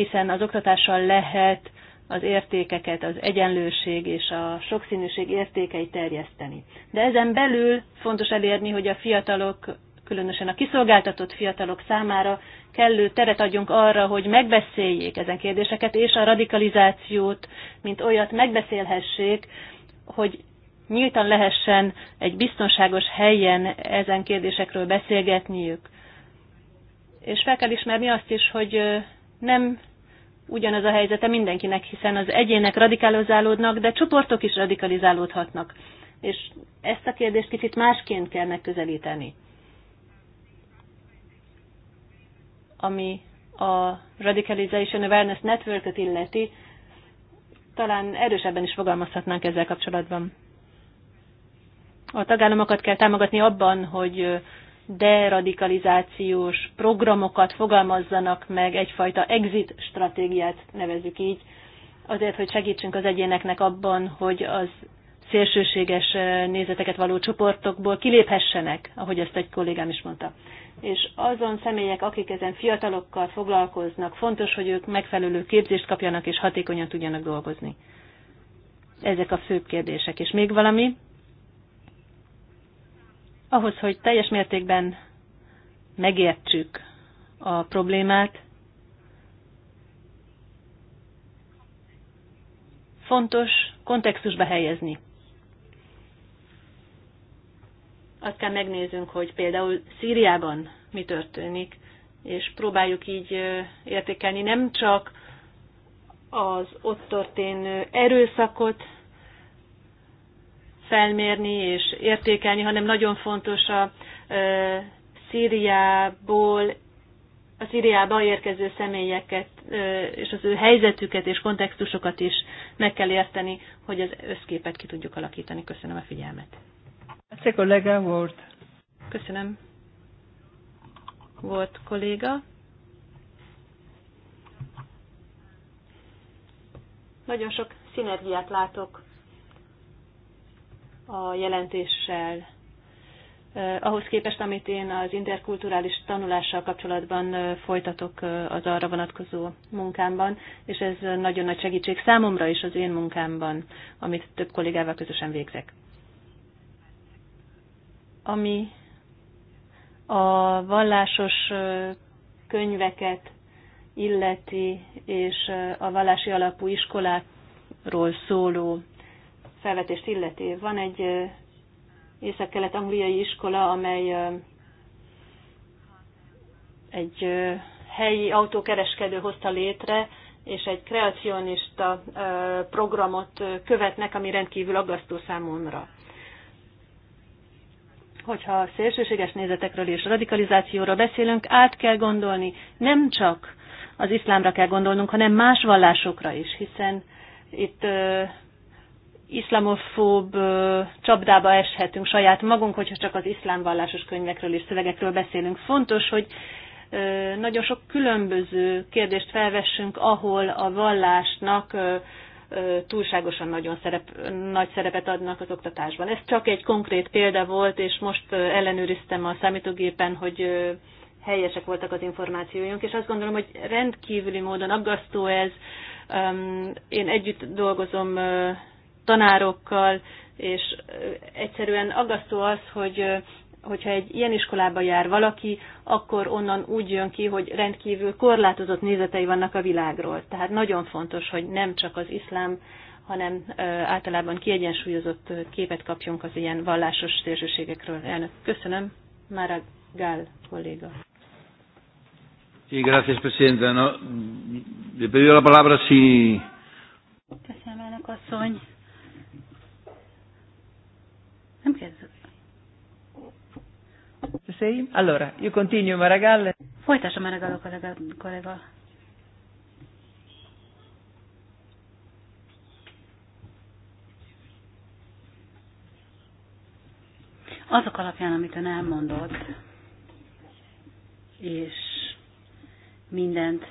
hiszen az oktatással lehet az értékeket, az egyenlőség és a sokszínűség értékeit terjeszteni. De ezen belül fontos elérni, hogy a fiatalok, különösen a kiszolgáltatott fiatalok számára kellő teret adjunk arra, hogy megbeszéljék ezen kérdéseket, és a radikalizációt, mint olyat megbeszélhessék, hogy nyíltan lehessen egy biztonságos helyen ezen kérdésekről beszélgetniük. És fel kell ismerni azt is, hogy nem ugyanaz a helyzete mindenkinek, hiszen az egyének radikalizálódnak, de csoportok is radikalizálódhatnak. És ezt a kérdést kicsit másként kell megközelíteni. Ami a Radicalization Awareness network illeti, talán erősebben is fogalmazhatnánk ezzel kapcsolatban. A tagállamokat kell támogatni abban, hogy deradikalizációs programokat fogalmazzanak meg, egyfajta exit stratégiát nevezük így, azért, hogy segítsünk az egyéneknek abban, hogy az szélsőséges nézeteket való csoportokból kiléphessenek, ahogy ezt egy kollégám is mondta. És azon személyek, akik ezen fiatalokkal foglalkoznak, fontos, hogy ők megfelelő képzést kapjanak és hatékonyan tudjanak dolgozni. Ezek a fő kérdések. És még valami, ahhoz, hogy teljes mértékben megértsük a problémát, fontos kontextusba helyezni. Azt kell megnézünk, hogy például Szíriában mi történik, és próbáljuk így értékelni nem csak az ott történő erőszakot, felmérni és értékelni, hanem nagyon fontos a Szíriából, a Szíriába érkező személyeket és az ő helyzetüket és kontextusokat is meg kell érteni, hogy az összképet ki tudjuk alakítani. Köszönöm a figyelmet. Grazie collega Ward. Köszönöm. Volt kolléga. Nagyon sok szinergiát látok a jelentéssel ahhoz képest, amit én az interkulturális tanulással kapcsolatban folytatok az arra vonatkozó munkámban, és ez nagyon nagy segítség számomra is az én munkámban, amit több kollégával közösen végzek. Ami a vallásos könyveket illeti, és a vallási alapú iskolákról szóló felvetést illeti. Van egy észak-kelet-angliai iskola, amely egy helyi autókereskedő hozta létre, és egy kreacionista programot követnek, ami rendkívül aggasztó számomra. Hogyha szélsőséges nézetekről és radikalizációról beszélünk, át kell gondolni, nem csak az iszlámra kell gondolnunk, hanem más vallásokra is, hiszen itt iszlamofób csapdába eshetünk saját magunk, hogyha csak az iszlám vallásos könyvekről és szövegekről beszélünk. Fontos, hogy nagyon sok különböző kérdést felvessünk, ahol a vallásnak túlságosan nagyon szerep, nagy szerepet adnak az oktatásban. Ez csak egy konkrét példa volt, és most ellenőriztem a számítógépen, hogy helyesek voltak az információink, és azt gondolom, hogy rendkívüli módon aggasztó ez. Én együtt dolgozom tanárokkal, és egyszerűen aggasztó az, hogy hogyha egy ilyen iskolába jár valaki, akkor onnan úgy jön ki, hogy rendkívül korlátozott nézetei vannak a világról. Tehát nagyon fontos, hogy nem csak az iszlám, hanem általában kiegyensúlyozott képet kapjunk az ilyen vallásos szélsőségekről. Elnök, köszönöm. Mára Gál kolléga. Sí, gracias, Presidenta. No, le pedí la palabra si... Köszönöm, elnök asszony. Nem kezd. Sei? Allora, io continuo Maragall. Folytassa Maragall kollega, kollega. Azok alapján, amit ön elmondott, és mindent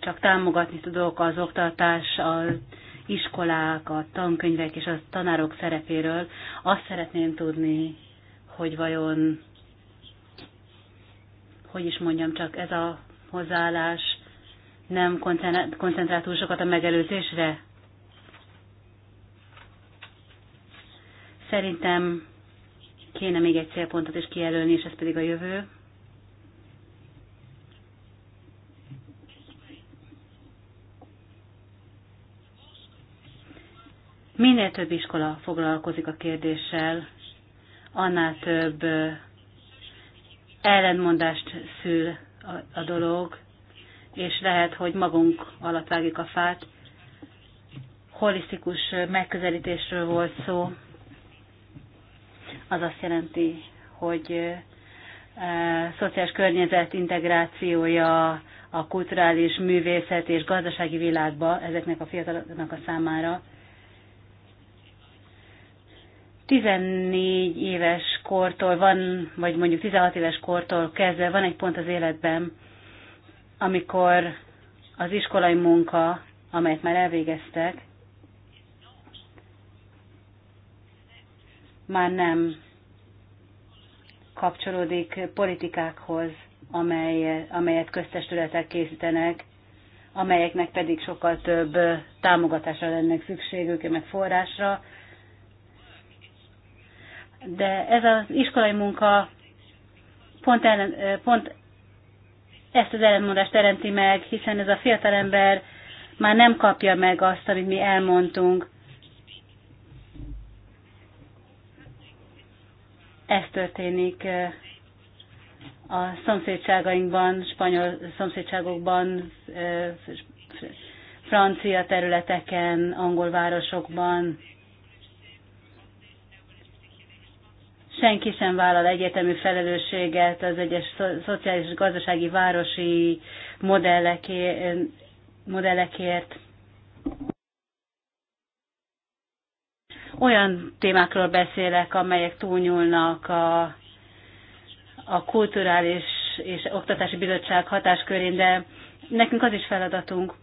csak támogatni tudok az oktatás, a iskolák, a tankönyvek és a tanárok szerepéről. Azt szeretném tudni, hogy vajon, hogy is mondjam csak, ez a hozzáállás nem koncentrál túl sokat a megelőzésre? Szerintem kéne még egy célpontot is kijelölni, és ez pedig a jövő. Minél több iskola foglalkozik a kérdéssel, annál több ellentmondást szül a, a dolog, és lehet, hogy magunk alatt vágjuk a fát. Holisztikus megközelítésről volt szó. Az azt jelenti, hogy e, szociális környezet integrációja a kulturális művészet és gazdasági világba ezeknek a fiataloknak a számára 14 éves kortól van, vagy mondjuk 16 éves kortól kezdve van egy pont az életben, amikor az iskolai munka, amelyet már elvégeztek, már nem kapcsolódik politikákhoz, amely, amelyet köztestületek készítenek, amelyeknek pedig sokkal több támogatásra lenne szükségük, meg forrásra, de ez az iskolai munka pont, ellen, pont ezt az ellenmondást teremti meg, hiszen ez a fiatalember már nem kapja meg azt, amit mi elmondtunk. Ez történik a szomszédságainkban, spanyol szomszédságokban, francia területeken, angol városokban. senki sem vállal egyetemű felelősséget az egyes szociális és gazdasági városi modellekért. Olyan témákról beszélek, amelyek túlnyúlnak a, a kulturális és oktatási bizottság hatáskörén, de nekünk az is feladatunk,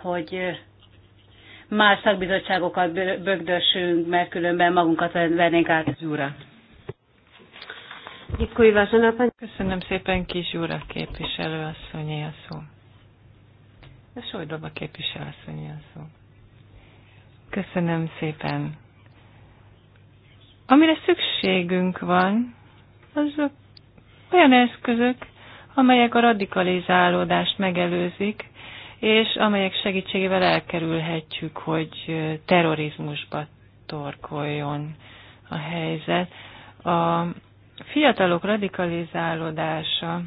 hogy más szakbizottságokat bögdössünk, mert különben magunkat vennénk át. Zúra. Köszönöm szépen, kis Zsúra képviselő asszonyi a szó. A Sojdoba képviselő asszonyi a szó. Köszönöm szépen. Amire szükségünk van, azok olyan eszközök, amelyek a radikalizálódást megelőzik, és amelyek segítségével elkerülhetjük, hogy terrorizmusba torkoljon a helyzet. A fiatalok radikalizálódása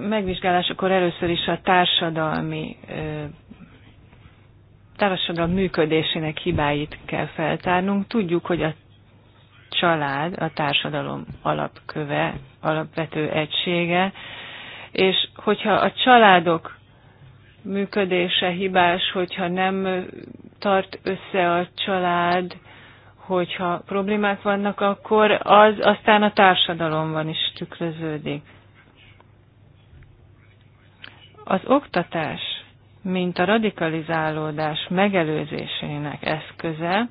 megvizsgálásakor először is a társadalmi társadalom működésének hibáit kell feltárnunk. Tudjuk, hogy a család a társadalom alapköve, alapvető egysége, és hogyha a családok működése hibás, hogyha nem tart össze a család, hogyha problémák vannak, akkor az aztán a társadalomban is tükröződik. Az oktatás, mint a radikalizálódás megelőzésének eszköze,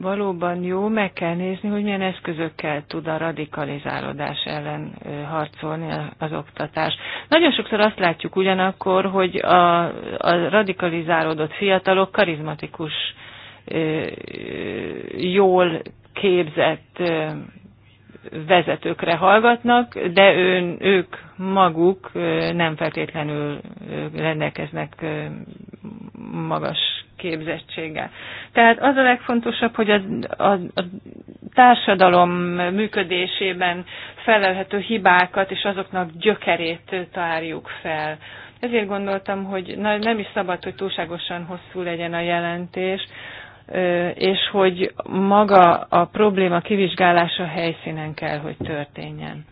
valóban jó, meg kell nézni, hogy milyen eszközökkel tud a radikalizálódás ellen harcolni az oktatás. Nagyon sokszor azt látjuk ugyanakkor, hogy a, a radikalizálódott fiatalok karizmatikus, jól képzett vezetőkre hallgatnak, de ön, ők maguk nem feltétlenül rendelkeznek magas képzettséggel. Tehát az a legfontosabb, hogy a, a, a társadalom működésében felelhető hibákat és azoknak gyökerét tárjuk fel. Ezért gondoltam, hogy na, nem is szabad, hogy túlságosan hosszú legyen a jelentés, és hogy maga a probléma kivizsgálása helyszínen kell, hogy történjen.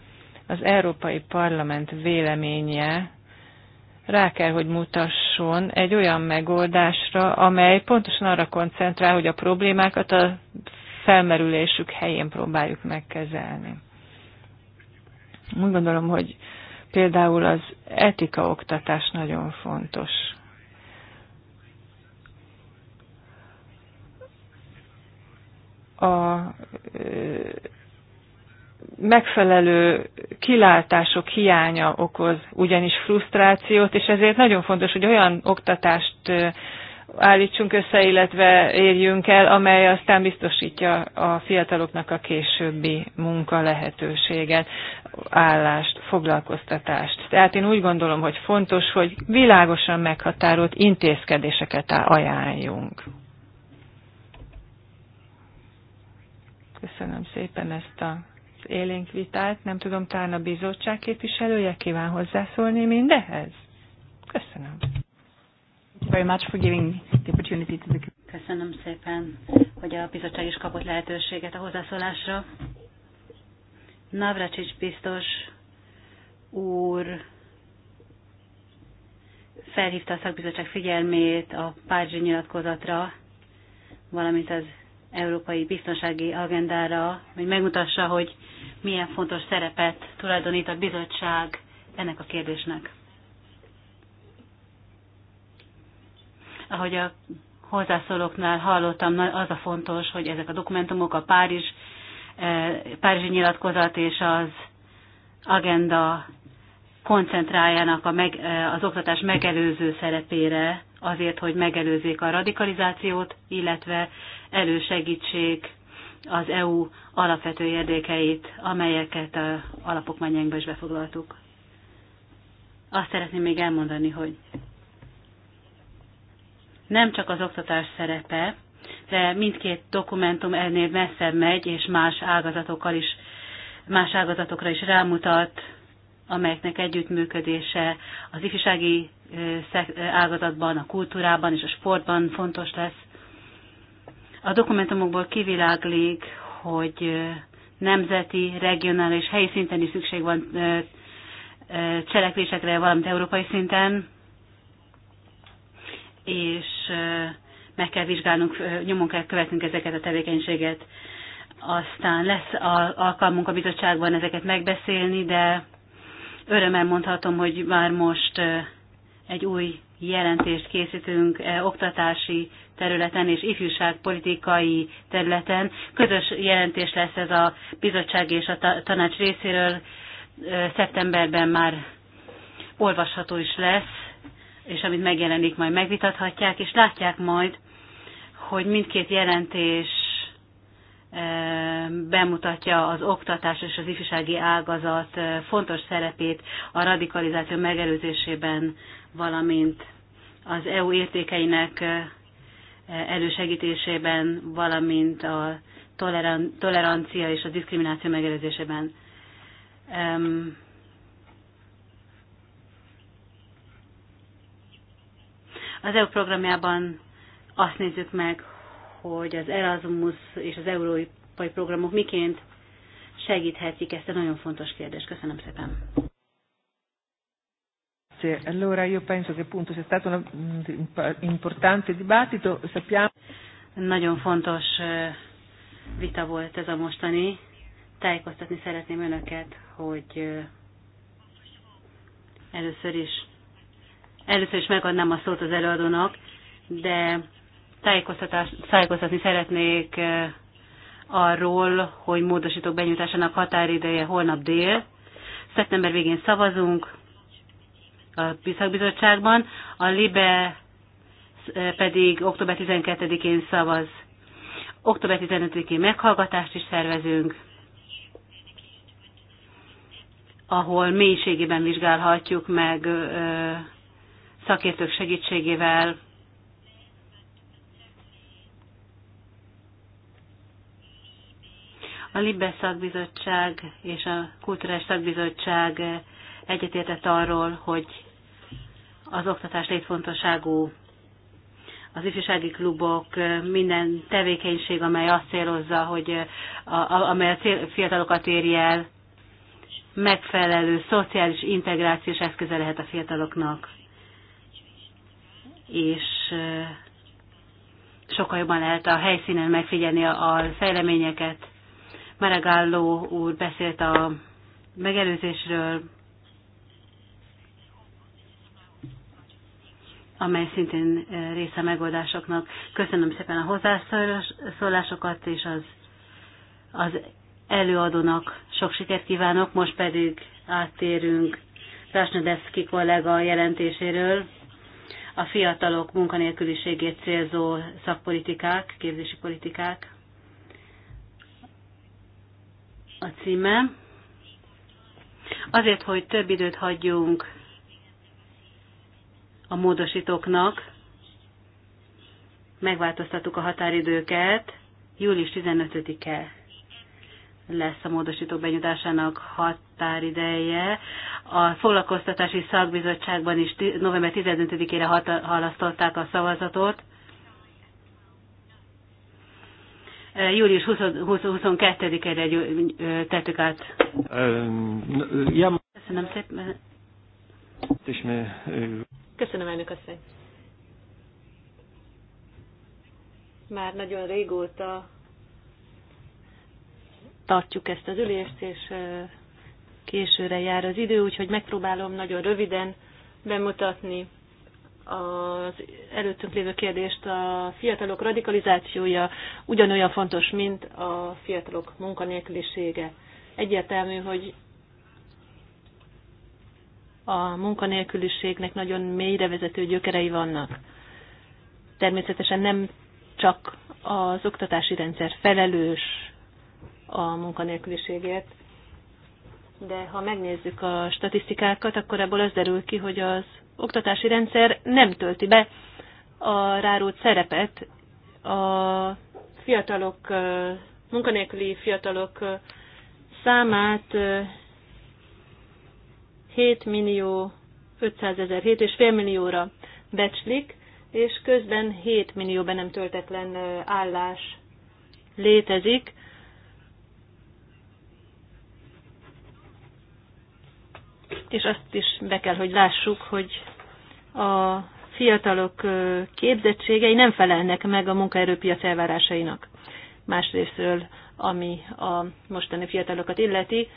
Az Európai Parlament véleménye rá kell, hogy mutasson egy olyan megoldásra, amely pontosan arra koncentrál, hogy a problémákat a felmerülésük helyén próbáljuk megkezelni. Úgy gondolom, hogy például az etika oktatás nagyon fontos a megfelelő kilátások hiánya okoz ugyanis frusztrációt, és ezért nagyon fontos, hogy olyan oktatást állítsunk össze, illetve érjünk el, amely aztán biztosítja a fiataloknak a későbbi munka lehetőséget, állást, foglalkoztatást. Tehát én úgy gondolom, hogy fontos, hogy világosan meghatárolt intézkedéseket ajánljunk. Köszönöm szépen ezt a élénk vitát. Nem tudom, talán a bizottság képviselője kíván hozzászólni mindehez. Köszönöm. Very much for giving the opportunity to the... Köszönöm szépen, hogy a bizottság is kapott lehetőséget a hozzászólásra. Navracsics biztos úr felhívta a szakbizottság figyelmét a Párizsi nyilatkozatra, valamint az európai biztonsági agendára, hogy megmutassa, hogy milyen fontos szerepet tulajdonít a bizottság ennek a kérdésnek. Ahogy a hozzászólóknál hallottam, az a fontos, hogy ezek a dokumentumok, a Párizs, eh, Párizsi nyilatkozat és az agenda koncentráljanak a meg, eh, az oktatás megelőző szerepére, azért, hogy megelőzzék a radikalizációt, illetve elősegítsék az EU alapvető érdékeit, amelyeket a alapokmányainkba is befoglaltuk. Azt szeretném még elmondani, hogy nem csak az oktatás szerepe, de mindkét dokumentum ennél messzebb megy, és más ágazatokkal is, más ágazatokra is rámutat, amelyeknek együttműködése az ifjúsági ágazatban, a kultúrában és a sportban fontos lesz. A dokumentumokból kiviláglik, hogy nemzeti, regionális, helyi szinten is szükség van cselekvésekre, valamint európai szinten, és meg kell vizsgálnunk, nyomon kell követnünk ezeket a tevékenységet. Aztán lesz alkalmunk a bizottságban ezeket megbeszélni, de Örömmel mondhatom, hogy már most egy új jelentést készítünk oktatási területen és ifjúságpolitikai területen. Közös jelentés lesz ez a bizottság és a tanács részéről. Szeptemberben már olvasható is lesz, és amit megjelenik, majd megvitathatják, és látják majd, hogy mindkét jelentés bemutatja az oktatás és az ifjúsági ágazat fontos szerepét a radikalizáció megelőzésében, valamint az EU értékeinek elősegítésében, valamint a tolerancia és a diszkrimináció megelőzésében. Az EU programjában azt nézzük meg, hogy az Erasmus és az európai programok miként segíthetik ezt a nagyon fontos kérdést. Köszönöm szépen. Allora io penso che appunto sia stato un mm, importante dibattito. Sappiamo... Nagyon fontos eh, vita volt ez a mostani. Tájékoztatni szeretném önöket, hogy eh, először is, először is megadnám a szót az előadónak, de tájékoztatni szeretnék eh, arról, hogy módosítók benyújtásának határideje holnap dél. Szeptember végén szavazunk a Bizottságban, a LIBE eh, pedig október 12-én szavaz. Október 15-én meghallgatást is szervezünk, ahol mélységében vizsgálhatjuk meg eh, szakértők segítségével A Libes szakbizottság és a Kulturális szakbizottság egyetértett arról, hogy az oktatás létfontosságú az ifjúsági klubok, minden tevékenység, amely azt célozza, hogy a, a, amely a cél, fiatalokat éri el, megfelelő szociális integrációs eszköze lehet a fiataloknak, és sokkal jobban lehet a helyszínen megfigyelni a, a fejleményeket. Meregálló úr beszélt a megelőzésről, amely szintén eh, része a megoldásoknak. Köszönöm szépen a hozzászólásokat, és az, az előadónak sok sikert kívánok, most pedig áttérünk Krasnodevski kollega jelentéséről a fiatalok munkanélküliségét célzó szakpolitikák, képzési politikák a címe. Azért, hogy több időt hagyjunk a módosítóknak, megváltoztattuk a határidőket, július 15-e lesz a módosítók benyújtásának határideje. A foglalkoztatási szakbizottságban is november 15-ére halasztották a szavazatot, július 22-ére tettük át. Köszönöm szépen. Köszönöm, elnök asszony. Már nagyon régóta tartjuk ezt az ülést, és későre jár az idő, úgyhogy megpróbálom nagyon röviden bemutatni az előttünk lévő kérdést, a fiatalok radikalizációja ugyanolyan fontos, mint a fiatalok munkanélkülisége. Egyértelmű, hogy a munkanélküliségnek nagyon vezető gyökerei vannak. Természetesen nem csak az oktatási rendszer felelős a munkanélküliségért, de ha megnézzük a statisztikákat, akkor ebből az derül ki, hogy az oktatási rendszer nem tölti be a rárót szerepet a fiatalok, munkanélküli fiatalok számát 7 millió 500 ezer, 7 és fél millióra becslik, és közben 7 millió be nem töltetlen állás létezik, és azt is be kell, hogy lássuk, hogy a fiatalok képzettségei nem felelnek meg a munkaerőpiac elvárásainak. Másrésztről, ami a mostani fiatalokat illeti,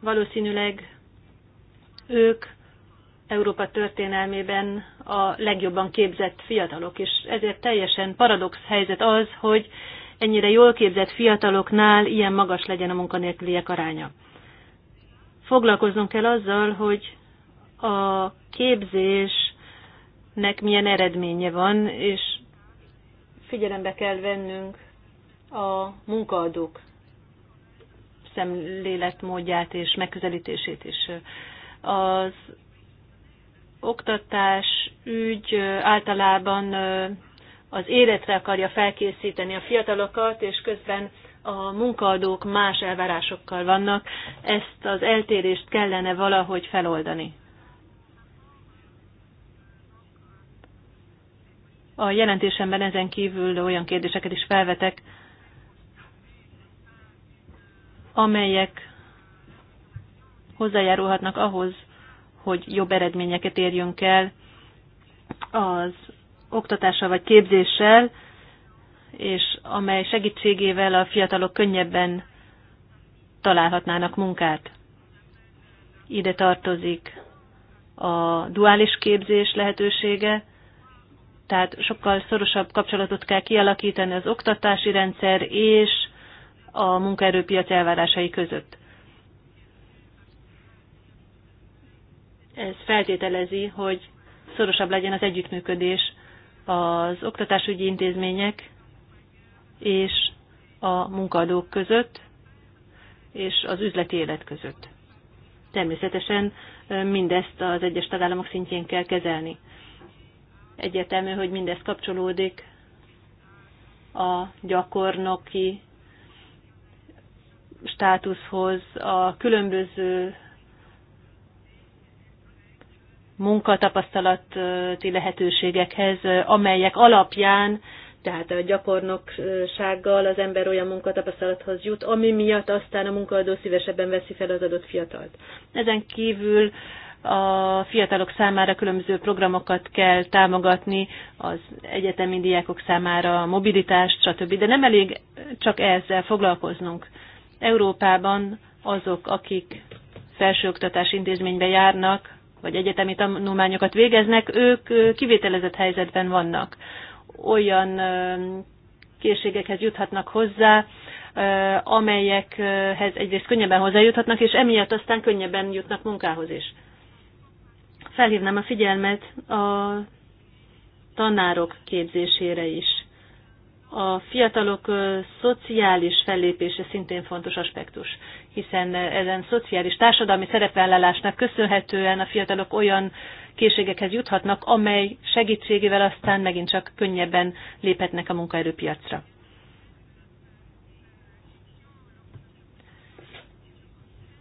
valószínűleg ők Európa történelmében a legjobban képzett fiatalok, és ezért teljesen paradox helyzet az, hogy ennyire jól képzett fiataloknál ilyen magas legyen a munkanélküliek aránya foglalkoznunk kell azzal, hogy a képzésnek milyen eredménye van, és figyelembe kell vennünk a munkaadók szemléletmódját és megközelítését is. Az oktatás ügy általában az életre akarja felkészíteni a fiatalokat, és közben a munkaadók más elvárásokkal vannak, ezt az eltérést kellene valahogy feloldani. A jelentésemben ezen kívül olyan kérdéseket is felvetek, amelyek hozzájárulhatnak ahhoz, hogy jobb eredményeket érjünk el az oktatással vagy képzéssel, és amely segítségével a fiatalok könnyebben találhatnának munkát. Ide tartozik a duális képzés lehetősége, tehát sokkal szorosabb kapcsolatot kell kialakítani az oktatási rendszer és a munkaerőpiac elvárásai között. Ez feltételezi, hogy szorosabb legyen az együttműködés az oktatásügyi intézmények és a munkadók között, és az üzleti élet között. Természetesen mindezt az egyes tagállamok szintjén kell kezelni. Egyetemű, hogy mindez kapcsolódik a gyakornoki státuszhoz, a különböző munkatapasztalati lehetőségekhez, amelyek alapján tehát a gyakornoksággal az ember olyan munkatapasztalathoz jut, ami miatt aztán a munkaadó szívesebben veszi fel az adott fiatalt. Ezen kívül a fiatalok számára különböző programokat kell támogatni, az egyetemi diákok számára a mobilitást, stb. De nem elég csak ezzel foglalkoznunk. Európában azok, akik felsőoktatás intézménybe járnak, vagy egyetemi tanulmányokat végeznek, ők kivételezett helyzetben vannak olyan készségekhez juthatnak hozzá, amelyekhez egyrészt könnyebben hozzájuthatnak, és emiatt aztán könnyebben jutnak munkához is. Felhívnám a figyelmet a tanárok képzésére is. A fiatalok szociális fellépése szintén fontos aspektus, hiszen ezen szociális társadalmi szerepvállalásnak köszönhetően a fiatalok olyan készségekhez juthatnak, amely segítségével aztán megint csak könnyebben léphetnek a munkaerőpiacra.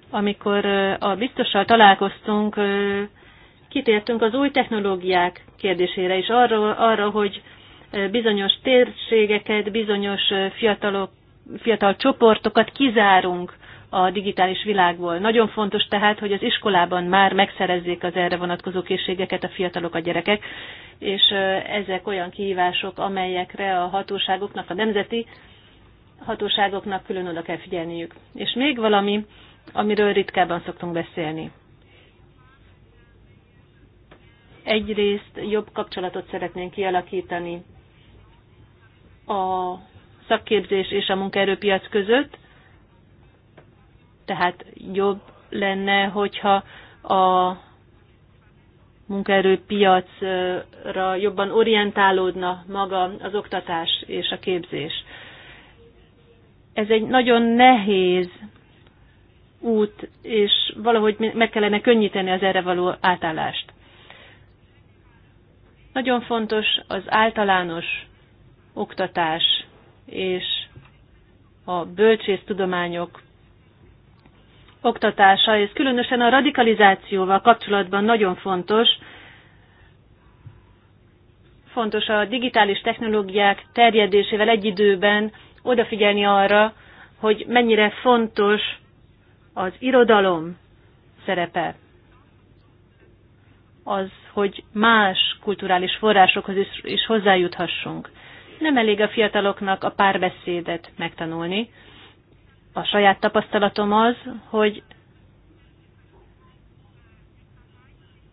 Amikor a biztossal találkoztunk, kitértünk az új technológiák kérdésére is, arra, arra hogy bizonyos térségeket, bizonyos fiatalok, fiatal csoportokat kizárunk a digitális világból. Nagyon fontos tehát, hogy az iskolában már megszerezzék az erre vonatkozó készségeket a fiatalok, a gyerekek, és ezek olyan kihívások, amelyekre a hatóságoknak, a nemzeti hatóságoknak külön oda kell figyelniük. És még valami, amiről ritkábban szoktunk beszélni. Egyrészt jobb kapcsolatot szeretnénk kialakítani a szakképzés és a munkaerőpiac között, tehát jobb lenne, hogyha a munkaerőpiacra jobban orientálódna maga az oktatás és a képzés. Ez egy nagyon nehéz út, és valahogy meg kellene könnyíteni az erre való átállást. Nagyon fontos az általános oktatás és a bölcsésztudományok oktatása, és különösen a radikalizációval kapcsolatban nagyon fontos, fontos a digitális technológiák terjedésével egy időben odafigyelni arra, hogy mennyire fontos az irodalom szerepe. Az, hogy más kulturális forrásokhoz is, is hozzájuthassunk. Nem elég a fiataloknak a párbeszédet megtanulni. A saját tapasztalatom az, hogy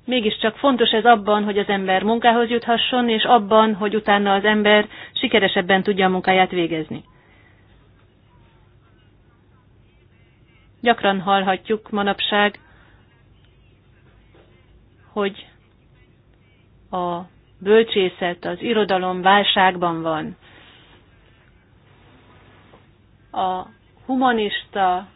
mégiscsak fontos ez abban, hogy az ember munkához juthasson, és abban, hogy utána az ember sikeresebben tudja a munkáját végezni. Gyakran hallhatjuk manapság, hogy a bölcsészet, az irodalom válságban van. A humanista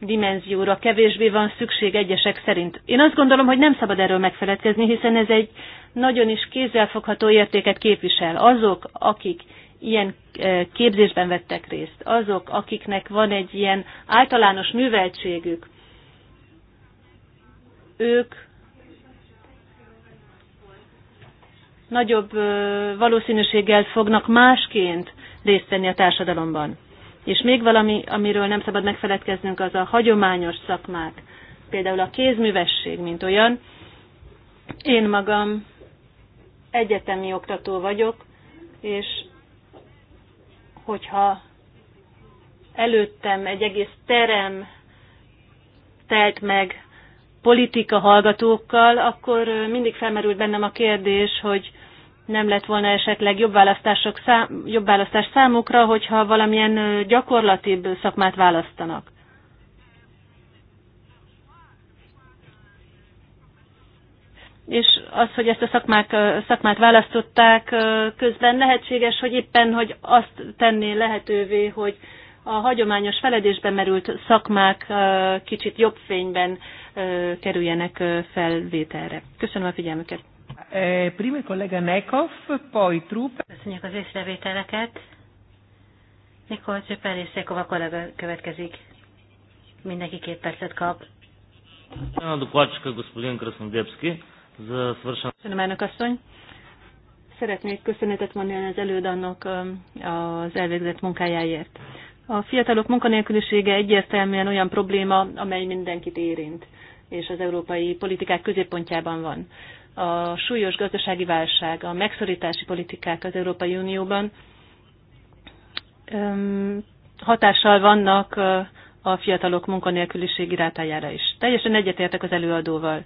dimenzióra kevésbé van szükség egyesek szerint. Én azt gondolom, hogy nem szabad erről megfeledkezni, hiszen ez egy nagyon is kézzelfogható értéket képvisel. Azok, akik ilyen e, képzésben vettek részt, azok, akiknek van egy ilyen általános műveltségük, ők nagyobb valószínűséggel fognak másként részt venni a társadalomban. És még valami, amiről nem szabad megfeledkeznünk, az a hagyományos szakmák. Például a kézművesség, mint olyan. Én magam egyetemi oktató vagyok, és hogyha előttem egy egész terem telt meg politika hallgatókkal, akkor mindig felmerült bennem a kérdés, hogy nem lett volna esetleg jobb, választások szám, jobb választás számukra, hogyha valamilyen gyakorlatibb szakmát választanak? És az, hogy ezt a szakmák, szakmát választották, közben lehetséges, hogy éppen, hogy azt tenné lehetővé, hogy a hagyományos feledésbe merült szakmák kicsit jobb fényben kerüljenek felvételre. Köszönöm a figyelmüket! Eh, prima il collega Nekov, poi Trupp. Köszönjük az észrevételeket. Nikol és Szekova kollega következik. Mindenki két percet kap. A dokladcsika господин Краснодебski за свършен... Köszönöm, elnök asszony. Szeretnék köszönetet mondani az előadának um, az elvégzett munkájáért. A fiatalok munkanélkülisége egyértelműen olyan probléma, amely mindenkit érint, és az európai politikák középpontjában van a súlyos gazdasági válság, a megszorítási politikák az Európai Unióban hatással vannak a fiatalok munkanélküliség irátájára is. Teljesen egyetértek az előadóval.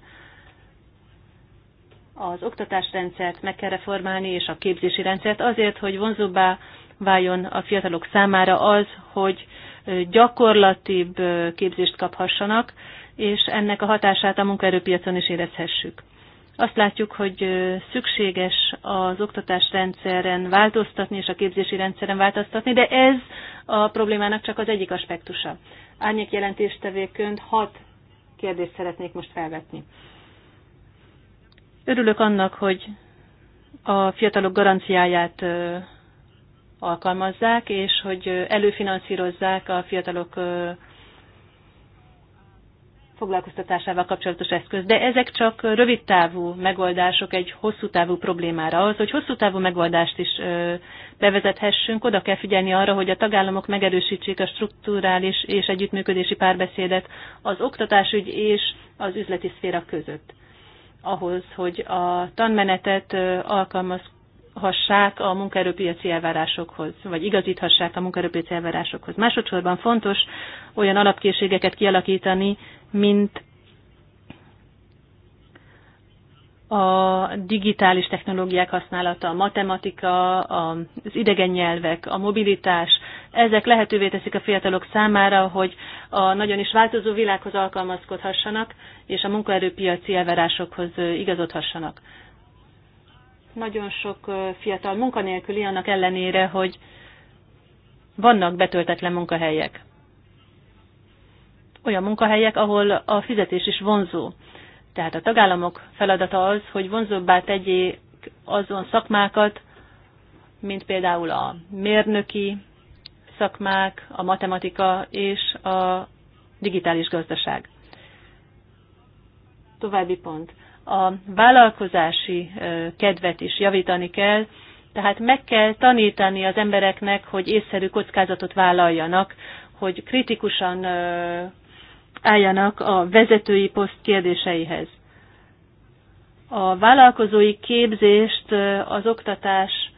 Az oktatásrendszert meg kell reformálni, és a képzési rendszert azért, hogy vonzóbbá váljon a fiatalok számára az, hogy gyakorlatibb képzést kaphassanak, és ennek a hatását a munkaerőpiacon is érezhessük. Azt látjuk, hogy szükséges az oktatásrendszeren változtatni és a képzési rendszeren változtatni, de ez a problémának csak az egyik aspektusa. Árnyék jelentéstevéként hat kérdést szeretnék most felvetni. Örülök annak, hogy a fiatalok garanciáját alkalmazzák, és hogy előfinanszírozzák a fiatalok foglalkoztatásával kapcsolatos eszköz, de ezek csak rövid távú megoldások egy hosszú távú problémára. Ahhoz, hogy hosszú távú megoldást is bevezethessünk, oda kell figyelni arra, hogy a tagállamok megerősítsék a strukturális és együttműködési párbeszédet az oktatásügy és az üzleti szféra között ahhoz, hogy a tanmenetet alkalmaz, igazíthassák a munkaerőpiaci elvárásokhoz, vagy igazíthassák a munkaerőpiaci elvárásokhoz. Másodszorban fontos olyan alapkészségeket kialakítani, mint a digitális technológiák használata, a matematika, az idegen nyelvek, a mobilitás, ezek lehetővé teszik a fiatalok számára, hogy a nagyon is változó világhoz alkalmazkodhassanak, és a munkaerőpiaci elvárásokhoz igazodhassanak nagyon sok fiatal munkanélküli annak ellenére, hogy vannak betöltetlen munkahelyek. Olyan munkahelyek, ahol a fizetés is vonzó. Tehát a tagállamok feladata az, hogy vonzóbbá tegyék azon szakmákat, mint például a mérnöki szakmák, a matematika és a digitális gazdaság. További pont a vállalkozási kedvet is javítani kell, tehát meg kell tanítani az embereknek, hogy észszerű kockázatot vállaljanak, hogy kritikusan álljanak a vezetői poszt kérdéseihez. A vállalkozói képzést az oktatás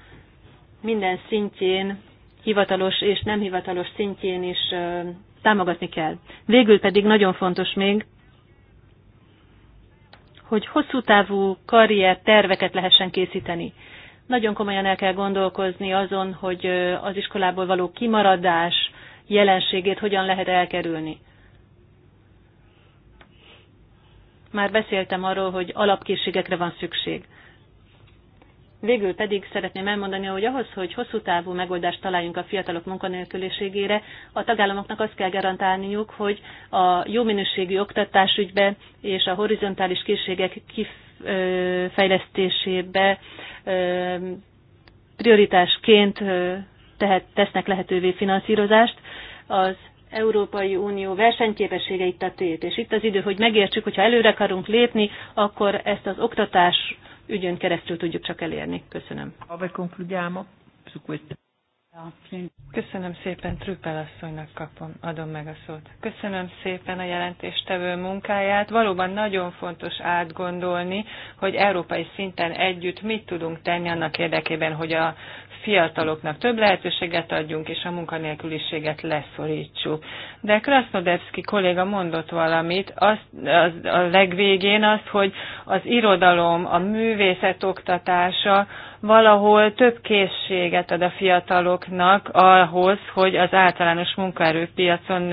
minden szintjén, hivatalos és nem hivatalos szintjén is támogatni kell. Végül pedig nagyon fontos még, hogy hosszú távú karrier terveket lehessen készíteni. Nagyon komolyan el kell gondolkozni azon, hogy az iskolából való kimaradás jelenségét hogyan lehet elkerülni. Már beszéltem arról, hogy alapkészségekre van szükség. Végül pedig szeretném elmondani, hogy ahhoz, hogy hosszú távú megoldást találjunk a fiatalok munkanélküliségére, a tagállamoknak azt kell garantálniuk, hogy a jó minőségű oktatásügybe és a horizontális készségek kifejlesztésébe prioritásként tehet, tesznek lehetővé finanszírozást. Az Európai Unió versenyképessége itt a tét, és itt az idő, hogy megértsük, hogyha előre akarunk lépni, akkor ezt az oktatás ügyön keresztül tudjuk csak elérni. Köszönöm. concludiamo su questo. Köszönöm szépen, Trüppel asszonynak kapom, adom meg a szót. Köszönöm szépen a jelentéstevő munkáját. Valóban nagyon fontos átgondolni, hogy európai szinten együtt mit tudunk tenni annak érdekében, hogy a fiataloknak több lehetőséget adjunk, és a munkanélküliséget leszorítsuk. De Krasnodevski kolléga mondott valamit, az, az, a legvégén azt, hogy az irodalom, a művészet oktatása, valahol több készséget ad a fiataloknak ahhoz, hogy az általános munkaerőpiacon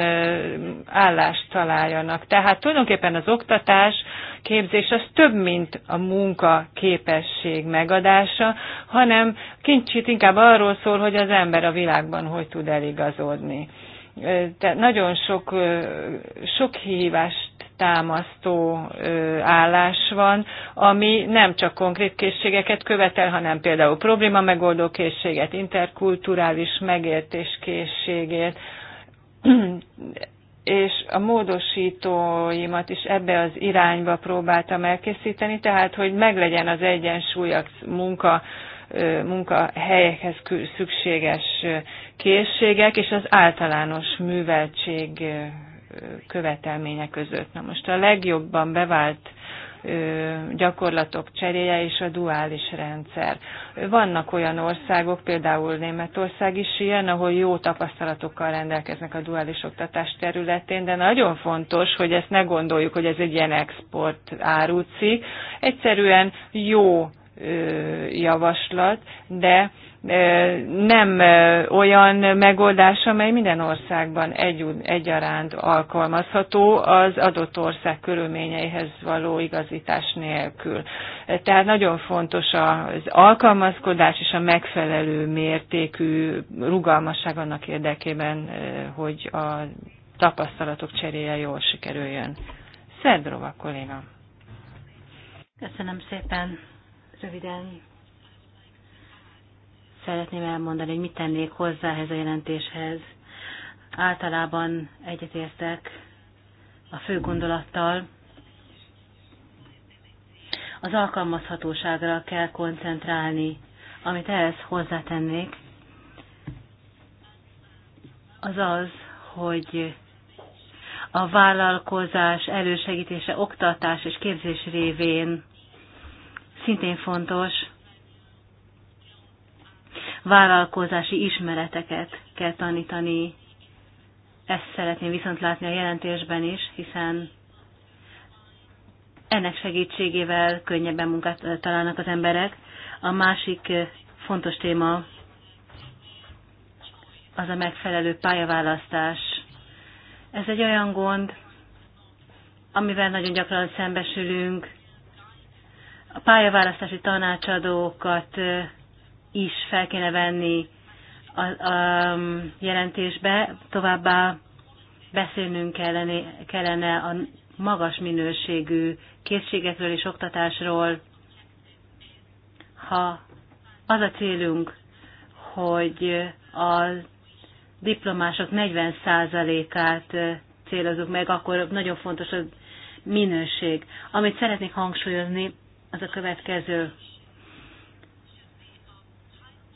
állást találjanak. Tehát tulajdonképpen az oktatás, képzés az több, mint a munka képesség megadása, hanem kicsit inkább arról szól, hogy az ember a világban hogy tud eligazodni. Tehát nagyon sok, sok hívást támasztó állás van, ami nem csak konkrét készségeket követel, hanem például probléma megoldó készséget, interkulturális megértés készségét, [CLEARS THROAT] és a módosítóimat is ebbe az irányba próbáltam elkészíteni, tehát hogy meglegyen az egyensúly a munka, munkahelyekhez szükséges készségek és az általános műveltség követelmények között. Na most a legjobban bevált gyakorlatok cseréje és a duális rendszer. Vannak olyan országok, például Németország is ilyen, ahol jó tapasztalatokkal rendelkeznek a duális oktatás területén, de nagyon fontos, hogy ezt ne gondoljuk, hogy ez egy ilyen export árucik. Egyszerűen jó javaslat, de nem olyan megoldás, amely minden országban egy, egyaránt alkalmazható az adott ország körülményeihez való igazítás nélkül. Tehát nagyon fontos az alkalmazkodás és a megfelelő mértékű rugalmasság annak érdekében, hogy a tapasztalatok cseréje jól sikerüljön. Szerdrova kolléga. Köszönöm szépen. Röviden szeretném elmondani, hogy mit tennék hozzá ehhez a jelentéshez. Általában egyetértek a fő gondolattal. Az alkalmazhatóságra kell koncentrálni, amit ehhez hozzátennék, az az, hogy a vállalkozás elősegítése, oktatás és képzés révén szintén fontos, vállalkozási ismereteket kell tanítani. Ezt szeretném viszont látni a jelentésben is, hiszen ennek segítségével könnyebben munkát találnak az emberek. A másik fontos téma az a megfelelő pályaválasztás. Ez egy olyan gond, amivel nagyon gyakran szembesülünk. A pályaválasztási tanácsadókat is fel kéne venni a, a jelentésbe, továbbá beszélnünk kellene, kellene a magas minőségű készségekről és oktatásról. Ha az a célunk, hogy a diplomások 40%-át célozunk meg, akkor nagyon fontos a minőség. Amit szeretnék hangsúlyozni, az a következő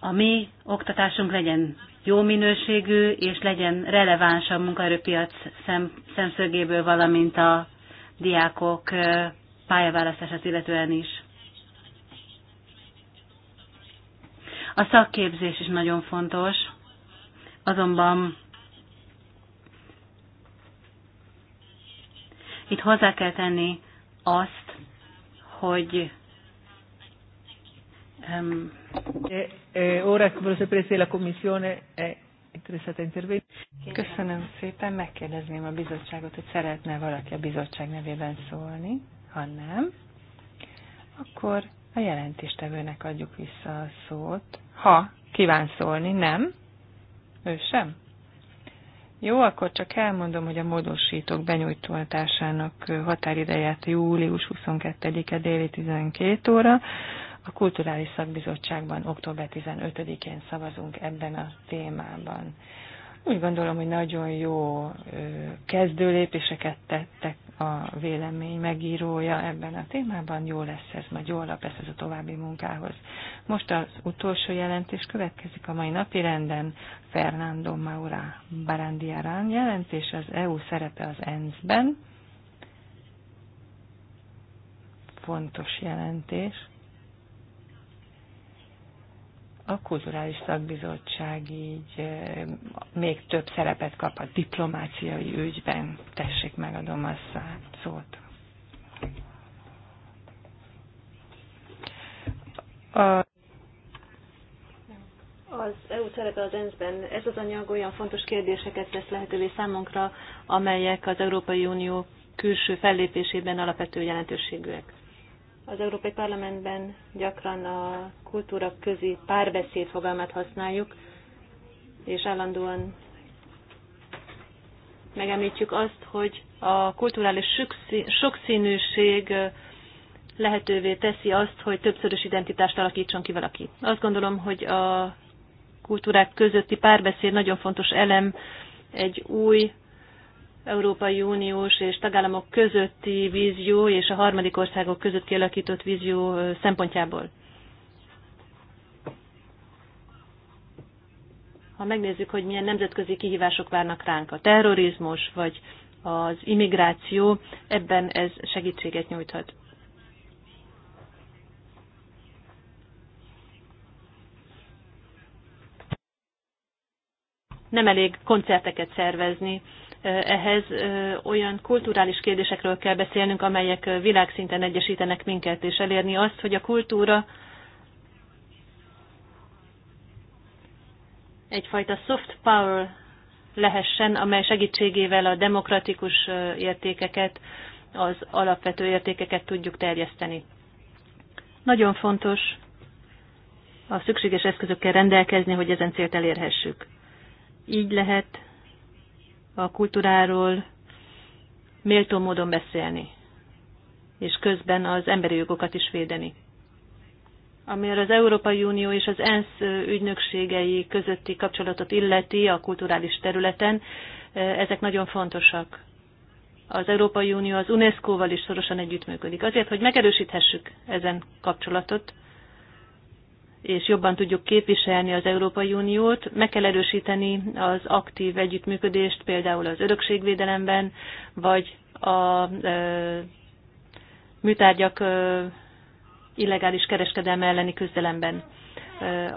a mi oktatásunk legyen jó minőségű, és legyen releváns a munkaerőpiac szem, szemszögéből, valamint a diákok pályaválasztását illetően is. A szakképzés is nagyon fontos, azonban itt hozzá kell tenni azt, hogy E, e, Köszönöm szépen, megkérdezném a bizottságot, hogy szeretne valaki a bizottság nevében szólni. Ha nem, akkor a jelentéstevőnek adjuk vissza a szót. Ha kíván szólni, nem? Ő sem? Jó, akkor csak elmondom, hogy a módosítók benyújtóltásának határidejét július 22-e déli 12 óra, a Kulturális Szakbizottságban október 15-én szavazunk ebben a témában. Úgy gondolom, hogy nagyon jó kezdőlépéseket tettek a vélemény megírója ebben a témában. Jó lesz ez, majd jó alap lesz ez a további munkához. Most az utolsó jelentés következik a mai napi renden. Fernando Maura Barandiarán jelentés az EU szerepe az ENSZ-ben. Fontos jelentés a kulturális szakbizottság így még több szerepet kap a diplomáciai ügyben. Tessék, megadom a szót. A az EU szerepe az ENSZ-ben. Ez az anyag olyan fontos kérdéseket tesz lehetővé számunkra, amelyek az Európai Unió külső fellépésében alapvető jelentőségűek. Az Európai Parlamentben gyakran a kultúra közi párbeszéd fogalmát használjuk, és állandóan megemlítjük azt, hogy a kulturális sokszínűség lehetővé teszi azt, hogy többszörös identitást alakítson ki valaki. Azt gondolom, hogy a kultúrák közötti párbeszéd nagyon fontos elem egy új Európai Uniós és tagállamok közötti vízió és a harmadik országok között kialakított vízió szempontjából. Ha megnézzük, hogy milyen nemzetközi kihívások várnak ránk, a terrorizmus vagy az immigráció, ebben ez segítséget nyújthat. Nem elég koncerteket szervezni, ehhez olyan kulturális kérdésekről kell beszélnünk, amelyek világszinten egyesítenek minket, és elérni azt, hogy a kultúra egyfajta soft power lehessen, amely segítségével a demokratikus értékeket, az alapvető értékeket tudjuk terjeszteni. Nagyon fontos a szükséges eszközökkel rendelkezni, hogy ezen célt elérhessük. Így lehet a kultúráról méltó módon beszélni, és közben az emberi jogokat is védeni. Amiről az Európai Unió és az ENSZ ügynökségei közötti kapcsolatot illeti a kulturális területen, ezek nagyon fontosak. Az Európai Unió az UNESCO-val is szorosan együttműködik. Azért, hogy megerősíthessük ezen kapcsolatot, és jobban tudjuk képviselni az Európai Uniót. Meg kell erősíteni az aktív együttműködést például az örökségvédelemben, vagy a ö, műtárgyak ö, illegális kereskedelme elleni küzdelemben.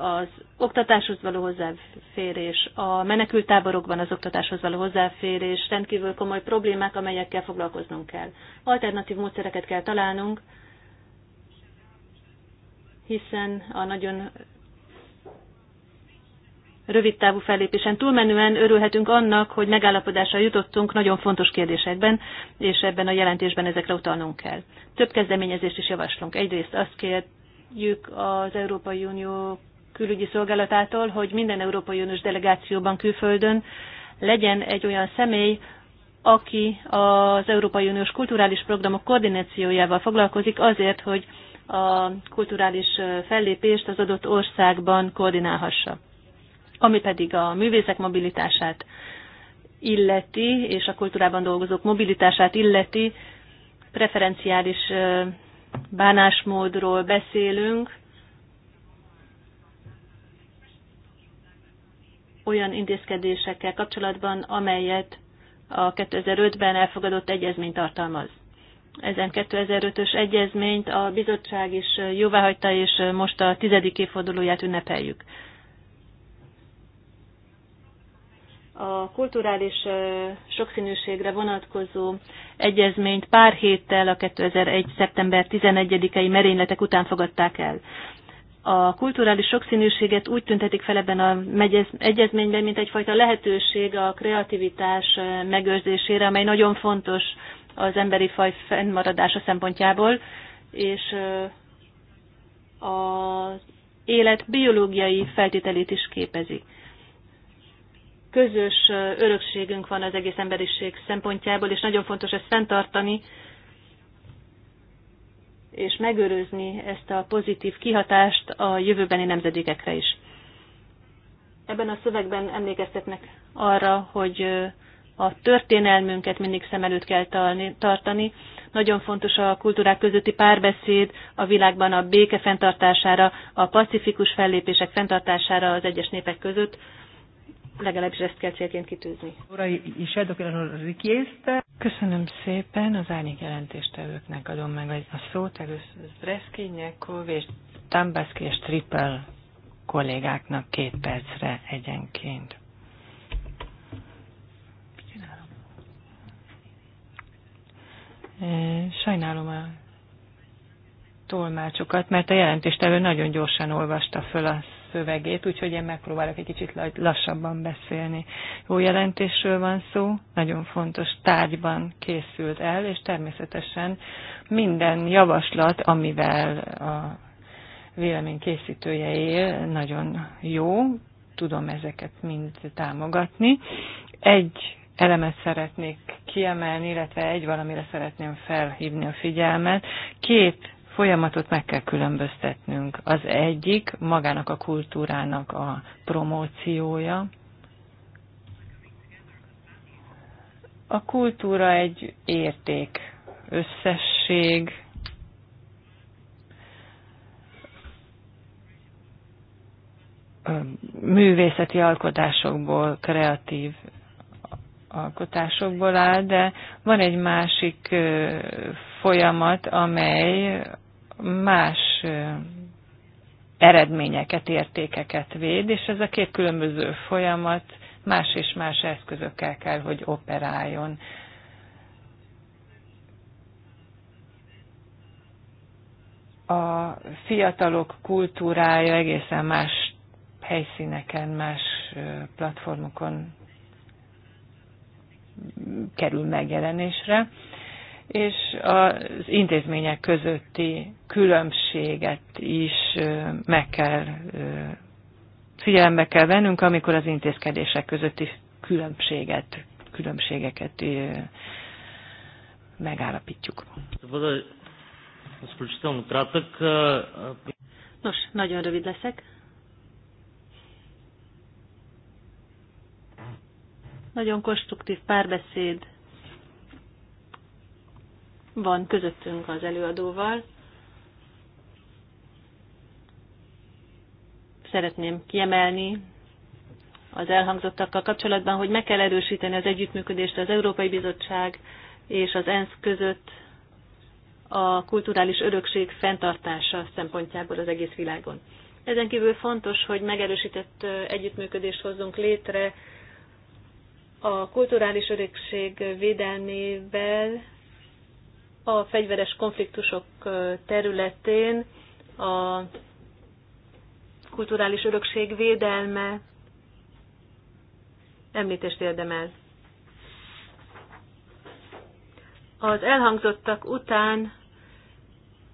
Az oktatáshoz való hozzáférés, a menekültáborokban az oktatáshoz való hozzáférés rendkívül komoly problémák, amelyekkel foglalkoznunk kell. Alternatív módszereket kell találnunk, hiszen a nagyon rövid távú fellépésen túlmenően örülhetünk annak, hogy megállapodásra jutottunk nagyon fontos kérdésekben, és ebben a jelentésben ezekre utalnunk kell. Több kezdeményezést is javaslunk. Egyrészt azt kérjük az Európai Unió külügyi szolgálatától, hogy minden Európai Uniós delegációban külföldön legyen egy olyan személy, aki az Európai Uniós kulturális programok koordinációjával foglalkozik azért, hogy a kulturális fellépést az adott országban koordinálhassa. Ami pedig a művészek mobilitását illeti, és a kultúrában dolgozók mobilitását illeti, preferenciális bánásmódról beszélünk, olyan intézkedésekkel kapcsolatban, amelyet a 2005-ben elfogadott egyezmény tartalmaz ezen 2005-ös egyezményt a bizottság is jóváhagyta, és most a tizedik évfordulóját ünnepeljük. A kulturális sokszínűségre vonatkozó egyezményt pár héttel a 2001. szeptember 11-i merényletek után fogadták el. A kulturális sokszínűséget úgy tüntetik fel ebben a egyezményben, mint egyfajta lehetőség a kreativitás megőrzésére, amely nagyon fontos az emberi faj fennmaradása szempontjából, és az élet biológiai feltételét is képezi. Közös örökségünk van az egész emberiség szempontjából, és nagyon fontos ezt fenntartani, és megőrözni ezt a pozitív kihatást a jövőbeni nemzedékekre is. Ebben a szövegben emlékeztetnek arra, hogy a történelmünket mindig szem előtt kell tartani. Nagyon fontos a kultúrák közötti párbeszéd a világban a béke fenntartására, a pacifikus fellépések fenntartására az egyes népek között. Legalábbis ezt kell célként kitűzni. Köszönöm szépen, az árnyék jelentéstevőknek adom meg a szót. Először Breszki, Nyekov és Tambaszki és Triple kollégáknak két percre egyenként. Sajnálom a tolmácsokat, mert a jelentéstevő nagyon gyorsan olvasta föl a szövegét, úgyhogy én megpróbálok egy kicsit lassabban beszélni. Jó jelentésről van szó, nagyon fontos tárgyban készült el, és természetesen minden javaslat, amivel a vélemény készítője él, nagyon jó, tudom ezeket mind támogatni. Egy elemet szeretnék kiemelni, illetve egy valamire szeretném felhívni a figyelmet. Két folyamatot meg kell különböztetnünk. Az egyik magának a kultúrának a promóciója. A kultúra egy érték, összesség, művészeti alkotásokból, kreatív alkotásokból áll, de van egy másik folyamat, amely más eredményeket, értékeket véd, és ez a két különböző folyamat más és más eszközökkel kell, hogy operáljon. A fiatalok kultúrája egészen más helyszíneken, más platformokon kerül megjelenésre, és az intézmények közötti különbséget is meg kell, figyelembe kell vennünk, amikor az intézkedések közötti különbséget, különbségeket megállapítjuk. Nos, nagyon rövid leszek. Nagyon konstruktív párbeszéd van közöttünk az előadóval. Szeretném kiemelni az elhangzottakkal kapcsolatban, hogy meg kell erősíteni az együttműködést az Európai Bizottság és az ENSZ között a kulturális örökség fenntartása szempontjából az egész világon. Ezen kívül fontos, hogy megerősített együttműködést hozzunk létre a kulturális örökség védelmével a fegyveres konfliktusok területén a kulturális örökség védelme említést érdemel. Az elhangzottak után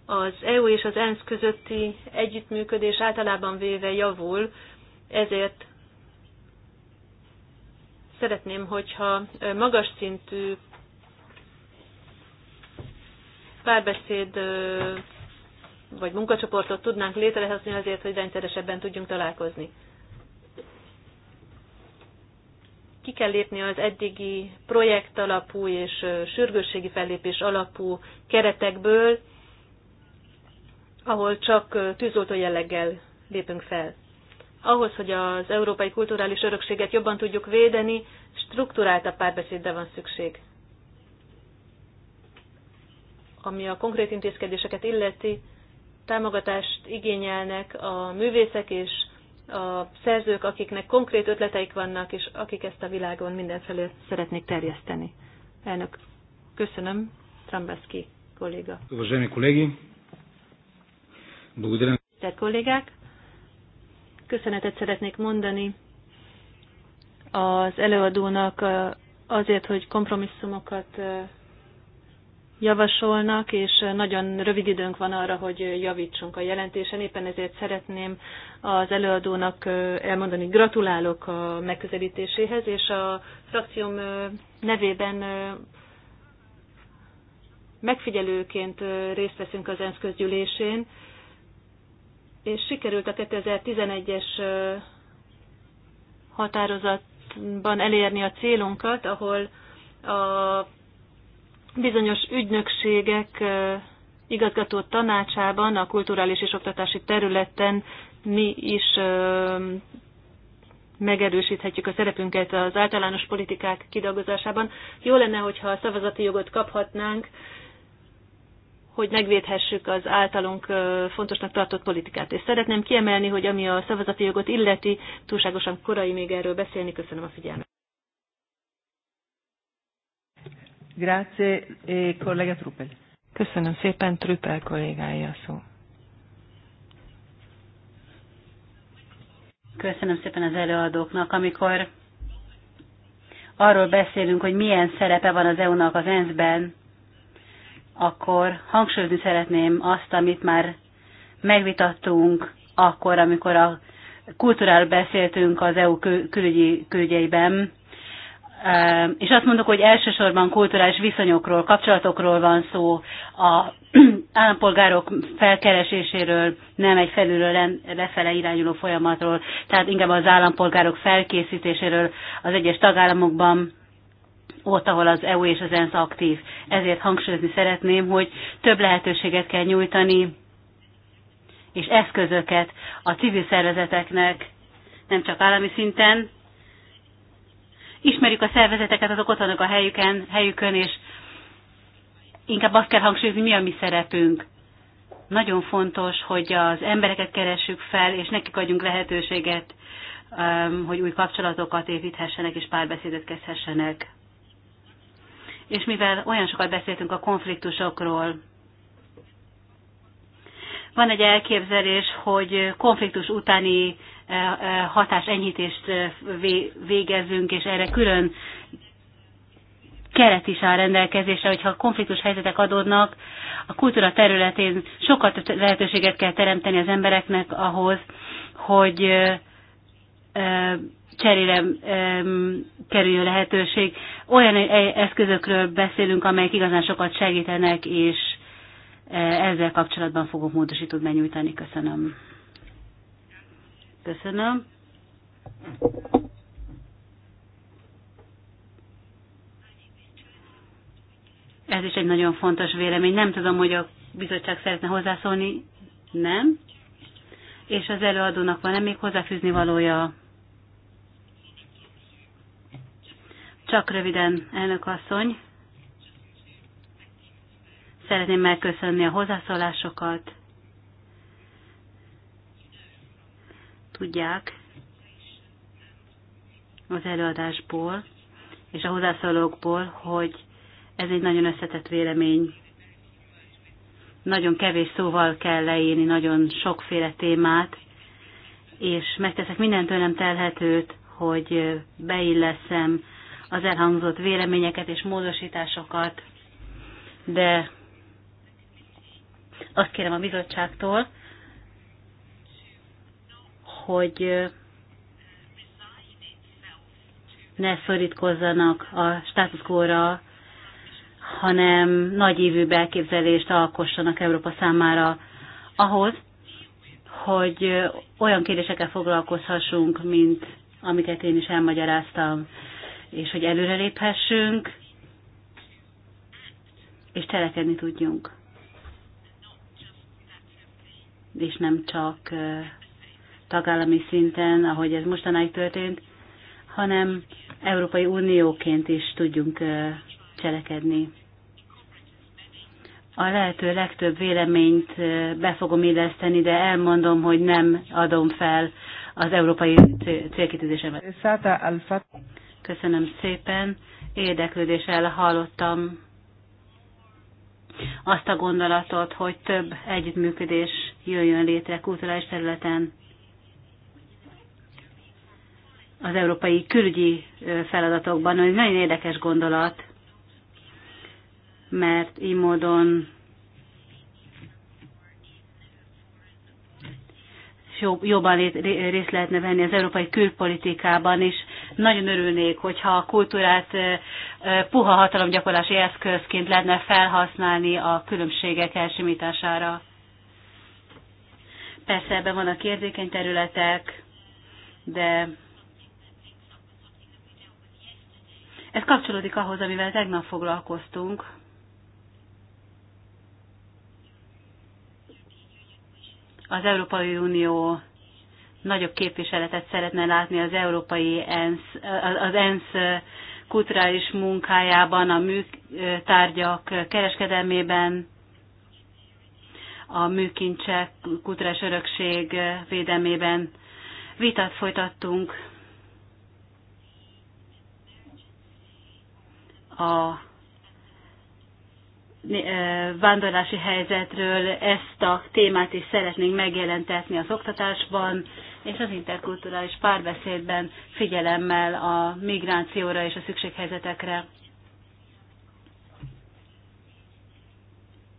az EU és az ENSZ közötti együttműködés általában véve javul, ezért szeretném, hogyha magas szintű párbeszéd vagy munkacsoportot tudnánk létrehozni azért, hogy rendszeresebben tudjunk találkozni. Ki kell lépni az eddigi projekt alapú és sürgősségi fellépés alapú keretekből, ahol csak tűzoltó jelleggel lépünk fel ahhoz, hogy az európai kulturális örökséget jobban tudjuk védeni, struktúráltabb párbeszédre van szükség. Ami a konkrét intézkedéseket illeti, támogatást igényelnek a művészek és a szerzők, akiknek konkrét ötleteik vannak, és akik ezt a világon mindenfelé szeretnék terjeszteni. Elnök, köszönöm, Trambeszki kolléga. Köszönöm, колеги, благодаря. kollégák, köszönetet szeretnék mondani az előadónak azért, hogy kompromisszumokat javasolnak, és nagyon rövid időnk van arra, hogy javítsunk a jelentésen. Éppen ezért szeretném az előadónak elmondani, gratulálok a megközelítéséhez, és a frakcióm nevében megfigyelőként részt veszünk az ENSZ közgyűlésén, és sikerült a 2011-es határozatban elérni a célunkat, ahol a bizonyos ügynökségek igazgató tanácsában a kulturális és oktatási területen mi is megerősíthetjük a szerepünket az általános politikák kidolgozásában. Jó lenne, hogyha a szavazati jogot kaphatnánk, hogy megvédhessük az általunk fontosnak tartott politikát. És szeretném kiemelni, hogy ami a szavazati jogot illeti, túlságosan korai még erről beszélni. Köszönöm a figyelmet. Grazie, kollega eh, Truppel. Köszönöm szépen, Truppel kollégája szó. Köszönöm szépen az előadóknak, amikor arról beszélünk, hogy milyen szerepe van az EU-nak az ENSZ-ben, akkor hangsúlyozni szeretném azt, amit már megvitattunk akkor, amikor a kulturál beszéltünk az EU külügyi, külügyeiben, és azt mondok, hogy elsősorban kulturális viszonyokról, kapcsolatokról van szó, a [CLEARS THROAT] állampolgárok felkereséséről, nem egy felülről lefele irányuló folyamatról, tehát inkább az állampolgárok felkészítéséről az egyes tagállamokban, ott, ahol az EU és az ENSZ aktív. Ezért hangsúlyozni szeretném, hogy több lehetőséget kell nyújtani, és eszközöket a civil szervezeteknek, nem csak állami szinten. Ismerjük a szervezeteket, azok ott vannak a helyüken, helyükön, és inkább azt kell hangsúlyozni, mi a mi szerepünk. Nagyon fontos, hogy az embereket keressük fel, és nekik adjunk lehetőséget, um, hogy új kapcsolatokat építhessenek és párbeszédet kezdhessenek és mivel olyan sokat beszéltünk a konfliktusokról, van egy elképzelés, hogy konfliktus utáni eh, eh, hatás enyhítést eh, végezzünk, és erre külön keret is áll rendelkezésre, hogyha konfliktus helyzetek adódnak, a kultúra területén sokat lehetőséget kell teremteni az embereknek ahhoz, hogy cserére kerüljön lehetőség. Olyan eh, eszközökről beszélünk, amelyek igazán sokat segítenek, és eh, ezzel kapcsolatban fogok módosítót benyújtani. Köszönöm. Köszönöm. Ez is egy nagyon fontos vélemény. Nem tudom, hogy a bizottság szeretne hozzászólni. Nem. És az előadónak van-e még hozzáfűzni valója? Csak röviden, elnök asszony. Szeretném megköszönni a hozzászólásokat. Tudják az előadásból és a hozzászólókból, hogy ez egy nagyon összetett vélemény. Nagyon kevés szóval kell leírni nagyon sokféle témát, és megteszek mindentől nem telhetőt, hogy beilleszem az elhangzott véleményeket és módosításokat, de azt kérem a bizottságtól, hogy ne szorítkozzanak a státuszkóra, hanem nagyívű belképzelést alkossanak Európa számára ahhoz, hogy olyan kérdésekkel foglalkozhassunk, mint amiket én is elmagyaráztam és hogy előreléphessünk, és cselekedni tudjunk. És nem csak tagállami szinten, ahogy ez mostanáig történt, hanem Európai Unióként is tudjunk cselekedni. A lehető legtöbb véleményt be fogom illeszteni, de elmondom, hogy nem adom fel az európai célkitűzésemet. Köszönöm szépen. Érdeklődéssel hallottam azt a gondolatot, hogy több együttműködés jöjjön létre kulturális területen az európai külügyi feladatokban. Ez nagyon érdekes gondolat, mert így módon jobban részt lehetne venni az európai külpolitikában, is. Nagyon örülnék, hogyha a kultúrát puha hatalomgyakorlási eszközként lehetne felhasználni a különbségek elsimítására. Persze ebben vannak érzékeny területek, de ez kapcsolódik ahhoz, amivel tegnap foglalkoztunk, az Európai Unió nagyobb képviseletet szeretne látni az európai ENSZ, az ENSZ kulturális munkájában, a műtárgyak kereskedelmében, a műkincsek, kulturális örökség védelmében. Vitát folytattunk a vándorlási helyzetről, ezt a témát is szeretnénk megjelentetni az oktatásban, és az interkulturális párbeszédben figyelemmel a migrációra és a szükséghelyzetekre.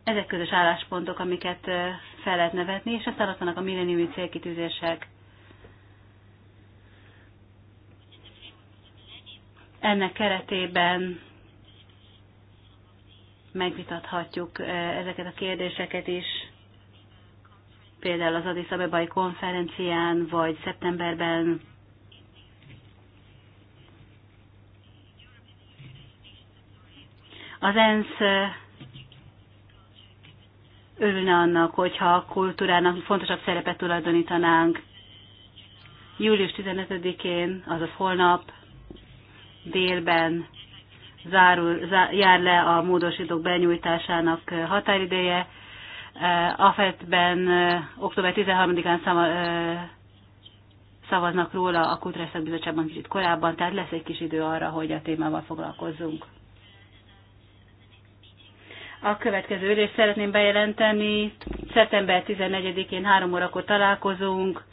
Ezek közös álláspontok, amiket fel lehet nevetni, és aztán ott vannak a milleniumi célkitűzések. Ennek keretében megvitathatjuk ezeket a kérdéseket is például az Addis Abebai konferencián, vagy szeptemberben az ENSZ örülne annak, hogyha a kultúrának fontosabb szerepet tulajdonítanánk. Július 15-én, azaz holnap délben zárul, zá, jár le a módosítók benyújtásának határideje. Eh, AFET-ben eh, október 13-án eh, szavaznak róla, a Kultúrászak Bizottságban kicsit korábban, tehát lesz egy kis idő arra, hogy a témával foglalkozzunk. A következő ülést szeretném bejelenteni. Szeptember 14-én 3 órakor találkozunk,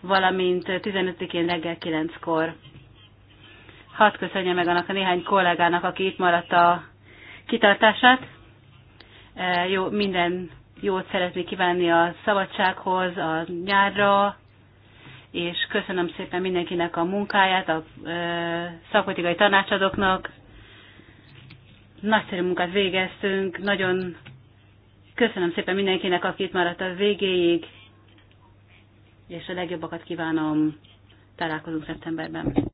valamint 15-én reggel 9-kor. Hadd köszönjem meg annak a néhány kollégának, aki itt maradt a kitartását. Jó, minden jót szeretnék kívánni a szabadsághoz, a nyárra, és köszönöm szépen mindenkinek a munkáját, a szakpolitikai tanácsadóknak. Nagyszerű munkát végeztünk, nagyon köszönöm szépen mindenkinek, aki itt maradt a végéig, és a legjobbakat kívánom. Találkozunk szeptemberben.